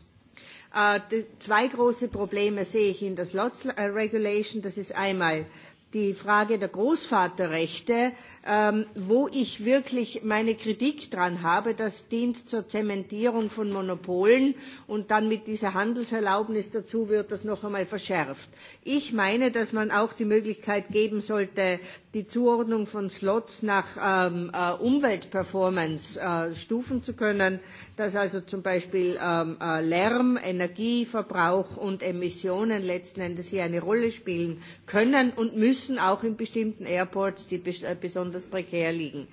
Äh, zwei große Probleme sehe ich in der Slots äh, Regulation. Das ist einmal die Frage der Großvaterrechte Ähm, wo ich wirklich meine Kritik dran habe, das dient zur Zementierung von Monopolen und dann mit dieser Handelserlaubnis dazu wird das noch einmal verschärft. Ich meine, dass man auch die Möglichkeit geben sollte, die Zuordnung von Slots nach ähm, äh, Umweltperformance äh, stufen zu können, dass also zum Beispiel ähm, äh, Lärm, Energieverbrauch und Emissionen letzten Endes hier eine Rolle spielen können und müssen auch in bestimmten Airports, die bes äh, besonders besonders prekär liegen.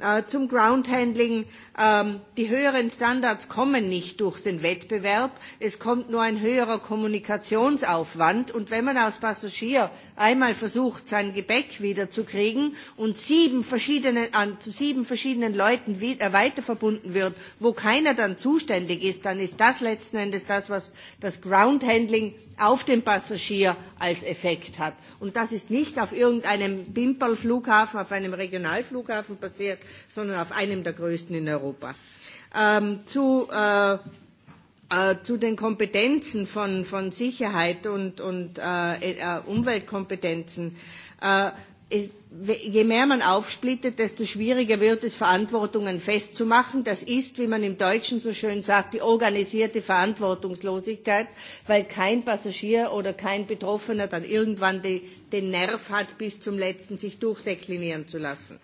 Äh, zum Groundhandling. Ähm, die höheren Standards kommen nicht durch den Wettbewerb. Es kommt nur ein höherer Kommunikationsaufwand. Und wenn man als Passagier einmal versucht, sein Gepäck wiederzukriegen und sieben verschiedene, an, zu sieben verschiedenen Leuten äh, weiter verbunden wird, wo keiner dann zuständig ist, dann ist das letzten Endes das, was das Groundhandling auf den Passagier als Effekt hat. Und das ist nicht auf irgendeinem bimperl flughafen auf einem Regionalflughafen passiert, sondern auf einem der größten in Europa. Ähm, zu äh, äh, zu den Kompetenzen von, von Sicherheit und, und äh, äh, Umweltkompetenzen. Äh, es, je mehr man aufsplittet, desto schwieriger wird es, Verantwortungen festzumachen. Das ist, wie man im Deutschen so schön sagt, die organisierte Verantwortungslosigkeit, weil kein Passagier oder kein Betroffener dann irgendwann die, den Nerv hat, bis zum letzten sich durchdeklinieren zu lassen.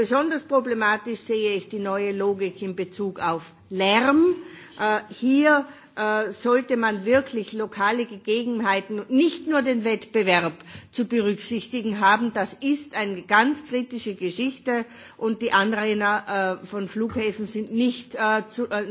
Besonders problematisch sehe ich die neue Logik in Bezug auf Lärm. Äh, hier äh, sollte man wirklich lokale Gegebenheiten und nicht nur den Wettbewerb zu berücksichtigen haben. Das ist eine ganz kritische Geschichte und die Anrainer äh, von Flughäfen sind nicht, äh,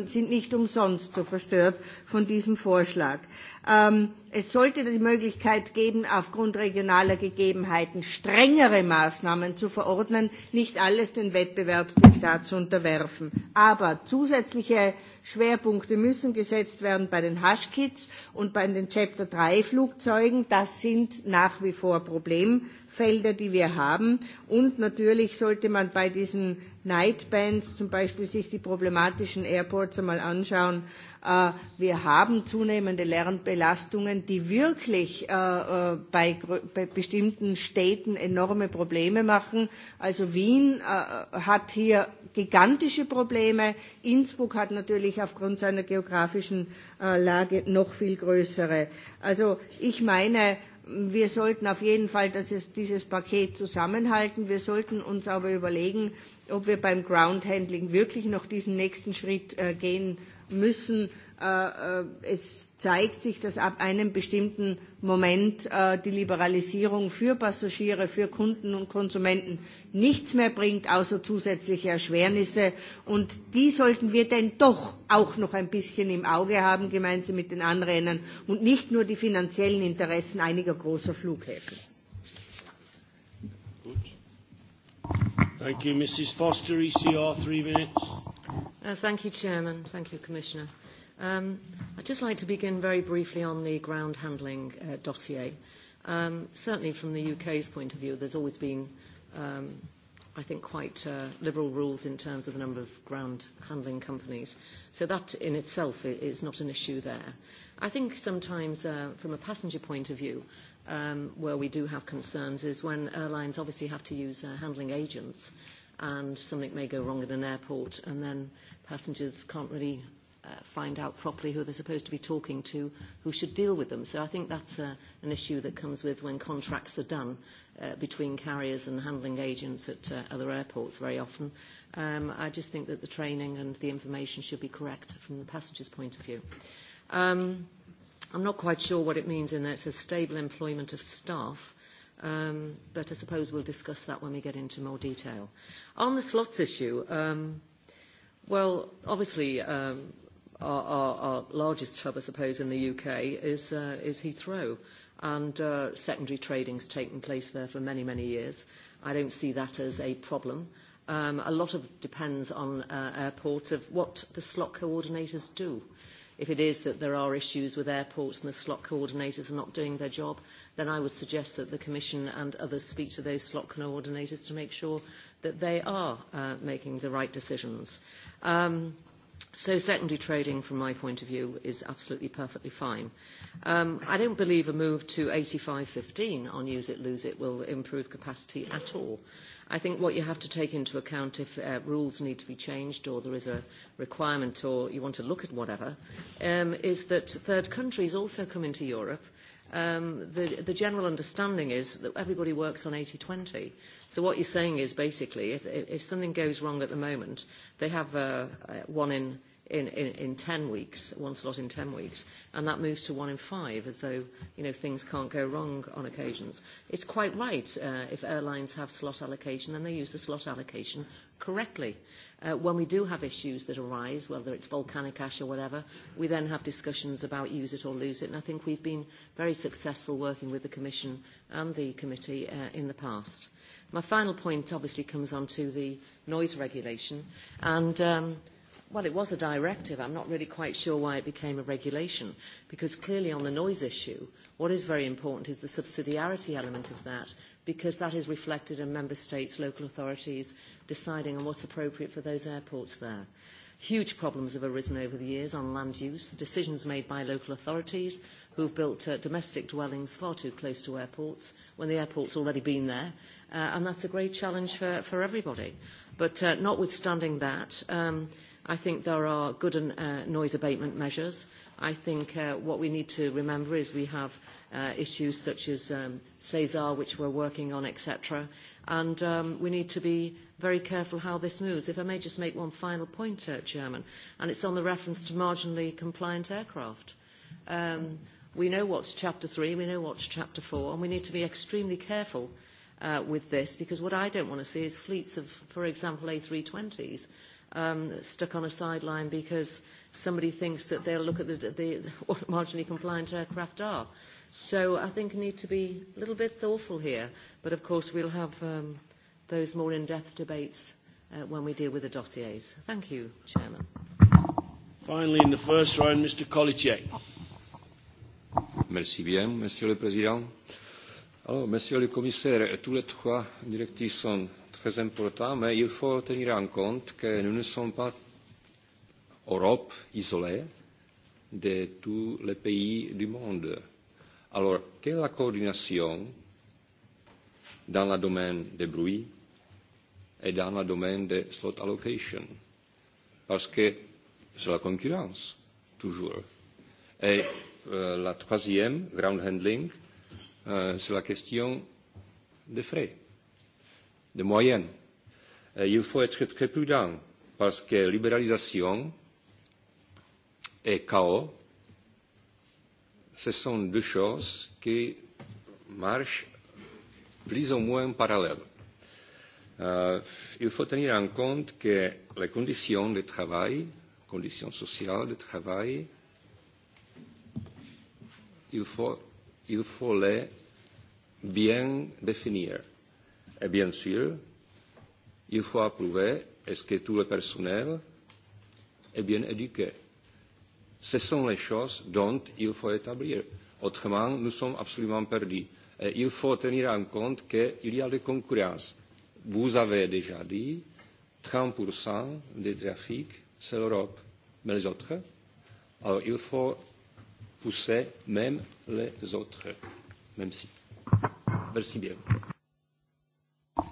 sind nicht umsonst so verstört von diesem Vorschlag. Ähm, es sollte die Möglichkeit geben, aufgrund regionaler Gegebenheiten strengere Maßnahmen zu verordnen, nicht alles den Wettbewerbsdiktat zu unterwerfen. Aber zusätzliche Schwerpunkte müssen gesetzt werden bei den Hushkits und bei den Chapter 3 Flugzeugen. Das sind nach wie vor Problem, Felder, die wir haben. Und natürlich sollte man bei diesen Nightbands zum Beispiel sich die problematischen Airports einmal anschauen. Äh, wir haben zunehmende Lärmbelastungen, die wirklich äh, äh, bei, bestimmten Städten enorme Probleme machen. Also Wien hat hier gigantische Probleme. Innsbruck hat natürlich aufgrund seiner geografischen Lage noch viel größere. Also ich meine, wir sollten auf jeden Fall das ist, dieses Paket zusammenhalten. Wir sollten uns aber überlegen, ob wir beim Groundhandling wirklich noch diesen nächsten Schritt äh, gehen müssen, Äh, äh, es zeigt sich, dass ab einem bestimmten Moment äh, die Liberalisierung für Passagiere, für Kunden und Konsumenten nichts mehr bringt, außer zusätzliche Erschwernisse. Und die sollten wir denn doch auch noch ein bisschen im Auge haben, gemeinsam mit den Anrainern und nicht nur die finanziellen Interessen einiger großer Flughäfen. Thank you, Mrs. Foster, ECR, three minutes. Uh, thank you, Chairman. Thank you, Commissioner. Um, I'd just like to begin very briefly on the ground handling uh, dossier. Um, certainly from the UK's point of view, there's always been, um, I think, quite uh, liberal rules in terms of the number of ground handling companies. So that in itself is not an issue there. I think sometimes uh, from a passenger point of view, um, where we do have concerns is when airlines obviously have to use uh, handling agents and something may go wrong at an airport and then passengers can't really uh, find out properly who they're supposed to be talking to, who should deal with them. So I think that's uh, an issue that comes with when contracts are done uh, between carriers and handling agents at uh, other airports very often. Um, I just think that the training and the information should be correct from the passenger's point of view. Um, I'm not quite sure what it means in that it says stable employment of staff, um, but I suppose we'll discuss that when we get into more detail. On the slots issue, um, well, obviously, um, our, our, our largest hub, I suppose, in the UK is, uh, is Heathrow. And uh, secondary trading's taken place there for many, many years. I don't see that as a problem. Um, a lot of depends on uh, airports of what the slot coordinators do. If it is that there are issues with airports and the slot coordinators are not doing their job, then I would suggest that the Commission and others speak to those slot coordinators to make sure that they are uh, making the right decisions. Um, So secondary trading, from my point of view, is absolutely perfectly fine. Um, I don't believe a move to 85-15 on use it, lose it will improve capacity at all. I think what you have to take into account if uh, rules need to be changed or there is a requirement or you want to look at whatever um, is that third countries also come into Europe – um, the, the general understanding is that everybody works on 80-20. So what you're saying is basically if, if something goes wrong at the moment, they have uh, uh one in, in, in, in 10 weeks, one slot in 10 weeks, and that moves to one in five as though you know, things can't go wrong on occasions. It's quite right uh, if airlines have slot allocation, and they use the slot allocation correctly. Uh, when we do have issues that arise, whether it's volcanic ash or whatever, we then have discussions about use it or lose it. And I think we've been very successful working with the Commission and the committee uh, in the past. My final point obviously comes on to the noise regulation. And, um, well, it was a directive. I'm not really quite sure why it became a regulation, because clearly on the noise issue, what is very important is the subsidiarity element of that because that is reflected in member states, local authorities deciding on what's appropriate for those airports there. Huge problems have arisen over the years on land use, decisions made by local authorities who have built uh, domestic dwellings far too close to airports when the airport's already been there, uh, and that's a great challenge for, for everybody. But uh, notwithstanding that, um, I think there are good uh, noise abatement measures. I think uh, what we need to remember is we have Uh, issues such as um, Cesar, which we're working on, etc. And um, we need to be very careful how this moves. If I may just make one final point, uh, Chairman, and it's on the reference to marginally compliant aircraft. Um, we know what's Chapter 3, we know what's Chapter 4, and we need to be extremely careful uh, with this because what I don't want to see is fleets of, for example, A320s um, stuck on a sideline because – somebody thinks that they'll look at the, the, *laughs* what marginally compliant aircraft are. So I think need to be a little bit thoughtful here. But of course, we'll have um, those more in-depth debates uh, when we deal with the dossiers. Thank you, Chairman. Finally, in the first round, Mr. Kolicek. Merci bien, Monsieur le Président. Alors, Monsieur le Commissaire, tous les trois directives sont très importantes, mais il faut tenir en compte que nous ne sommes pas Europe isolée de tous les pays du monde. Alors, quelle est la coordination dans le domaine des bruits et dans le domaine des slot allocation Parce que c'est la concurrence, toujours. Et euh, la troisième, ground handling, euh, c'est la question des frais, des moyens. Et il faut être très prudent parce que libéralisation et chaos, ce sont deux choses qui marchent plus ou moins en parallèle. Euh, il faut tenir en compte que les conditions de travail, conditions sociales de travail, il faut, il faut les bien définir. Et bien sûr, il faut approuver est-ce que tout le personnel est bien éduqué Euh, ce sont les choses dont il faut établir. Autrement, nous sommes absolument perdus. Et il faut tenir en compte qu'il y a des concurrences. Vous avez déjà dit, 30% des trafics, c'est l'Europe. Mais les autres Alors il faut pousser même les autres. Même si. Merci bien.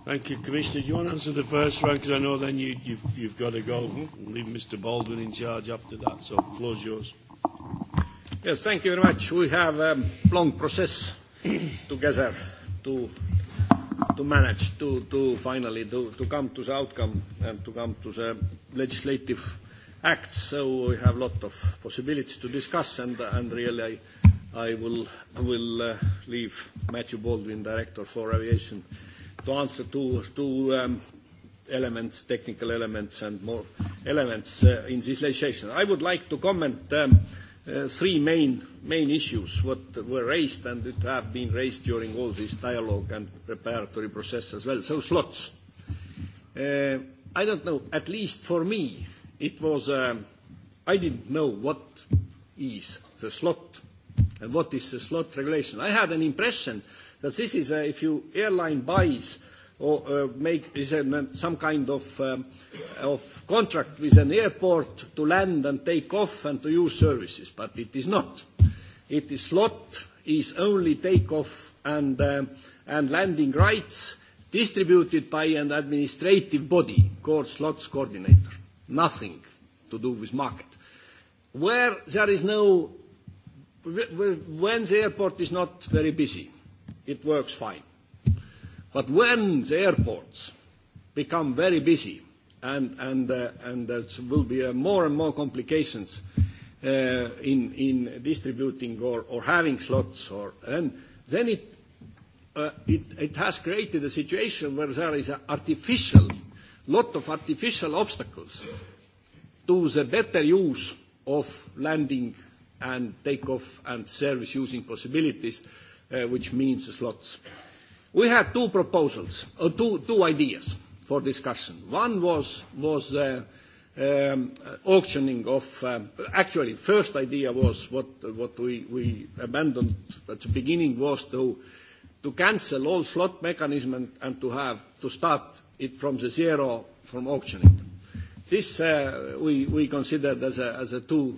Thank you, Commissioner. Do you want to answer the first round? Because I know then you, you've, you've got to go and leave Mr. Baldwin in charge after that. So the floor's yours. Yes, thank you very much. We have a long process together to to manage to, to finally to, to come to the outcome and to come to the legislative acts. So we have a lot of possibilities to discuss, and, and really I, I will, will uh, leave Matthew Baldwin, Director for Aviation, to answer two, two um, elements, technical elements and more elements uh, in this legislation. I would like to comment um, uh, three main, main issues what were raised and that have been raised during all this dialogue and preparatory process as well. So slots. Uh, I don't know, at least for me, it was, um, I didn't know what is the slot and what is the slot regulation. I had an impression that this is, a, if you airline buys or uh, make is an, some kind of, um, of contract with an airport to land and take off and to use services, but it is not. It is slot is only takeoff and, um, and landing rights distributed by an administrative body called slots coordinator. Nothing to do with market. Where there is no, when the airport is not very busy, it works fine. But when the airports become very busy, and, and, uh, and there will be uh, more and more complications uh, in, in distributing or, or having slots, or, and then it, uh, it, it has created a situation where there is an artificial, lot of artificial obstacles to the better use of landing and takeoff and service using possibilities Uh, which means slots. We had two proposals, or uh, two, two ideas for discussion. One was, was uh, um, auctioning of, um, actually first idea was what, what we, we abandoned at the beginning was to, to cancel all slot mechanism and, and to have, to start it from the zero from auctioning. This uh, we, we considered as a, as a too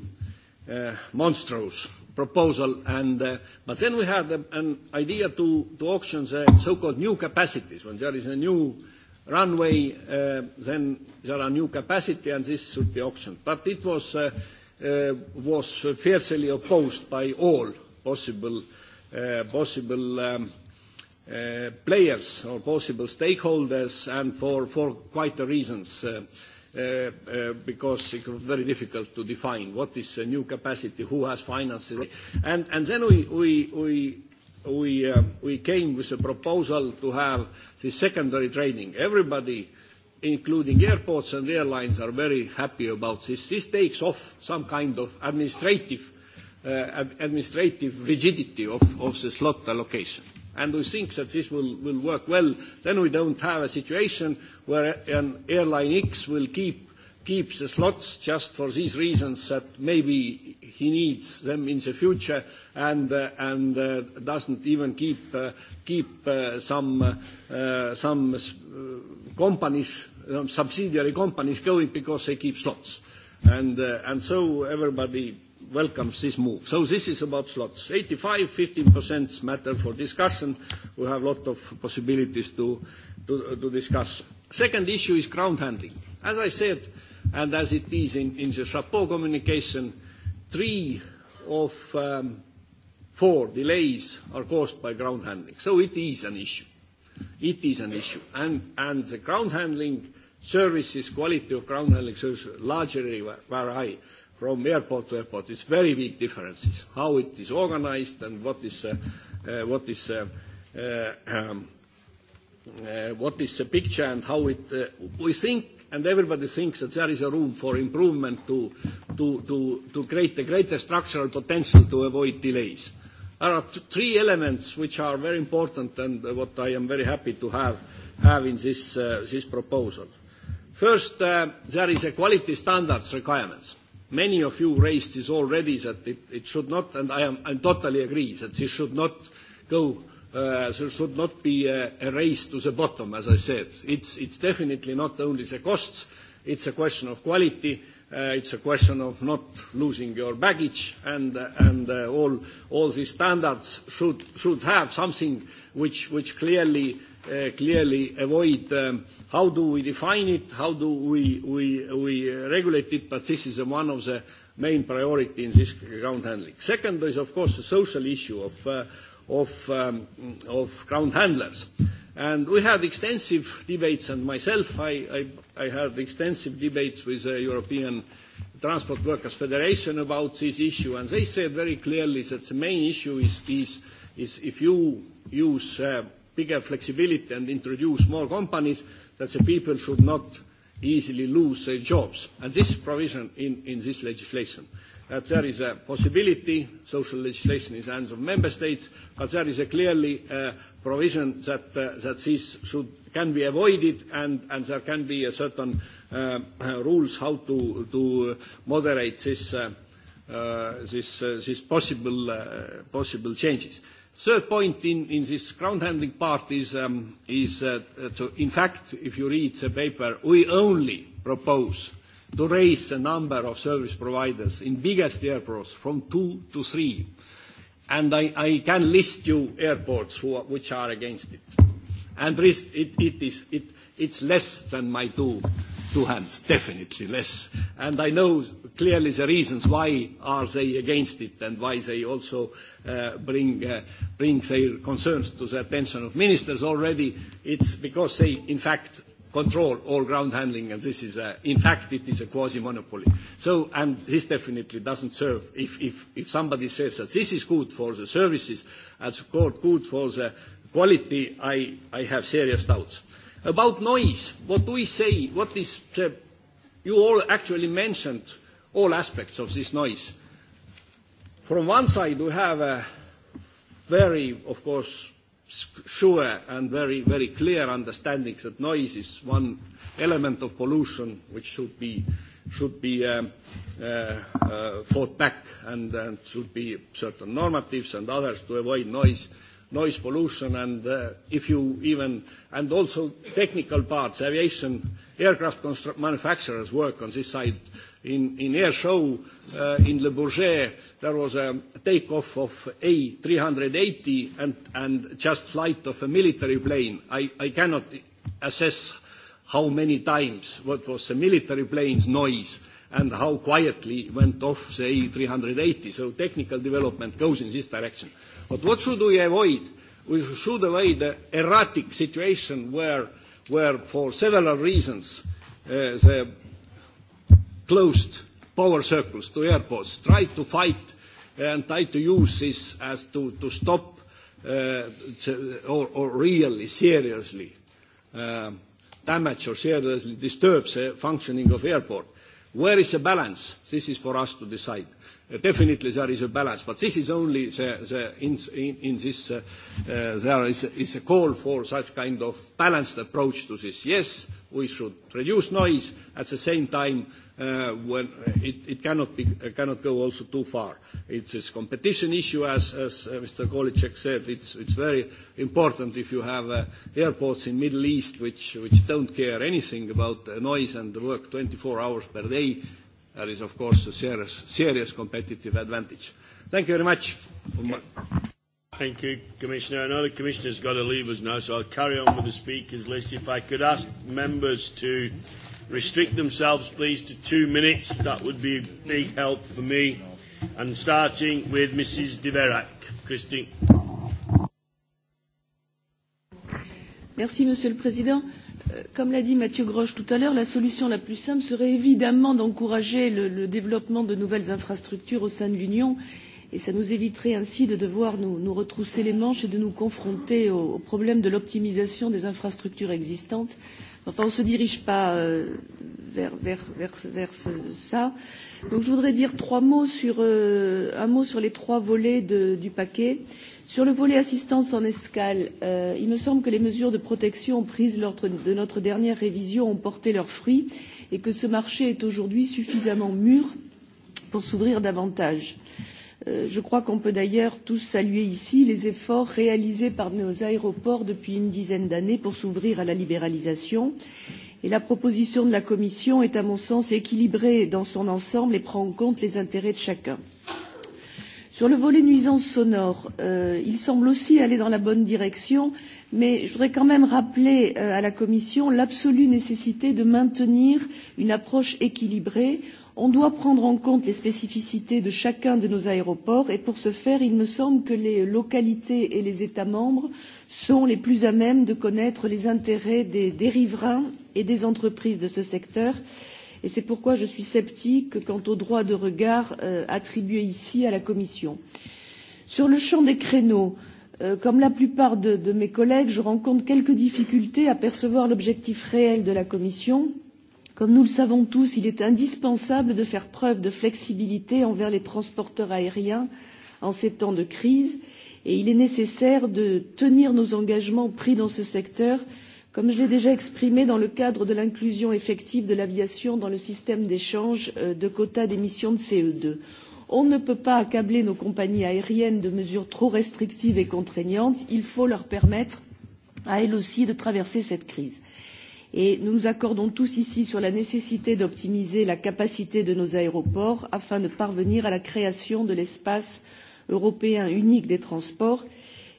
uh, monstrous proposal. And, uh, but then we had an idea to, to auction the so-called new capacities. When there is a new runway, uh, then there are new capacity, and this should be auctioned. But it was, uh, uh, was fiercely opposed by all possible, uh, possible um, uh, players or possible stakeholders, and for, for quite the reasons. Uh, Uh, uh, because it was very difficult to define what is a new capacity, who has financed it. And, then we, we, we, um, we, came with a proposal to have the secondary training. Everybody, including airports and airlines, are very happy about this. This takes off some kind of administrative, uh, administrative rigidity of, of the slot allocation. And we think that this will, work well. Then we don't have a situation where an airline X will keep, the slots just for these reasons that maybe he needs them in the future and, uh, uh, doesn't even keep, uh, some, companies, subsidiary companies going because they keep slots. and so everybody welcomes this move. So this is about slots. 85, 15% matter for discussion. We have a lot of possibilities to, to, to discuss. Second issue is ground handling. As I said, and as it is in, in the Chapeau communication, three of um, four delays are caused by ground handling. So it is an issue. It is an issue. And, and the ground handling services, quality of ground handling services, largely vary from airport to airport. It's very big differences, how it is organized and what is, uh, uh, what is, uh, uh, um, uh, what is the picture and how it, uh, we think and everybody thinks that there is a room for improvement to, to, to, to create the greater structural potential to avoid delays. There are three elements which are very important and what I am very happy to have, have in this, uh, this proposal. First, uh, there is a quality standards requirements many of you raised this already, that it, it should not, and I am I totally agree, that this should not go, uh, there should not be a, a race to the bottom, as I said. It's, it's definitely not only the costs, it's a question of quality, Uh, it's a question of not losing your baggage and, uh, and uh, all, all these standards should, should have something which, which clearly Uh, clearly avoid. Um, how do we define it? How do we, we, we uh, regulate it? But this is uh, one of the main priority in this ground handling. Second is, of course, the social issue of, uh, of, um, of ground handlers. And we had extensive debates, and myself, I, I, I had extensive debates with the European Transport Workers Federation about this issue, and they said very clearly that the main issue is, is, is if you use uh, bigger flexibility and introduce more companies, that the people should not easily lose their jobs. And this provision in, in this legislation, that there is a possibility, social legislation is hands of member states, but there is a clearly a uh, provision that, uh, that this should, can be avoided and, and there can be a certain uh, uh rules how to, to moderate this, uh, uh, this, uh, this possible, uh, possible changes. Third point in, this ground handling part is, um, uh, to, in fact, if you read the paper, we only propose to raise the number of service providers in biggest airports from two to three. And I, can list you airports which are against it. And it, is, it's less than my two, two hands, definitely less. And I know clearly the reasons why are they against it and why they also uh, bring, uh, bring their concerns to the attention of ministers already. It's because they, in fact, control all ground handling and this is a, in fact it is a quasi-monopoly. So, and this definitely doesn't serve. If, if, if somebody says that this is good for the services, that's good for the quality, I, I have serious doubts. About noise, what do we say? What is, the, uh, you all actually mentioned all aspects of this noise. From one side, we have a very, of course, sure and very, very clear understanding that noise is one element of pollution which should be, should be um, uh, uh, fought back and, and should be certain normatives and others to avoid noise noise pollution and uh, if you even, and also technical parts, aviation, aircraft manufacturers work on this side. In, in air show uh, in Le Bourget, there was a takeoff of A380 and, and just flight of a military plane. I, I cannot assess how many times what was the military plane's noise and how quietly went off, say, 380. So technical development goes in this direction. But what should we avoid? We should avoid the erratic situation where, where for several reasons, uh, the closed power circles to airports try to fight and try to use this as to, to stop uh, to, or, or really seriously uh, damage or seriously disturb the functioning of airport. Where is the balance? This is for us to decide definitely there is a balance, but this is only the, the in, in, in this, uh, uh, there is, is a call for such kind of balanced approach to this. Yes, we should reduce noise, at the same time uh, when uh, it, it cannot, be, uh, cannot go also too far. It is competition issue, as, as uh, Mr. Kolicek said, it's, it's very important if you have uh, airports in Middle East which, which don't care anything about noise and work 24 hours per day there is, of course, a serious, serious competitive advantage. Thank you very much. Thank you, Commissioner. I know the Commissioner's got to leave us now, so I'll carry on with the speakers list. If I could ask members to restrict themselves, please, to two minutes, that would be a big help for me. And starting with Mrs. De Christine. Merci, Monsieur le Président. Euh, comme l'a dit Mathieu Grosch tout à l'heure, la solution la plus simple serait évidemment d'encourager le, le développement de nouvelles infrastructures au sein de l'Union et ça nous éviterait ainsi de devoir nous, nous retrousser les manches et de nous confronter aux au, au problèmes de l'optimisation des infrastructures existantes. Enfin, on ne se dirige pas euh, vers, vers, vers, vers ce, ça. Donc, je voudrais dire trois mots sur, euh, un mot sur les trois volets de, du paquet. Sur le volet assistance en escale, euh, il me semble que les mesures de protection prises lors de notre dernière révision ont porté leurs fruits et que ce marché est aujourd'hui suffisamment mûr pour s'ouvrir davantage. Euh, Euh, je crois qu'on peut d'ailleurs tous saluer ici les efforts réalisés par nos aéroports depuis une dizaine d'années pour s'ouvrir à la libéralisation et la proposition de la commission est à mon sens équilibrée dans son ensemble et prend en compte les intérêts de chacun. Sur le volet nuisances sonores, euh, il semble aussi aller dans la bonne direction, mais je voudrais quand même rappeler euh, à la Commission l'absolue nécessité de maintenir une approche équilibrée on doit prendre en compte les spécificités de chacun de nos aéroports et pour ce faire, il me semble que les localités et les États membres sont les plus à même de connaître les intérêts des, des riverains et des entreprises de ce secteur. Et c'est pourquoi je suis sceptique quant au droit de regard euh, attribué ici à la Commission. Sur le champ des créneaux, euh, comme la plupart de, de mes collègues, je rencontre quelques difficultés à percevoir l'objectif réel de la Commission. Euh, Comme nous le savons tous, il est indispensable de faire preuve de flexibilité envers les transporteurs aériens en ces temps de crise et il est nécessaire de tenir nos engagements pris dans ce secteur, comme je l'ai déjà exprimé dans le cadre de l'inclusion effective de l'aviation dans le système d'échange euh, de quotas d'émissions de CO2. On ne peut pas accabler nos compagnies aériennes de mesures trop restrictives et contraignantes, il faut leur permettre à elles aussi de traverser cette crise et nous nous accordons tous ici sur la nécessité d'optimiser la capacité de nos aéroports afin de parvenir à la création de l'espace européen unique des transports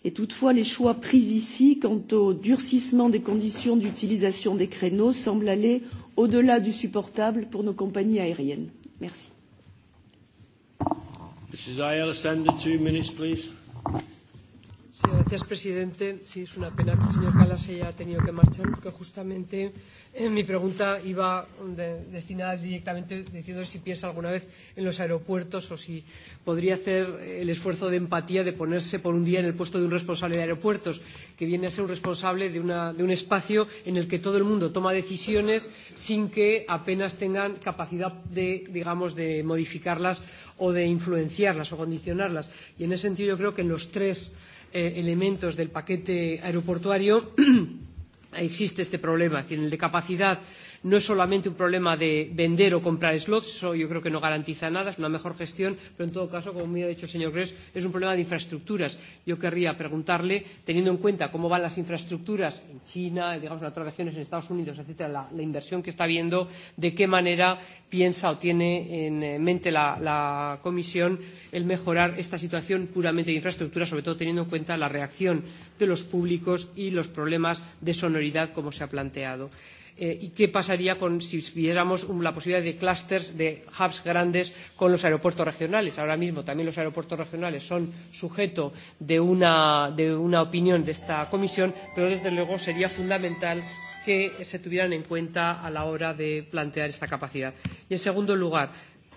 et toutefois les choix pris ici quant au durcissement des conditions d'utilisation des créneaux semblent aller au delà du supportable pour nos compagnies aériennes. Merci. Mrs. Ayala Sander, two minutes, please. Sí, gracias, presidente. Sí, es una pena que el señor Calas haya tenido que marchar, porque justamente eh, mi pregunta iba de, destinada directamente diciendo si piensa alguna vez en los aeropuertos o si podría hacer el esfuerzo de empatía de ponerse por un día en el puesto de un responsable de aeropuertos, que viene a ser un responsable de, una, de un espacio en el que todo el mundo toma decisiones sin que apenas tengan capacidad de, digamos, de modificarlas o de influenciarlas o condicionarlas. Y en ese sentido yo creo que en los tres eh, elementos del paquete aeroportuario *clears throat* existe este problema, es decir, el de capacidad no es solamente un problema de vender o comprar slots, eso yo creo que no garantiza nada, es una mejor gestión, pero en todo caso, como me ha dicho el señor Gress, es un problema de infraestructuras. Yo querría preguntarle, teniendo en cuenta cómo van las infraestructuras en China, digamos, en otras regiones, en Estados Unidos, etcétera, la, la inversión que está habiendo, de qué manera piensa o tiene en eh, mente la, la Comisión el mejorar esta situación puramente de infraestructuras, sobre todo teniendo en cuenta la reacción de los públicos y los problemas de sonoridad, como se ha planteado. Eh, eh, y qué pasaría con, si viéramos la posibilidad de clústeres, de hubs grandes con los aeropuertos regionales. Ahora mismo también los aeropuertos regionales son sujeto de una, de una opinión de esta comisión, pero desde luego sería fundamental que se tuvieran en cuenta a la hora de plantear esta capacidad. Y en segundo lugar,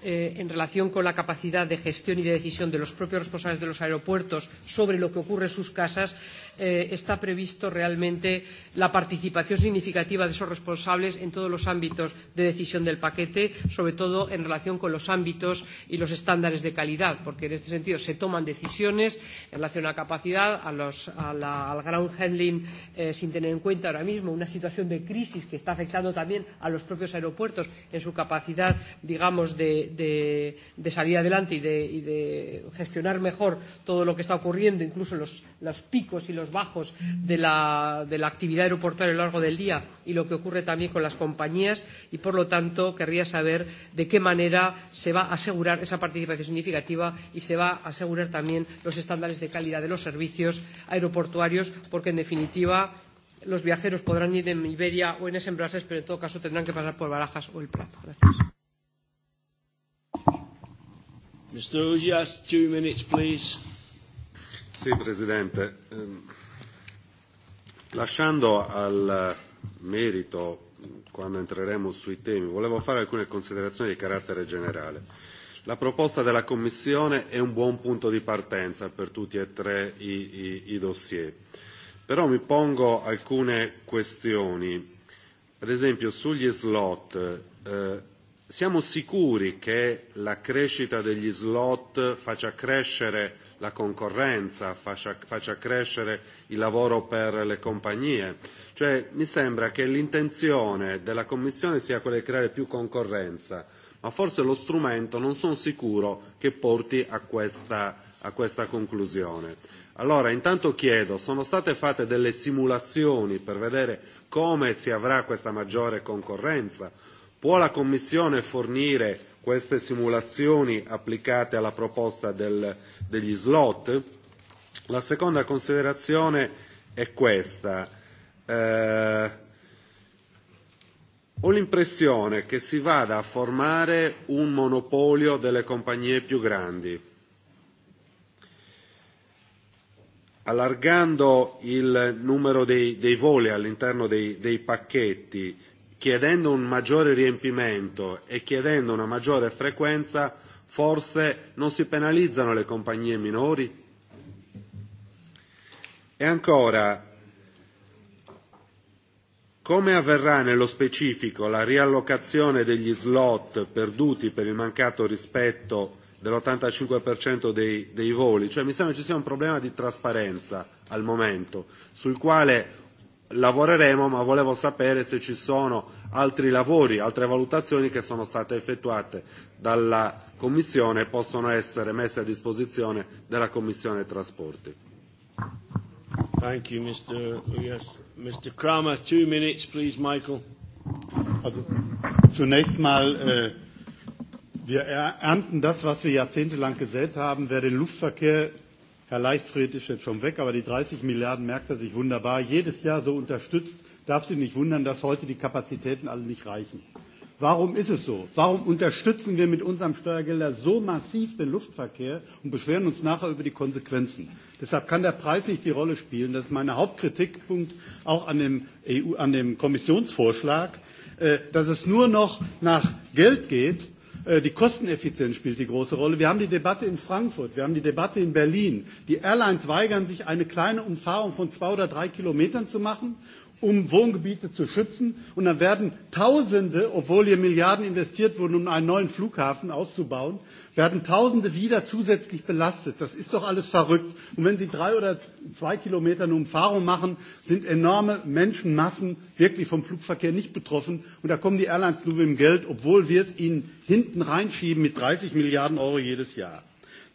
eh, en relación con la capacidad de gestión y de decisión de los propios responsables de los aeropuertos sobre lo que ocurre en sus casas, eh, está previsto realmente la participación significativa de esos responsables en todos los ámbitos de decisión del paquete, sobre todo en relación con los ámbitos y los estándares de calidad, porque en este sentido se toman decisiones en relación a la capacidad, a los, a la, al ground handling, eh, sin tener en cuenta ahora mismo una situación de crisis que está afectando también a los propios aeropuertos en su capacidad, digamos, de, de, de salir adelante y de, y de gestionar mejor todo lo que está ocurriendo, incluso los, los picos y los bajos de la, de la actividad aeroportuaria a lo largo del día y lo que ocurre también con las compañías. Y, por lo tanto, querría saber de qué manera se va a asegurar esa participación significativa y se va a asegurar también los estándares de calidad de los servicios aeroportuarios, porque, en definitiva, los viajeros podrán ir en Iberia o en Embrases, pero en todo caso tendrán que pasar por Barajas o el Prat. Gracias. Mr. Ugias, two minutes, please. Sì, Presidente. Ehm, lasciando al eh, merito, quando entreremo sui temi, volevo fare alcune considerazioni di carattere generale. La proposta della Commissione è un buon punto di partenza per tutti e tre i, i, i dossier. Però mi pongo alcune questioni. Ad esempio, sugli slot eh, siamo sicuri che la crescita degli slot faccia crescere la concorrenza, faccia, faccia crescere il lavoro per le compagnie? Cioè, mi sembra che l'intenzione della Commissione sia quella di creare più concorrenza, ma forse lo strumento non sono sicuro che porti a questa, a questa conclusione. Allora, intanto chiedo, sono state fatte delle simulazioni per vedere come si avrà questa maggiore concorrenza? Può la Commissione fornire queste simulazioni applicate alla proposta del, degli slot? La seconda considerazione è questa. Eh, ho l'impressione che si vada a formare un monopolio delle compagnie più grandi, allargando il numero dei, dei voli all'interno dei, dei pacchetti chiedendo un maggiore riempimento e chiedendo una maggiore frequenza, forse non si penalizzano le compagnie minori? E ancora, come avverrà nello specifico la riallocazione degli slot perduti per il mancato rispetto dell'85% dei, dei voli? Cioè mi sembra ci sia un problema di trasparenza al momento, sul quale lavoreremo, ma volevo sapere se ci sono altri lavori, altre valutazioni che sono state effettuate dalla Commissione e possono essere messe a disposizione della Commissione Trasporti. Thank you, Mr. Yes. Mr. Kramer, two minutes, please, Michael. Also, zunächst mal, äh, wir ernten das, was wir jahrzehntelang gesät haben. Wer den Luftverkehr Herr Leichtfried ist jetzt schon weg, aber die 30 Milliarden merkt er sich wunderbar, jedes Jahr so unterstützt, darf Sie nicht wundern, dass heute die Kapazitäten alle nicht reichen. Warum ist es so? Warum unterstützen wir mit unserem Steuergelder so massiv den Luftverkehr und beschweren uns nachher über die Konsequenzen? Deshalb kann der Preis nicht die Rolle spielen. Das ist mein Hauptkritikpunkt auch an dem, EU, an dem Kommissionsvorschlag, äh, dass es nur noch nach Geld geht, Äh, die Kosteneffizienz spielt die große Rolle. Wir haben die Debatte in Frankfurt, wir haben die Debatte in Berlin. Die Airlines weigern sich, eine kleine Umfahrung von zwei oder drei Kilometern zu machen um Wohngebiete zu schützen. Und dann werden Tausende, obwohl hier Milliarden investiert wurden, um einen neuen Flughafen auszubauen, werden Tausende wieder zusätzlich belastet. Das ist doch alles verrückt. Und wenn Sie drei oder zwei Kilometer eine Umfahrung machen, sind enorme Menschenmassen wirklich vom Flugverkehr nicht betroffen. Und da kommen die Airlines nur mit dem Geld, obwohl wir es ihnen hinten reinschieben mit 30 Milliarden Euro jedes Jahr.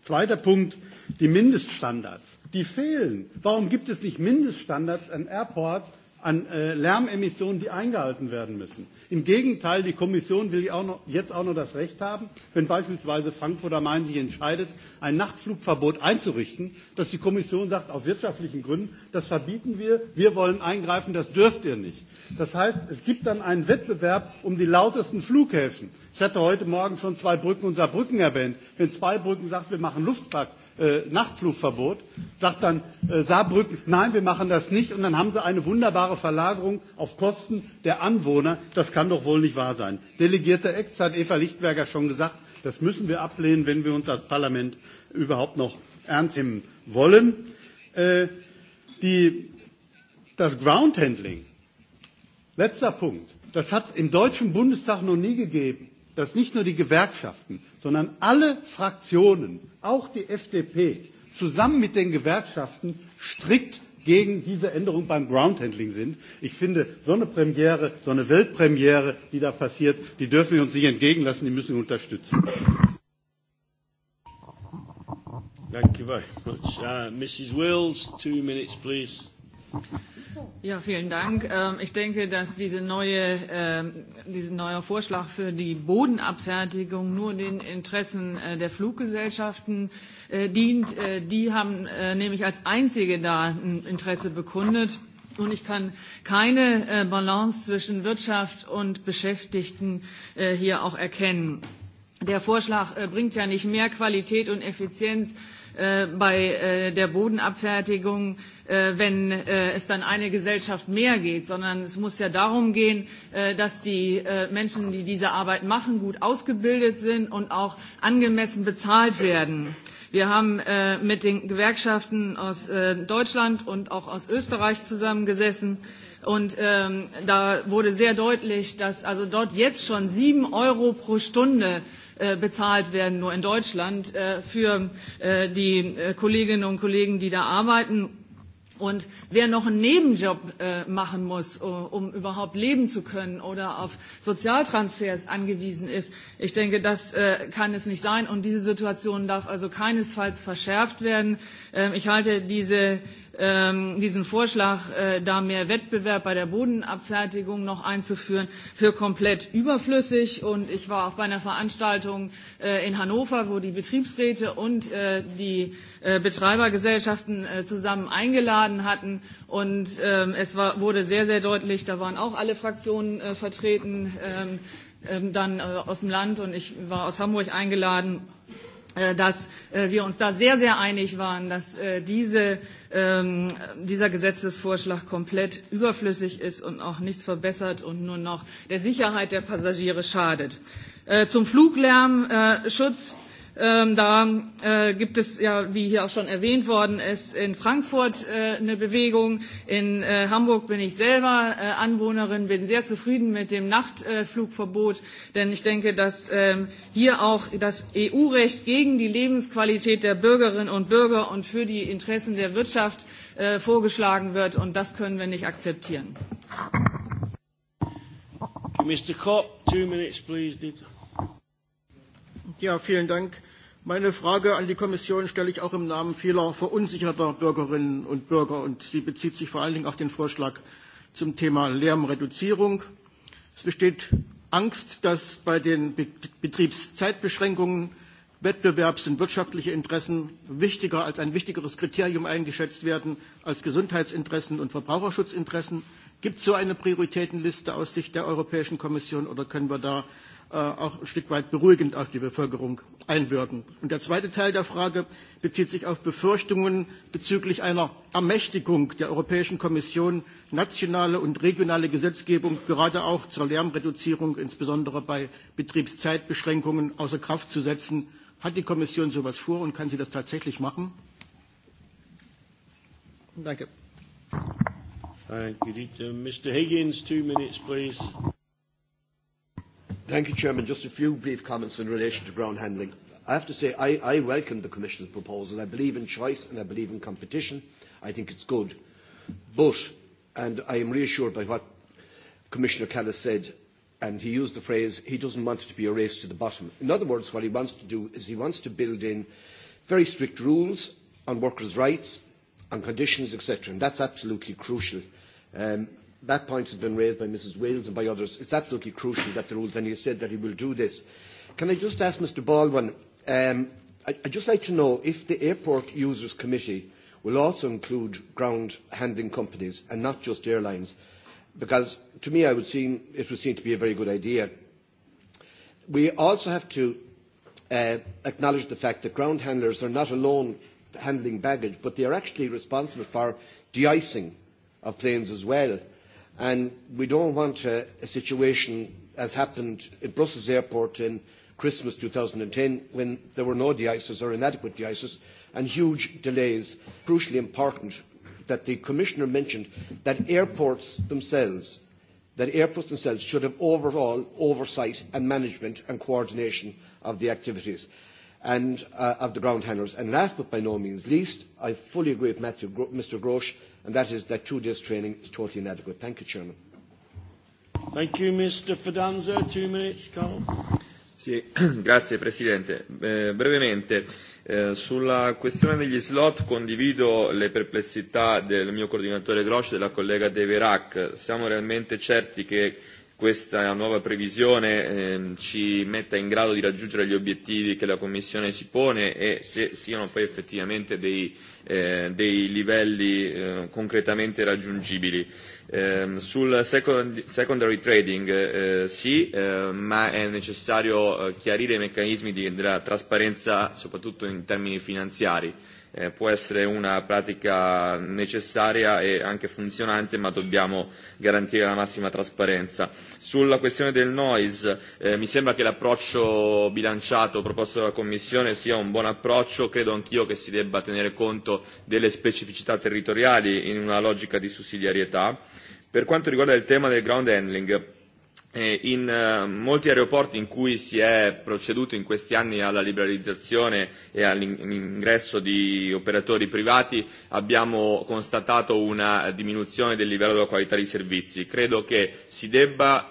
Zweiter Punkt, die Mindeststandards. Die fehlen. Warum gibt es nicht Mindeststandards an Airports, an äh, Lärmemissionen, die eingehalten werden müssen. Im Gegenteil, die Kommission will auch noch, jetzt auch noch das Recht haben, wenn beispielsweise Frankfurt am Main sich entscheidet, ein Nachtflugverbot einzurichten, dass die Kommission sagt, aus wirtschaftlichen Gründen, das verbieten wir, wir wollen eingreifen, das dürft ihr nicht. Das heißt, es gibt dann einen Wettbewerb um die lautesten Flughäfen. Ich hatte heute Morgen schon zwei Brücken und Saarbrücken erwähnt. Wenn zwei Brücken sagt, wir machen Luftfahrt, äh, Nachtflugverbot, sagt dann äh, Saarbrücken, nein, wir machen das nicht. Und dann haben sie eine wunderbare Verlagerung auf Kosten der Anwohner. Das kann doch wohl nicht wahr sein. Delegierte Acts hat Eva Lichtberger schon gesagt, das müssen wir ablehnen, wenn wir uns als Parlament überhaupt noch ernst nehmen wollen. Äh, die, das Groundhandling, letzter Punkt, das hat es im Deutschen Bundestag noch nie gegeben dass nicht nur die Gewerkschaften, sondern alle Fraktionen, auch die FDP, zusammen mit den Gewerkschaften strikt gegen diese Änderung beim Groundhandling sind. Ich finde, so eine Premiere, so eine Weltpremiere, die da passiert, die dürfen wir uns nicht entgegenlassen, die müssen wir unterstützen. Thank you very much. Uh, Mrs. Wills, two minutes, please. Ja, vielen Dank. Ähm, ich denke, dass diese neue, ähm, dieser neue Vorschlag für die Bodenabfertigung nur den Interessen äh, der Fluggesellschaften äh, dient. Äh, die haben nämlich als einzige da ein Interesse bekundet. Und ich kann keine Balance zwischen Wirtschaft und Beschäftigten hier auch erkennen. Der Vorschlag bringt ja nicht mehr Qualität und Effizienz Äh, bei äh, der Bodenabfertigung, äh, wenn es dann eine Gesellschaft mehr geht, sondern es muss ja darum gehen, dass die Menschen, die diese Arbeit machen, gut ausgebildet sind und auch angemessen bezahlt werden. Wir haben mit den Gewerkschaften aus Deutschland und auch aus Österreich zusammengesessen. Und ähm, da wurde sehr deutlich, dass also dort jetzt schon sieben Euro pro Stunde Äh, bezahlt werden, nur in Deutschland, äh, für äh, die Kolleginnen und Kollegen, die da arbeiten. Und wer noch einen Nebenjob machen muss, um überhaupt leben zu können oder auf Sozialtransfers angewiesen ist, ich denke, das kann es nicht sein. Und diese Situation darf also keinesfalls verschärft werden. Ähm, ich halte diese Ähm, diesen Vorschlag, äh, da mehr Wettbewerb bei der Bodenabfertigung noch einzuführen, für komplett überflüssig. Und ich war auch bei einer Veranstaltung äh, in Hannover, wo die Betriebsräte und äh, die Betreibergesellschaften zusammen eingeladen hatten. Und ähm, es wurde sehr, sehr deutlich, da waren auch alle Fraktionen vertreten, ähm, dann aus dem Land und ich war aus Hamburg eingeladen Äh, dass äh, wir uns da sehr, sehr einig waren, dass äh, diese, ähm, dieser Gesetzesvorschlag komplett überflüssig ist und auch nichts verbessert und nur noch der Sicherheit der Passagiere schadet. Zum Fluglärmschutz Ähm, da äh, gibt es ja, wie hier auch schon erwähnt worden ist, in Frankfurt äh, eine Bewegung. In äh, Hamburg bin ich selber äh, Anwohnerin, bin sehr zufrieden mit dem Nachtflugverbot, äh, denn ich denke, dass ähm, hier auch das EU-Recht gegen die Lebensqualität der Bürgerinnen und Bürger und für die Interessen der Wirtschaft äh, vorgeschlagen wird und das können wir nicht akzeptieren. Mr. Kopp, two minutes, please. Ja, vielen Dank. Meine Frage an die Kommission stelle ich auch im Namen vieler verunsicherter Bürgerinnen und Bürger und sie bezieht sich vor allen Dingen auf den Vorschlag zum Thema Lärmreduzierung. Es besteht Angst, dass bei den Betriebszeitbeschränkungen Wettbewerbs- und wirtschaftliche Interessen wichtiger als ein wichtigeres Kriterium eingeschätzt werden als Gesundheitsinteressen und Verbraucherschutzinteressen. Gibt es so eine Prioritätenliste aus Sicht der Europäischen Kommission oder können wir da Äh, auch ein Stück weit beruhigend auf die Bevölkerung einwirken. Und der zweite Teil der Frage bezieht sich auf Befürchtungen bezüglich einer Ermächtigung der Europäischen Kommission, nationale und regionale Gesetzgebung gerade auch zur Lärmreduzierung, insbesondere bei Betriebszeitbeschränkungen, außer Kraft zu setzen. Hat die Kommission sowas vor und kann sie das tatsächlich machen? Danke. Thank you. Mr. Higgins, two minutes, please. Thank you, Chairman. Just a few brief comments in relation to ground handling. I have to say I, I welcome the Commission's proposal. I believe in choice and I believe in competition. I think it's good. But, and I am reassured by what Commissioner Callas said, and he used the phrase, he doesn't want it to be a race to the bottom. In other words, what he wants to do is he wants to build in very strict rules on workers' rights, on conditions, etc. And that's absolutely crucial. Um, that point has been raised by Mrs Wales and by others. It's absolutely crucial that the rules, and he said that he will do this. Can I just ask Mr Baldwin, um, I, I'd just like to know if the Airport Users Committee will also include ground handling companies and not just airlines, because to me I would seem, it would seem to be a very good idea. We also have to uh, acknowledge the fact that ground handlers are not alone handling baggage, but they are actually responsible for de-icing of planes as well And we don't want a, a situation as happened in Brussels Airport in Christmas 2010 when there were no de-icers or inadequate de-icers and huge delays. Crucially important that the Commissioner mentioned that airports themselves that airports themselves should have overall oversight and management and coordination of the activities and uh, of the ground handlers. And last but by no means least, I fully agree with Matthew, Mr Grosch and that is that two days training is totally inadequate. Thank you, Chairman. Thank you, Mr. Fidanza. Two minutes, Carl. Sì, *clears throat* grazie Presidente. Eh, brevemente, eh, sulla questione degli slot condivido le perplessità del mio coordinatore Grosch e della collega De Verac. Siamo realmente certi che questa nuova previsione ehm, ci metta in grado di raggiungere gli obiettivi che la Commissione si pone e se siano poi effettivamente dei, eh, dei livelli eh, concretamente raggiungibili. Eh, sul second, secondary trading eh, sì, eh, ma è necessario eh, chiarire i meccanismi di, della trasparenza soprattutto in termini finanziari eh, può essere una pratica necessaria e anche funzionante, ma dobbiamo garantire la massima trasparenza. Sulla questione del noise, eh, mi sembra che l'approccio bilanciato proposto dalla Commissione sia un buon approccio, credo anch'io che si debba tenere conto delle specificità territoriali in una logica di sussidiarietà. Per quanto riguarda il tema del ground handling, Eh, in eh, molti aeroporti in cui si è proceduto in questi anni alla liberalizzazione e all'ingresso di operatori privati abbiamo constatato una diminuzione del livello della qualità dei servizi. Credo che si debba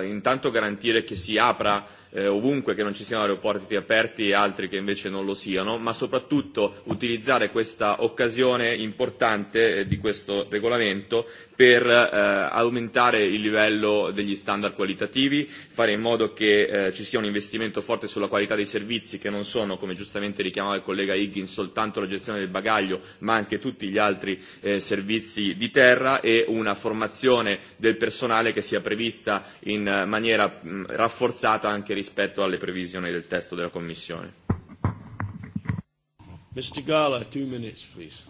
eh, intanto garantire che si apra eh, ovunque che non ci siano aeroporti aperti e altri che invece non lo siano, ma soprattutto utilizzare questa occasione importante eh, di questo regolamento per eh, aumentare il livello degli standard qualitativi, fare in modo che eh, ci sia un investimento forte sulla qualità dei servizi che non sono, come giustamente richiamava il collega Higgins, soltanto la gestione del bagaglio, ma anche tutti gli altri eh, servizi di terra e una formazione del personale che sia prevista in eh, maniera mh, rafforzata anche rispetto alle previsioni del testo della Commissione. Mr. Gala, two minutes, please.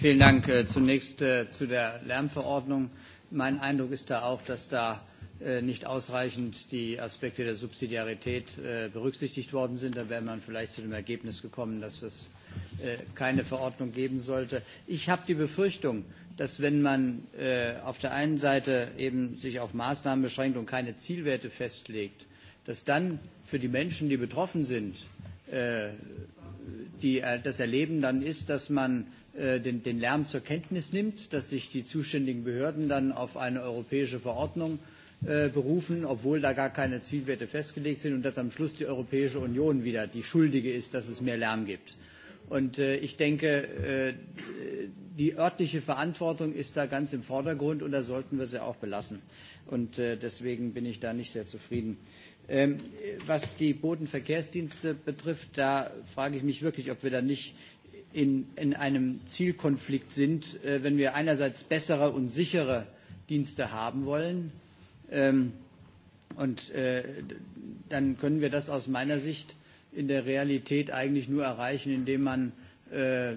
Vielen Dank. Äh, zunächst äh, zu der Lärmverordnung. Mein Eindruck ist da auch, dass da äh, nicht ausreichend die Aspekte der Subsidiarität äh, berücksichtigt worden sind. Da wäre man vielleicht zu dem Ergebnis gekommen, dass es äh, keine Verordnung geben sollte. Ich habe die Befürchtung, dass wenn man äh, auf der einen Seite eben sich auf Maßnahmen beschränkt und keine Zielwerte festlegt, dass dann für die Menschen, die betroffen sind, äh, die, äh, das Erleben dann ist, dass man äh, den, den Lärm zur Kenntnis nimmt, dass sich die zuständigen Behörden dann auf eine europäische Verordnung berufen, obwohl da gar keine Zielwerte festgelegt sind und dass am Schluss die Europäische Union wieder die Schuldige ist, dass es mehr Lärm gibt. Und ich denke, die örtliche Verantwortung ist da ganz im Vordergrund und da sollten wir sie auch belassen. Und deswegen bin ich da nicht sehr zufrieden. Ähm, was die Bodenverkehrsdienste betrifft, da frage ich mich wirklich, ob wir da nicht in, in einem Zielkonflikt sind, äh, wenn wir einerseits bessere und sichere Dienste haben wollen. Ähm, und äh, dann können wir das aus meiner Sicht in der Realität eigentlich nur erreichen, indem man äh,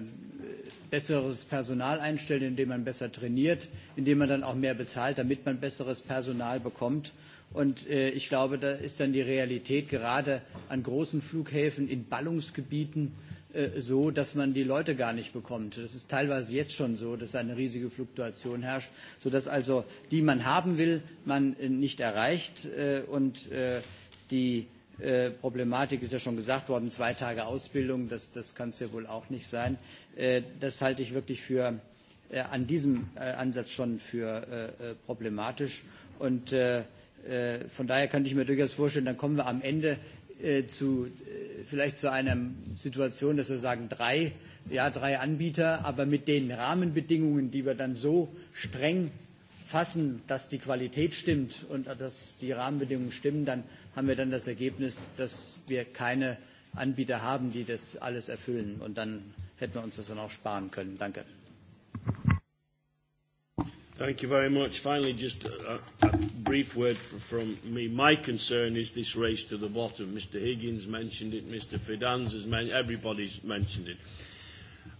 besseres Personal einstellt, indem man besser trainiert, indem man dann auch mehr bezahlt, damit man besseres Personal bekommt. Und äh, ich glaube, da ist dann die Realität gerade an großen Flughäfen in Ballungsgebieten äh, so, dass man die Leute gar nicht bekommt. Das ist teilweise jetzt schon so, dass eine riesige Fluktuation herrscht, sodass also die man haben will, man äh, nicht erreicht. Äh, und äh, die äh, Problematik ist ja schon gesagt worden, zwei Tage Ausbildung, das, das kann es ja wohl auch nicht sein. Äh, das halte ich wirklich für, äh, an diesem äh, Ansatz schon für äh, äh problematisch. Und äh, Äh, von daher könnte ich mir durchaus vorstellen, dann kommen wir am Ende äh, zu, äh, vielleicht zu einer Situation, dass wir sagen, drei, ja, drei Anbieter, aber mit den Rahmenbedingungen, die wir dann so streng fassen, dass die Qualität stimmt und dass die Rahmenbedingungen stimmen, dann haben wir dann das Ergebnis, dass wir keine Anbieter haben, die das alles erfüllen. Und dann hätten wir uns das dann auch sparen können. Danke. Thank you very much. Finally, just a, a brief word for, from me. My concern is this race to the bottom. Mr. Higgins mentioned it, Mr. has mentioned everybody's mentioned it.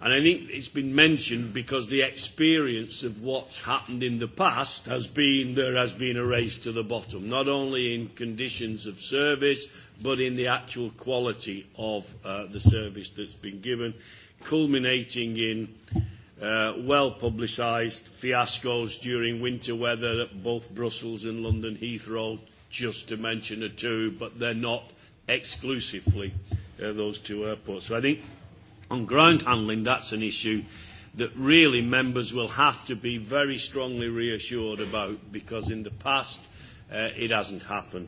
And I think it's been mentioned because the experience of what's happened in the past has been there has been a race to the bottom, not only in conditions of service, but in the actual quality of uh, the service that's been given, culminating in Uh, well-publicised fiascos during winter weather at both Brussels and London Heathrow, just to mention the two, but they're not exclusively uh, those two airports. So I think on ground handling, that's an issue that really members will have to be very strongly reassured about because in the past uh, it hasn't happened.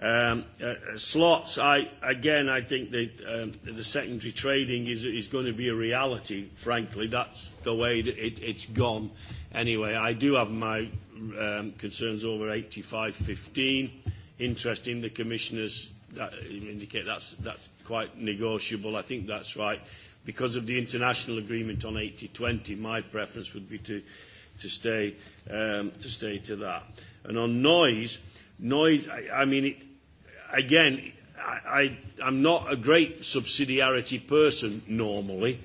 Um, uh, slots, I, again, I think that um, the secondary trading is, going to be a reality, frankly. That's the way it, it's gone anyway. I do have my um, concerns over 85-15. Interesting, the commissioners that indicate that's, quite negotiable. I think that's right. Because of the international agreement on 80-20, my preference would be to, stay, to that. And on noise, noise, I, mean, again, I, I, I'm not a great subsidiarity person normally,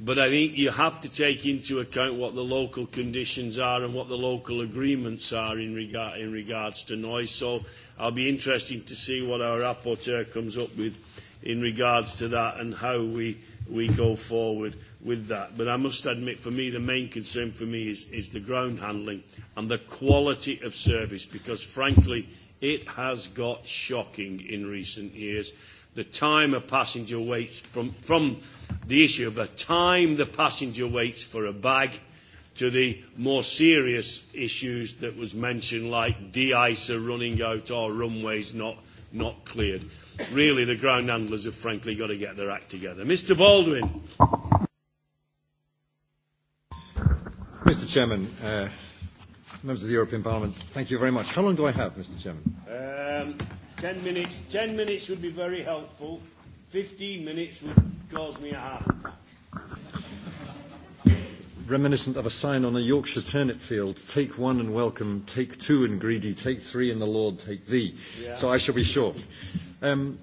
but I think you have to take into account what the local conditions are and what the local agreements are in, regard, in regards to noise. So I'll be interested to see what our rapporteur comes up with in regards to that and how we, we go forward with that. But I must admit, for me, the main concern for me is, is the ground handling and the quality of service, because frankly, It has got shocking in recent years. The time a passenger waits from, from the issue of the time the passenger waits for a bag to the more serious issues that was mentioned like de-icer running out or runways not, not cleared. Really, the ground handlers have frankly got to get their act together. Mr Baldwin. Mr Chairman, uh, members of the European Parliament, thank you very much. How long do I have, Mr. Chairman? Um, ten minutes. Ten minutes would be very helpful. Fifteen minutes would cause me a heart attack. Reminiscent of a sign on a Yorkshire turnip field, take one and welcome, take two and greedy, take three and the Lord take thee. Yeah. So I shall be short. Um,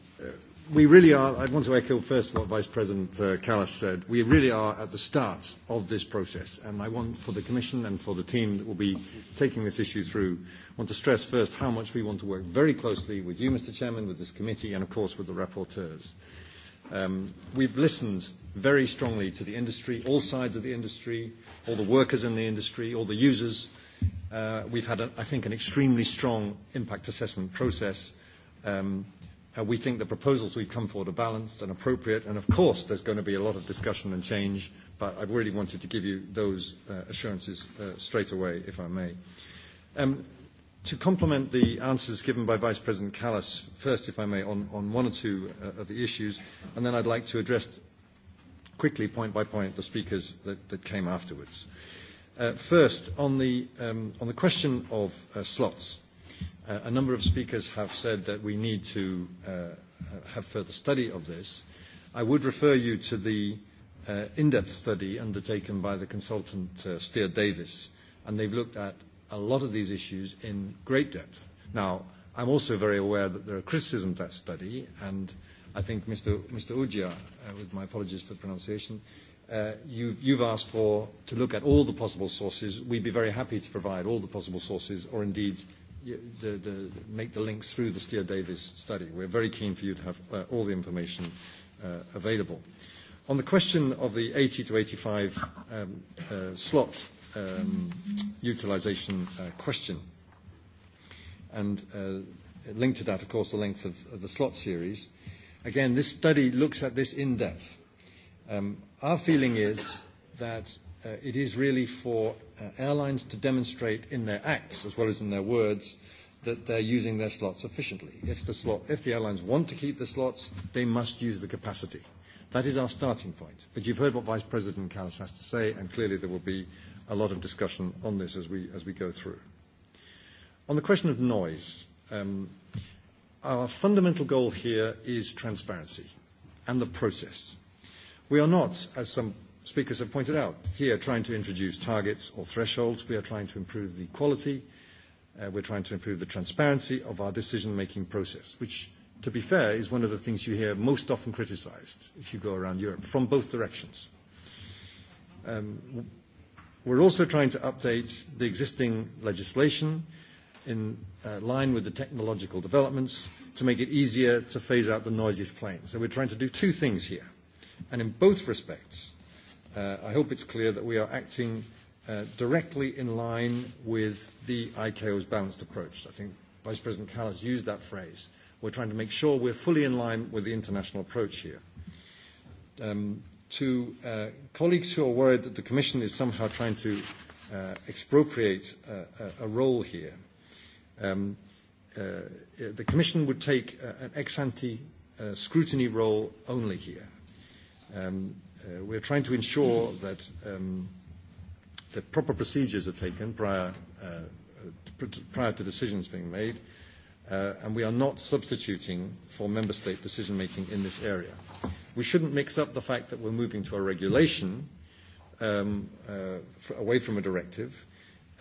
we really are, I want to echo first what Vice President uh, Callas said. We really are at the start of this process, and I want for the Commission and for the team that will be taking this issue through, want to stress first how much we want to work very closely with you, Mr. Chairman, with this committee, and of course with the rapporteurs. Um, we've listened very strongly to the industry, all sides of the industry, all the workers in the industry, all the users. Uh, we've had, a, I think, an extremely strong impact assessment process. Um, Uh, we think the proposals we've come forward are balanced and appropriate, and of course there's going to be a lot of discussion and change, but I've really wanted to give you those uh, assurances uh, straight away, if I may. Um, to complement the answers given by Vice President Callas, first, if I may, on, one or two of the issues, and then I'd like to address quickly, point by point, the speakers that, came afterwards. first, on the, um, on the question of slots Uh, a number of speakers have said that we need to uh, have further study of this. I would refer you to the uh, in-depth study undertaken by the consultant uh, Steer Davis, and they've looked at a lot of these issues in great depth. Now, I'm also very aware that there are criticisms of that study, and I think Mr. Mr. Ujia, uh, with my apologies for the pronunciation, uh, you've, you've asked for to look at all the possible sources. We'd be very happy to provide all the possible sources, or indeed the, the, make the links through the Steer Davis study. We're very keen for you to have uh, all the information uh, available. On the question of the 80 to 85 um, uh, slot um, utilization uh, question, and uh, linked to that, of course, the length of, of the slot series, again, this study looks at this in depth. Um, our feeling is that uh, it is really for uh, airlines to demonstrate in their acts as well as in their words that they're using their slots efficiently. If the, slot, if the airlines want to keep the slots, they must use the capacity. That is our starting point. But you've heard what Vice President Callas has to say, and clearly there will be a lot of discussion on this as we, as we go through. On the question of noise, um, our fundamental goal here is transparency and the process. We are not, as some speakers have pointed out, here trying to introduce targets or thresholds, we are trying to improve the quality, uh, we're trying to improve the transparency of our decision-making process, which, to be fair, is one of the things you hear most often criticised if you go around Europe, from both directions. Um, we're also trying to update the existing legislation in uh, line with the technological developments to make it easier to phase out the noisiest planes. So we're trying to do two things here. And in both respects, Uh, I hope it's clear that we are acting uh, directly in line with the ICAO's balanced approach. I think Vice President Kallas used that phrase. We're trying to make sure we're fully in line with the international approach here. Um, to uh, colleagues who are worried that the Commission is somehow trying to expropriate a, role here, um, the Commission would take an ex ante scrutiny role only here. Um, Uh, we are trying to ensure that um, the proper procedures are taken prior, uh, prior to decisions being made, uh, and we are not substituting for member state decision making in this area. We shouldn't mix up the fact that we're moving to a regulation um, uh, f- away from a directive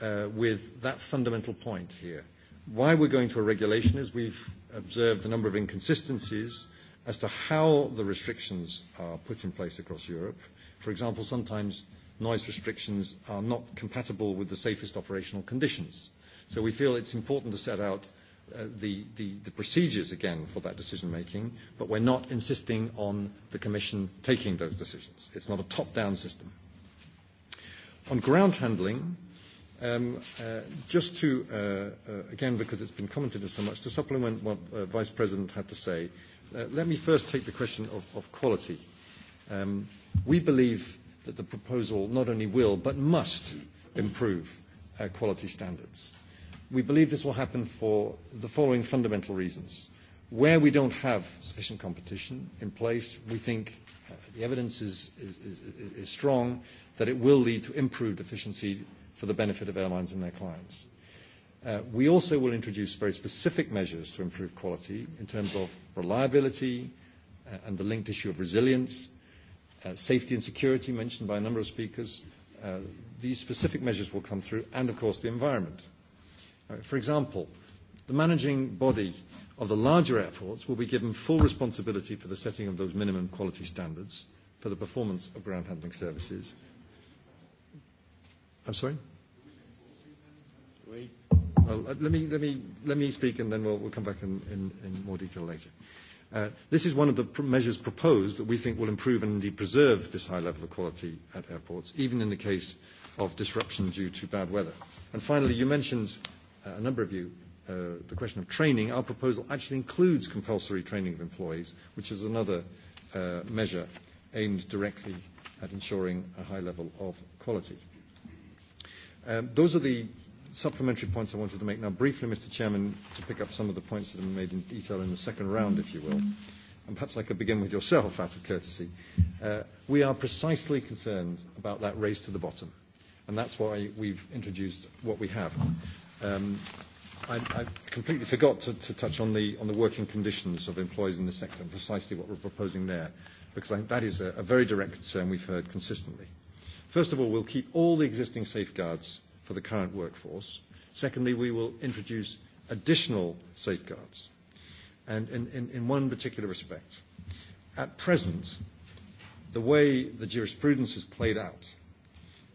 uh, with that fundamental point here. Why we're going to a regulation is we've observed a number of inconsistencies as to how the restrictions are put in place across Europe. For example, sometimes noise restrictions are not compatible with the safest operational conditions. So we feel it's important to set out uh, the, the, the procedures again for that decision making, but we're not insisting on the Commission taking those decisions. It's not a top-down system. On ground handling, Um, uh, just to, uh, uh, again, because it's been commented on so much, to supplement what uh, Vice President had to say, Uh, let me first take the question of, of quality. Um, we believe that the proposal not only will but must improve uh, quality standards. We believe this will happen for the following fundamental reasons. Where we don't have sufficient competition in place, we think uh, the evidence is, is, is strong that it will lead to improved efficiency for the benefit of airlines and their clients. Uh, we also will introduce very specific measures to improve quality in terms of reliability uh, and the linked issue of resilience, uh, safety and security mentioned by a number of speakers. These specific measures will come through, and of course, the environment. For example, the managing body of the larger airports will be given full responsibility for the setting of those minimum quality standards for the performance of ground handling services. I'm sorry? Wait. Well, uh, let me, let me, let me speak, and then we'll, we'll come back in, in, in more detail later. Uh, this is one of the pr measures proposed that we think will improve and indeed preserve this high level of quality at airports, even in the case of disruption due to bad weather. And finally, you mentioned, uh, a number of you, uh, the question of training. Our proposal actually includes compulsory training of employees, which is another uh, measure aimed directly at ensuring a high level of quality. Um, those are the supplementary points I wanted to make now briefly, Mr. Chairman, to pick up some of the points that have been made in detail in the second round, if you will. And perhaps I could begin with yourself out of courtesy. Uh, we are precisely concerned about that race to the bottom, and that's why we've introduced what we have. Um, I, I completely forgot to, to touch on the, on the working conditions of employees in the sector and precisely what we're proposing there, because I think that is a, a very direct concern we've heard consistently. First of all, we'll keep all the existing safeguards for the current workforce. Secondly, we will introduce additional safeguards, and in, in, in one particular respect. At present, the way the jurisprudence is played out,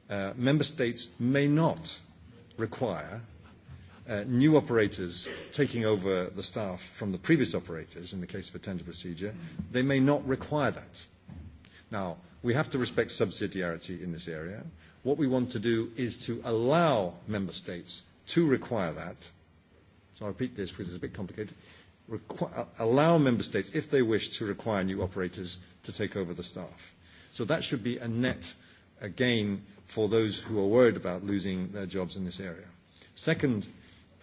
uh, member states may not require uh, new operators taking over the staff from the previous operators in the case of a tender procedure. They may not require that. Now, we have to respect subsidiarity in this area. What we want to do is to allow member states to require that. So I repeat this because it's a bit complicated. Requ- uh, allow member states, if they wish, to require new operators to take over the staff. So that should be a net a gain for those who are worried about losing their jobs in this area. Second,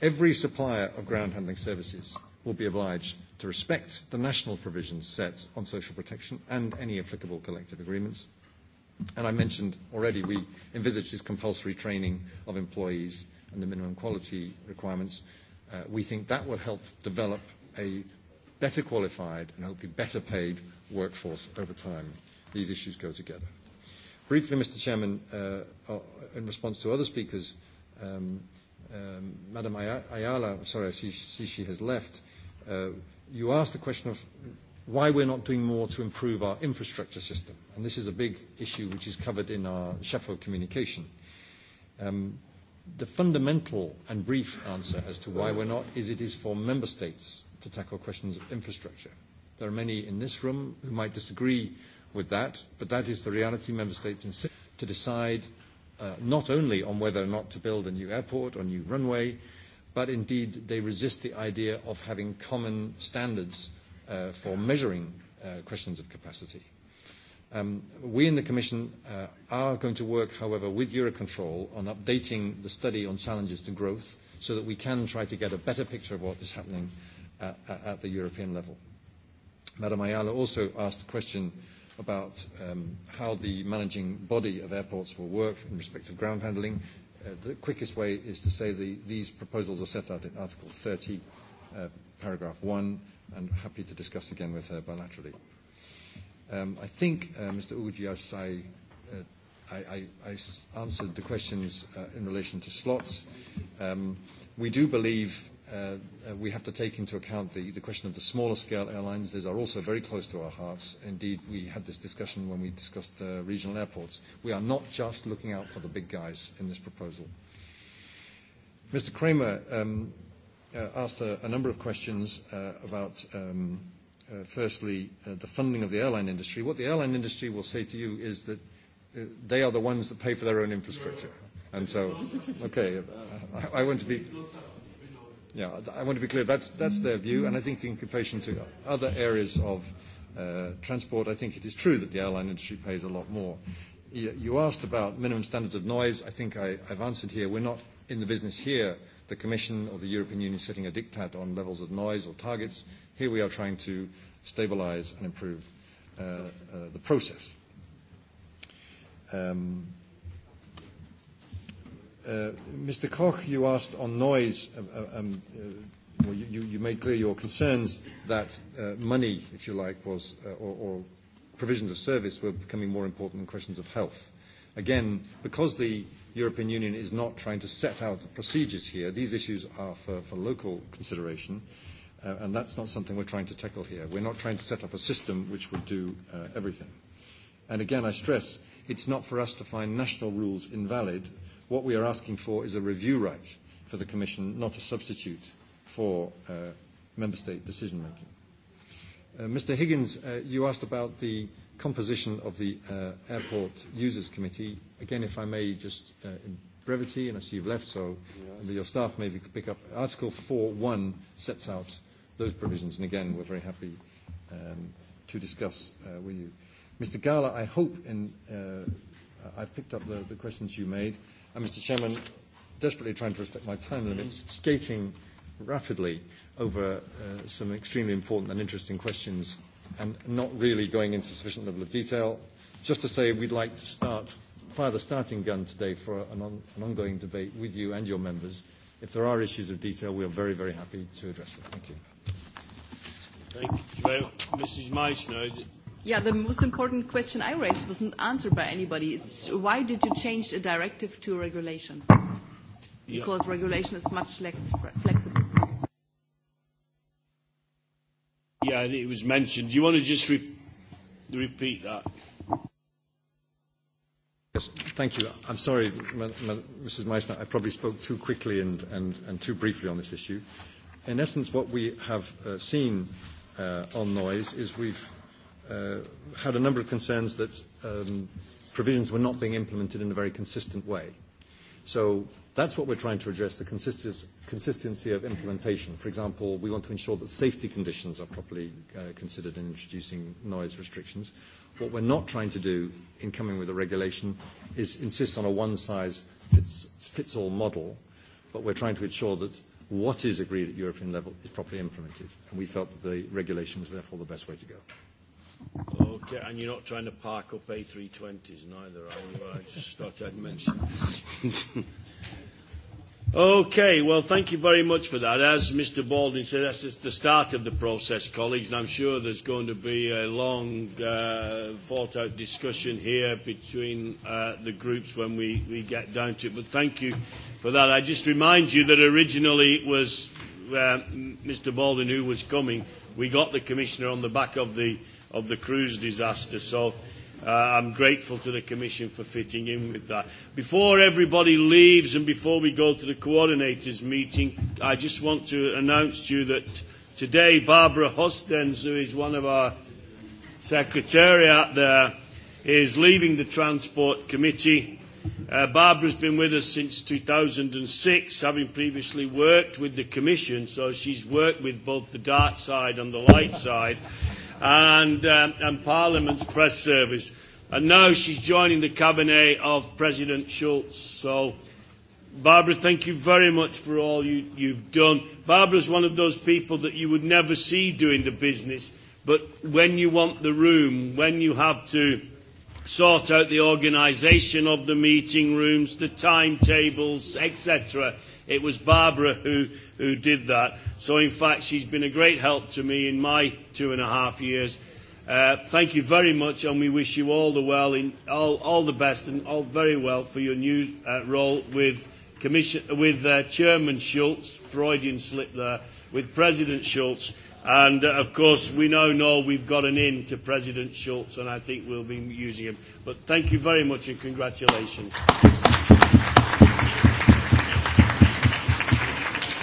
every supplier of ground handling services will be obliged to respect the national provisions set on social protection and any applicable collective agreements. And I mentioned already we envisage this compulsory training of employees and the minimum quality requirements. Uh, we think that will help develop a better qualified and hopefully better paid workforce over time. These issues go together. Briefly, Mr. Chairman, uh, uh, in response to other speakers, um, um, Madam Ayala, sorry, I see, she has left. you asked the question of why we're not doing more to improve our infrastructure system. And this is a big issue which is covered in our Sheffield communication. Um, the fundamental and brief answer as to why we're not is it is for member states to tackle questions of infrastructure. There are many in this room who might disagree with that, but that is the reality member states insist to decide uh, not only on whether or not to build a new airport or new runway, but indeed they resist the idea of having common standards uh, for measuring uh, questions of capacity. Um, we in the Commission uh, are going to work, however, with Eurocontrol on updating the study on challenges to growth so that we can try to get a better picture of what is happening at, uh, uh, at the European level. Madam Ayala also asked a question about um, how the managing body of airports will work in respect of ground handling. Uh, the quickest way is to say the, these proposals are set out in Article 30, uh, paragraph 1, and happy to discuss again with her bilaterally. Um, I think, uh, Mr. Uji, Ujiasai, uh, I, I, I answered the questions uh, in relation to slots. Um, we do believe uh, uh, we have to take into account the, the question of the smaller scale airlines. These are also very close to our hearts. Indeed, we had this discussion when we discussed uh, regional airports. We are not just looking out for the big guys in this proposal. Mr. Kramer, um, Uh, asked a, number of questions uh, about, um, uh, firstly, the funding of the airline industry. What the airline industry will say to you is that they are the ones that pay for their own infrastructure. And so, okay, I, want to be... Yeah, I want to be clear. That's, that's their view, and I think in comparison to other areas of transport, I think it is true that the airline industry pays a lot more. You, asked about minimum standards of noise. I think I've answered here. We're not in the business here the Commission or the European Union setting a diktat on levels of noise or targets. Here we are trying to stabilize and improve uh, uh, the process. Um, uh, Mr. Koch, you asked on noise, um, uh, um uh, well, you, you made clear your concerns that uh, money, if you like, was, or, or provisions of service were becoming more important than questions of health. Again, because the European Union is not trying to set out the procedures here, these issues are for, for local consideration, uh, and that's not something we're trying to tackle here. We're not trying to set up a system which would do uh, everything. And again, I stress, it's not for us to find national rules invalid. What we are asking for is a review right for the Commission, not a substitute for uh, member state decision making. Uh, Mr. Higgins, uh, you asked about the composition of the uh, Airport Users Committee. Again, if I may, just uh, in brevity, and I see you've left, so yes. your staff maybe could pick up. Article 4.1 sets out those provisions, and again, we're very happy um, to discuss uh, with you. Mr. Gala, I hope in, uh, I picked up the, the questions you made. And Mr. Chairman, desperately trying to respect my time mm-hmm. limits, skating rapidly over uh, some extremely important and interesting questions and not really going into sufficient level of detail. Just to say we'd like to start, fire the starting gun today for an, on, an ongoing debate with you and your members. If there are issues of detail, we are very, very happy to address them. Thank you. Thank you very much. Mrs. Meissner, Yeah, the most important question I raised wasn't answered by anybody. It's why did you change a directive to a regulation? Because regulation is much less flexible. Yeah, it was mentioned. Do you want to just re repeat that? Yes, thank you. I'm sorry, Mrs. Meissner, I probably spoke too quickly and, and, and too briefly on this issue. In essence, what we have uh, seen uh, on noise is we've uh, had a number of concerns that um, provisions were not being implemented in a very consistent way. So That's what we're trying to address, the consistency of implementation. For example, we want to ensure that safety conditions are properly uh, considered in introducing noise restrictions. What we're not trying to do in coming with a regulation is insist on a one-size-fits-all model, but we're trying to ensure that what is agreed at European level is properly implemented. And we felt that the regulation was therefore the best way to go. Okay, and you're not trying to park up A320s neither, are you? I just thought I'd mention. *laughs* Okay, well, thank you very much for that. As Mr. Baldwin said, that's just the start of the process, colleagues, and I'm sure there's going to be a long, uh, thought-out discussion here between uh, the groups when we, we get down to it. But thank you for that. I just remind you that originally it was uh, Mr. Baldwin who was coming. We got the commissioner on the back of the of the cruise disaster, so. Uh, I'm grateful to the Commission for fitting in with that. Before everybody leaves and before we go to the coordinators meeting, I just want to announce to you that today Barbara Hostens, who is one of our secretariat there, is leaving the Transport Committee. Uh, Barbara's been with us since 2006, having previously worked with the Commission, so she's worked with both the dark side and the light side and, um, and Parliament's press service. And now she's joining the cabinet of President Schultz. So, Barbara, thank you very much for all you, you've done. Barbara's one of those people that you would never see doing the business, but when you want the room, when you have to sort out the organisation of the meeting rooms, the timetables, etc., It was Barbara who, who did that. So, in fact, she's been a great help to me in my two and a half years. Uh, thank you very much, and we wish you all the well, in, all, all the best, and all very well for your new uh, role with, commission, with uh, Chairman Schultz, Freudian slip there, with President Schultz. And uh, of course, we now know we've got an in to President Schultz, and I think we'll be using him. But thank you very much and congratulations.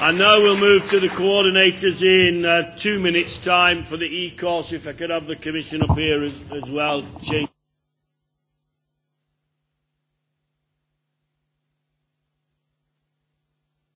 And now we'll move to the coordinators in uh, two minutes' time for the e-course. If I could have the Commission up here as, as well. Change.